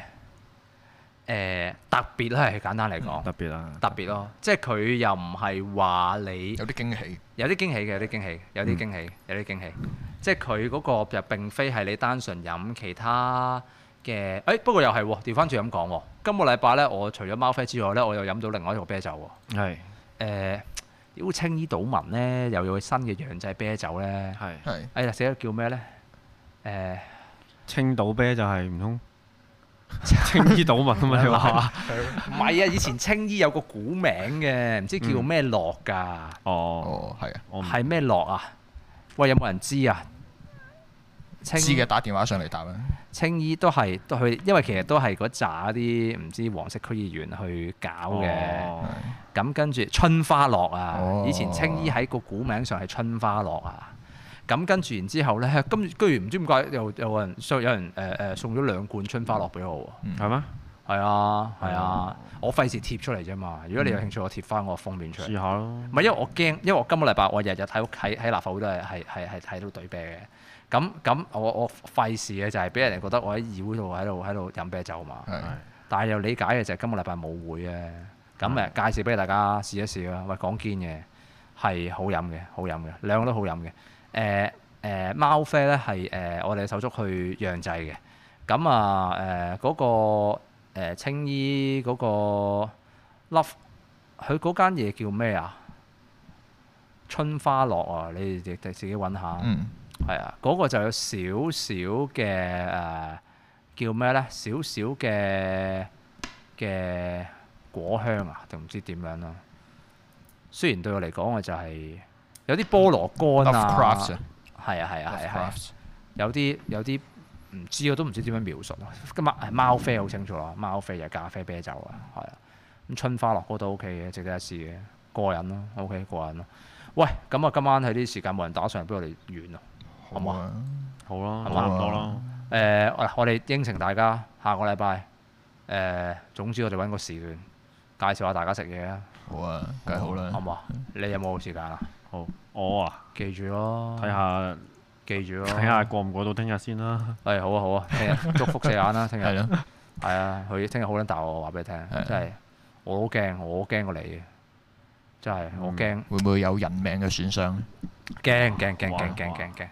誒特別咧，係、呃、簡單嚟講，嗯，特別啦，啊，特別咯，即係佢又唔係話你有啲驚喜，有啲驚喜嘅，有啲驚喜，有啲驚喜，有啲驚喜，即係佢嗰個又並非係你單純飲其他嘅，誒、哎、不過又係調翻轉咁講喎，今個禮拜咧，我除咗貓啡之外咧，我又飲到另外一個啤酒喎，係是，誒、呃，妖青衣島民咧又有新嘅洋製啤酒咧，係是，係，哎呀，寫咗叫咩咧？誒、呃，青島啤就係唔通？青衣島民啊嘛，係嘛？唔係 啊，以前青衣有個古名嘅，唔知叫咩落㗎。哦，係、哦、啊，係咩落啊？喂，有冇人知啊？青衣嘅打電話上嚟打啦。青衣都係都去，因為其實都係嗰扎啲唔知黃色區議員去搞嘅。咁、哦、跟住春花落啊，哦、以前青衣喺個古名上係春花落啊。咁跟住然之後咧，今居然唔知點解又有人送有人誒誒，送咗兩罐春花落俾我喎，係咩？嗯？係嗎啊，係啊，我費事貼出嚟啫嘛。如果你有興趣，我貼翻我個封面出嚟，嗯。試下咯。唔係因為我驚，因為我今個禮拜我日日喺屋企喺立法會都係係係睇到對啤嘅。咁咁我我費事嘅就係俾人哋覺得我喺議會度喺度喺度飲啤酒嘛。的但係又理解嘅就係今個禮拜冇會啊。咁誒介紹俾大家試一試啊，喂講堅嘢，係好飲嘅，好飲嘅，兩個都好飲嘅。誒誒、呃、貓啡咧係誒我哋手足去釀製嘅，咁啊誒嗰個青、呃、衣嗰個 Love，佢嗰間嘢叫咩啊？春花樂啊，你哋自己揾下。嗯。係啊，嗰、那個就有少少嘅誒叫咩咧？少少嘅嘅果香啊，定唔知點樣咯、啊？雖然對我嚟講，我就係、是。有啲菠蘿乾啊，係啊係啊係係，有啲有啲唔知我都唔知點樣描述咯、啊。咁貓貓啡好清楚咯、啊，貓啡就咖啡啤酒啊，係啊。咁春花落都 OK 嘅，值得一試嘅，過癮咯 OK，過癮咯。喂，咁啊，今晚喺啲時間冇人打上，不如我哋遠咯，好唔好啊？好咯，差唔多咯。誒、呃，我我哋應承大家下個禮拜誒，總之我哋搵個時段介紹下大家食嘢啊。好啊，梗好啦，好唔好啊？你有冇時間啊？ 好，我啊，記住咯，睇下記住咯，睇下過唔過到聽日先啦。誒，好啊，好啊，祝福四眼啦，聽日。係咯，係啊，佢聽日好撚大我話俾你聽，真係我好驚，我好驚過你嘅，真係我好驚。會唔會有人命嘅損傷咧？驚驚驚驚驚驚驚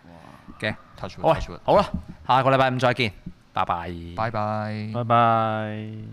驚。好，好啦，下個禮拜五再見，拜拜，拜拜，拜拜。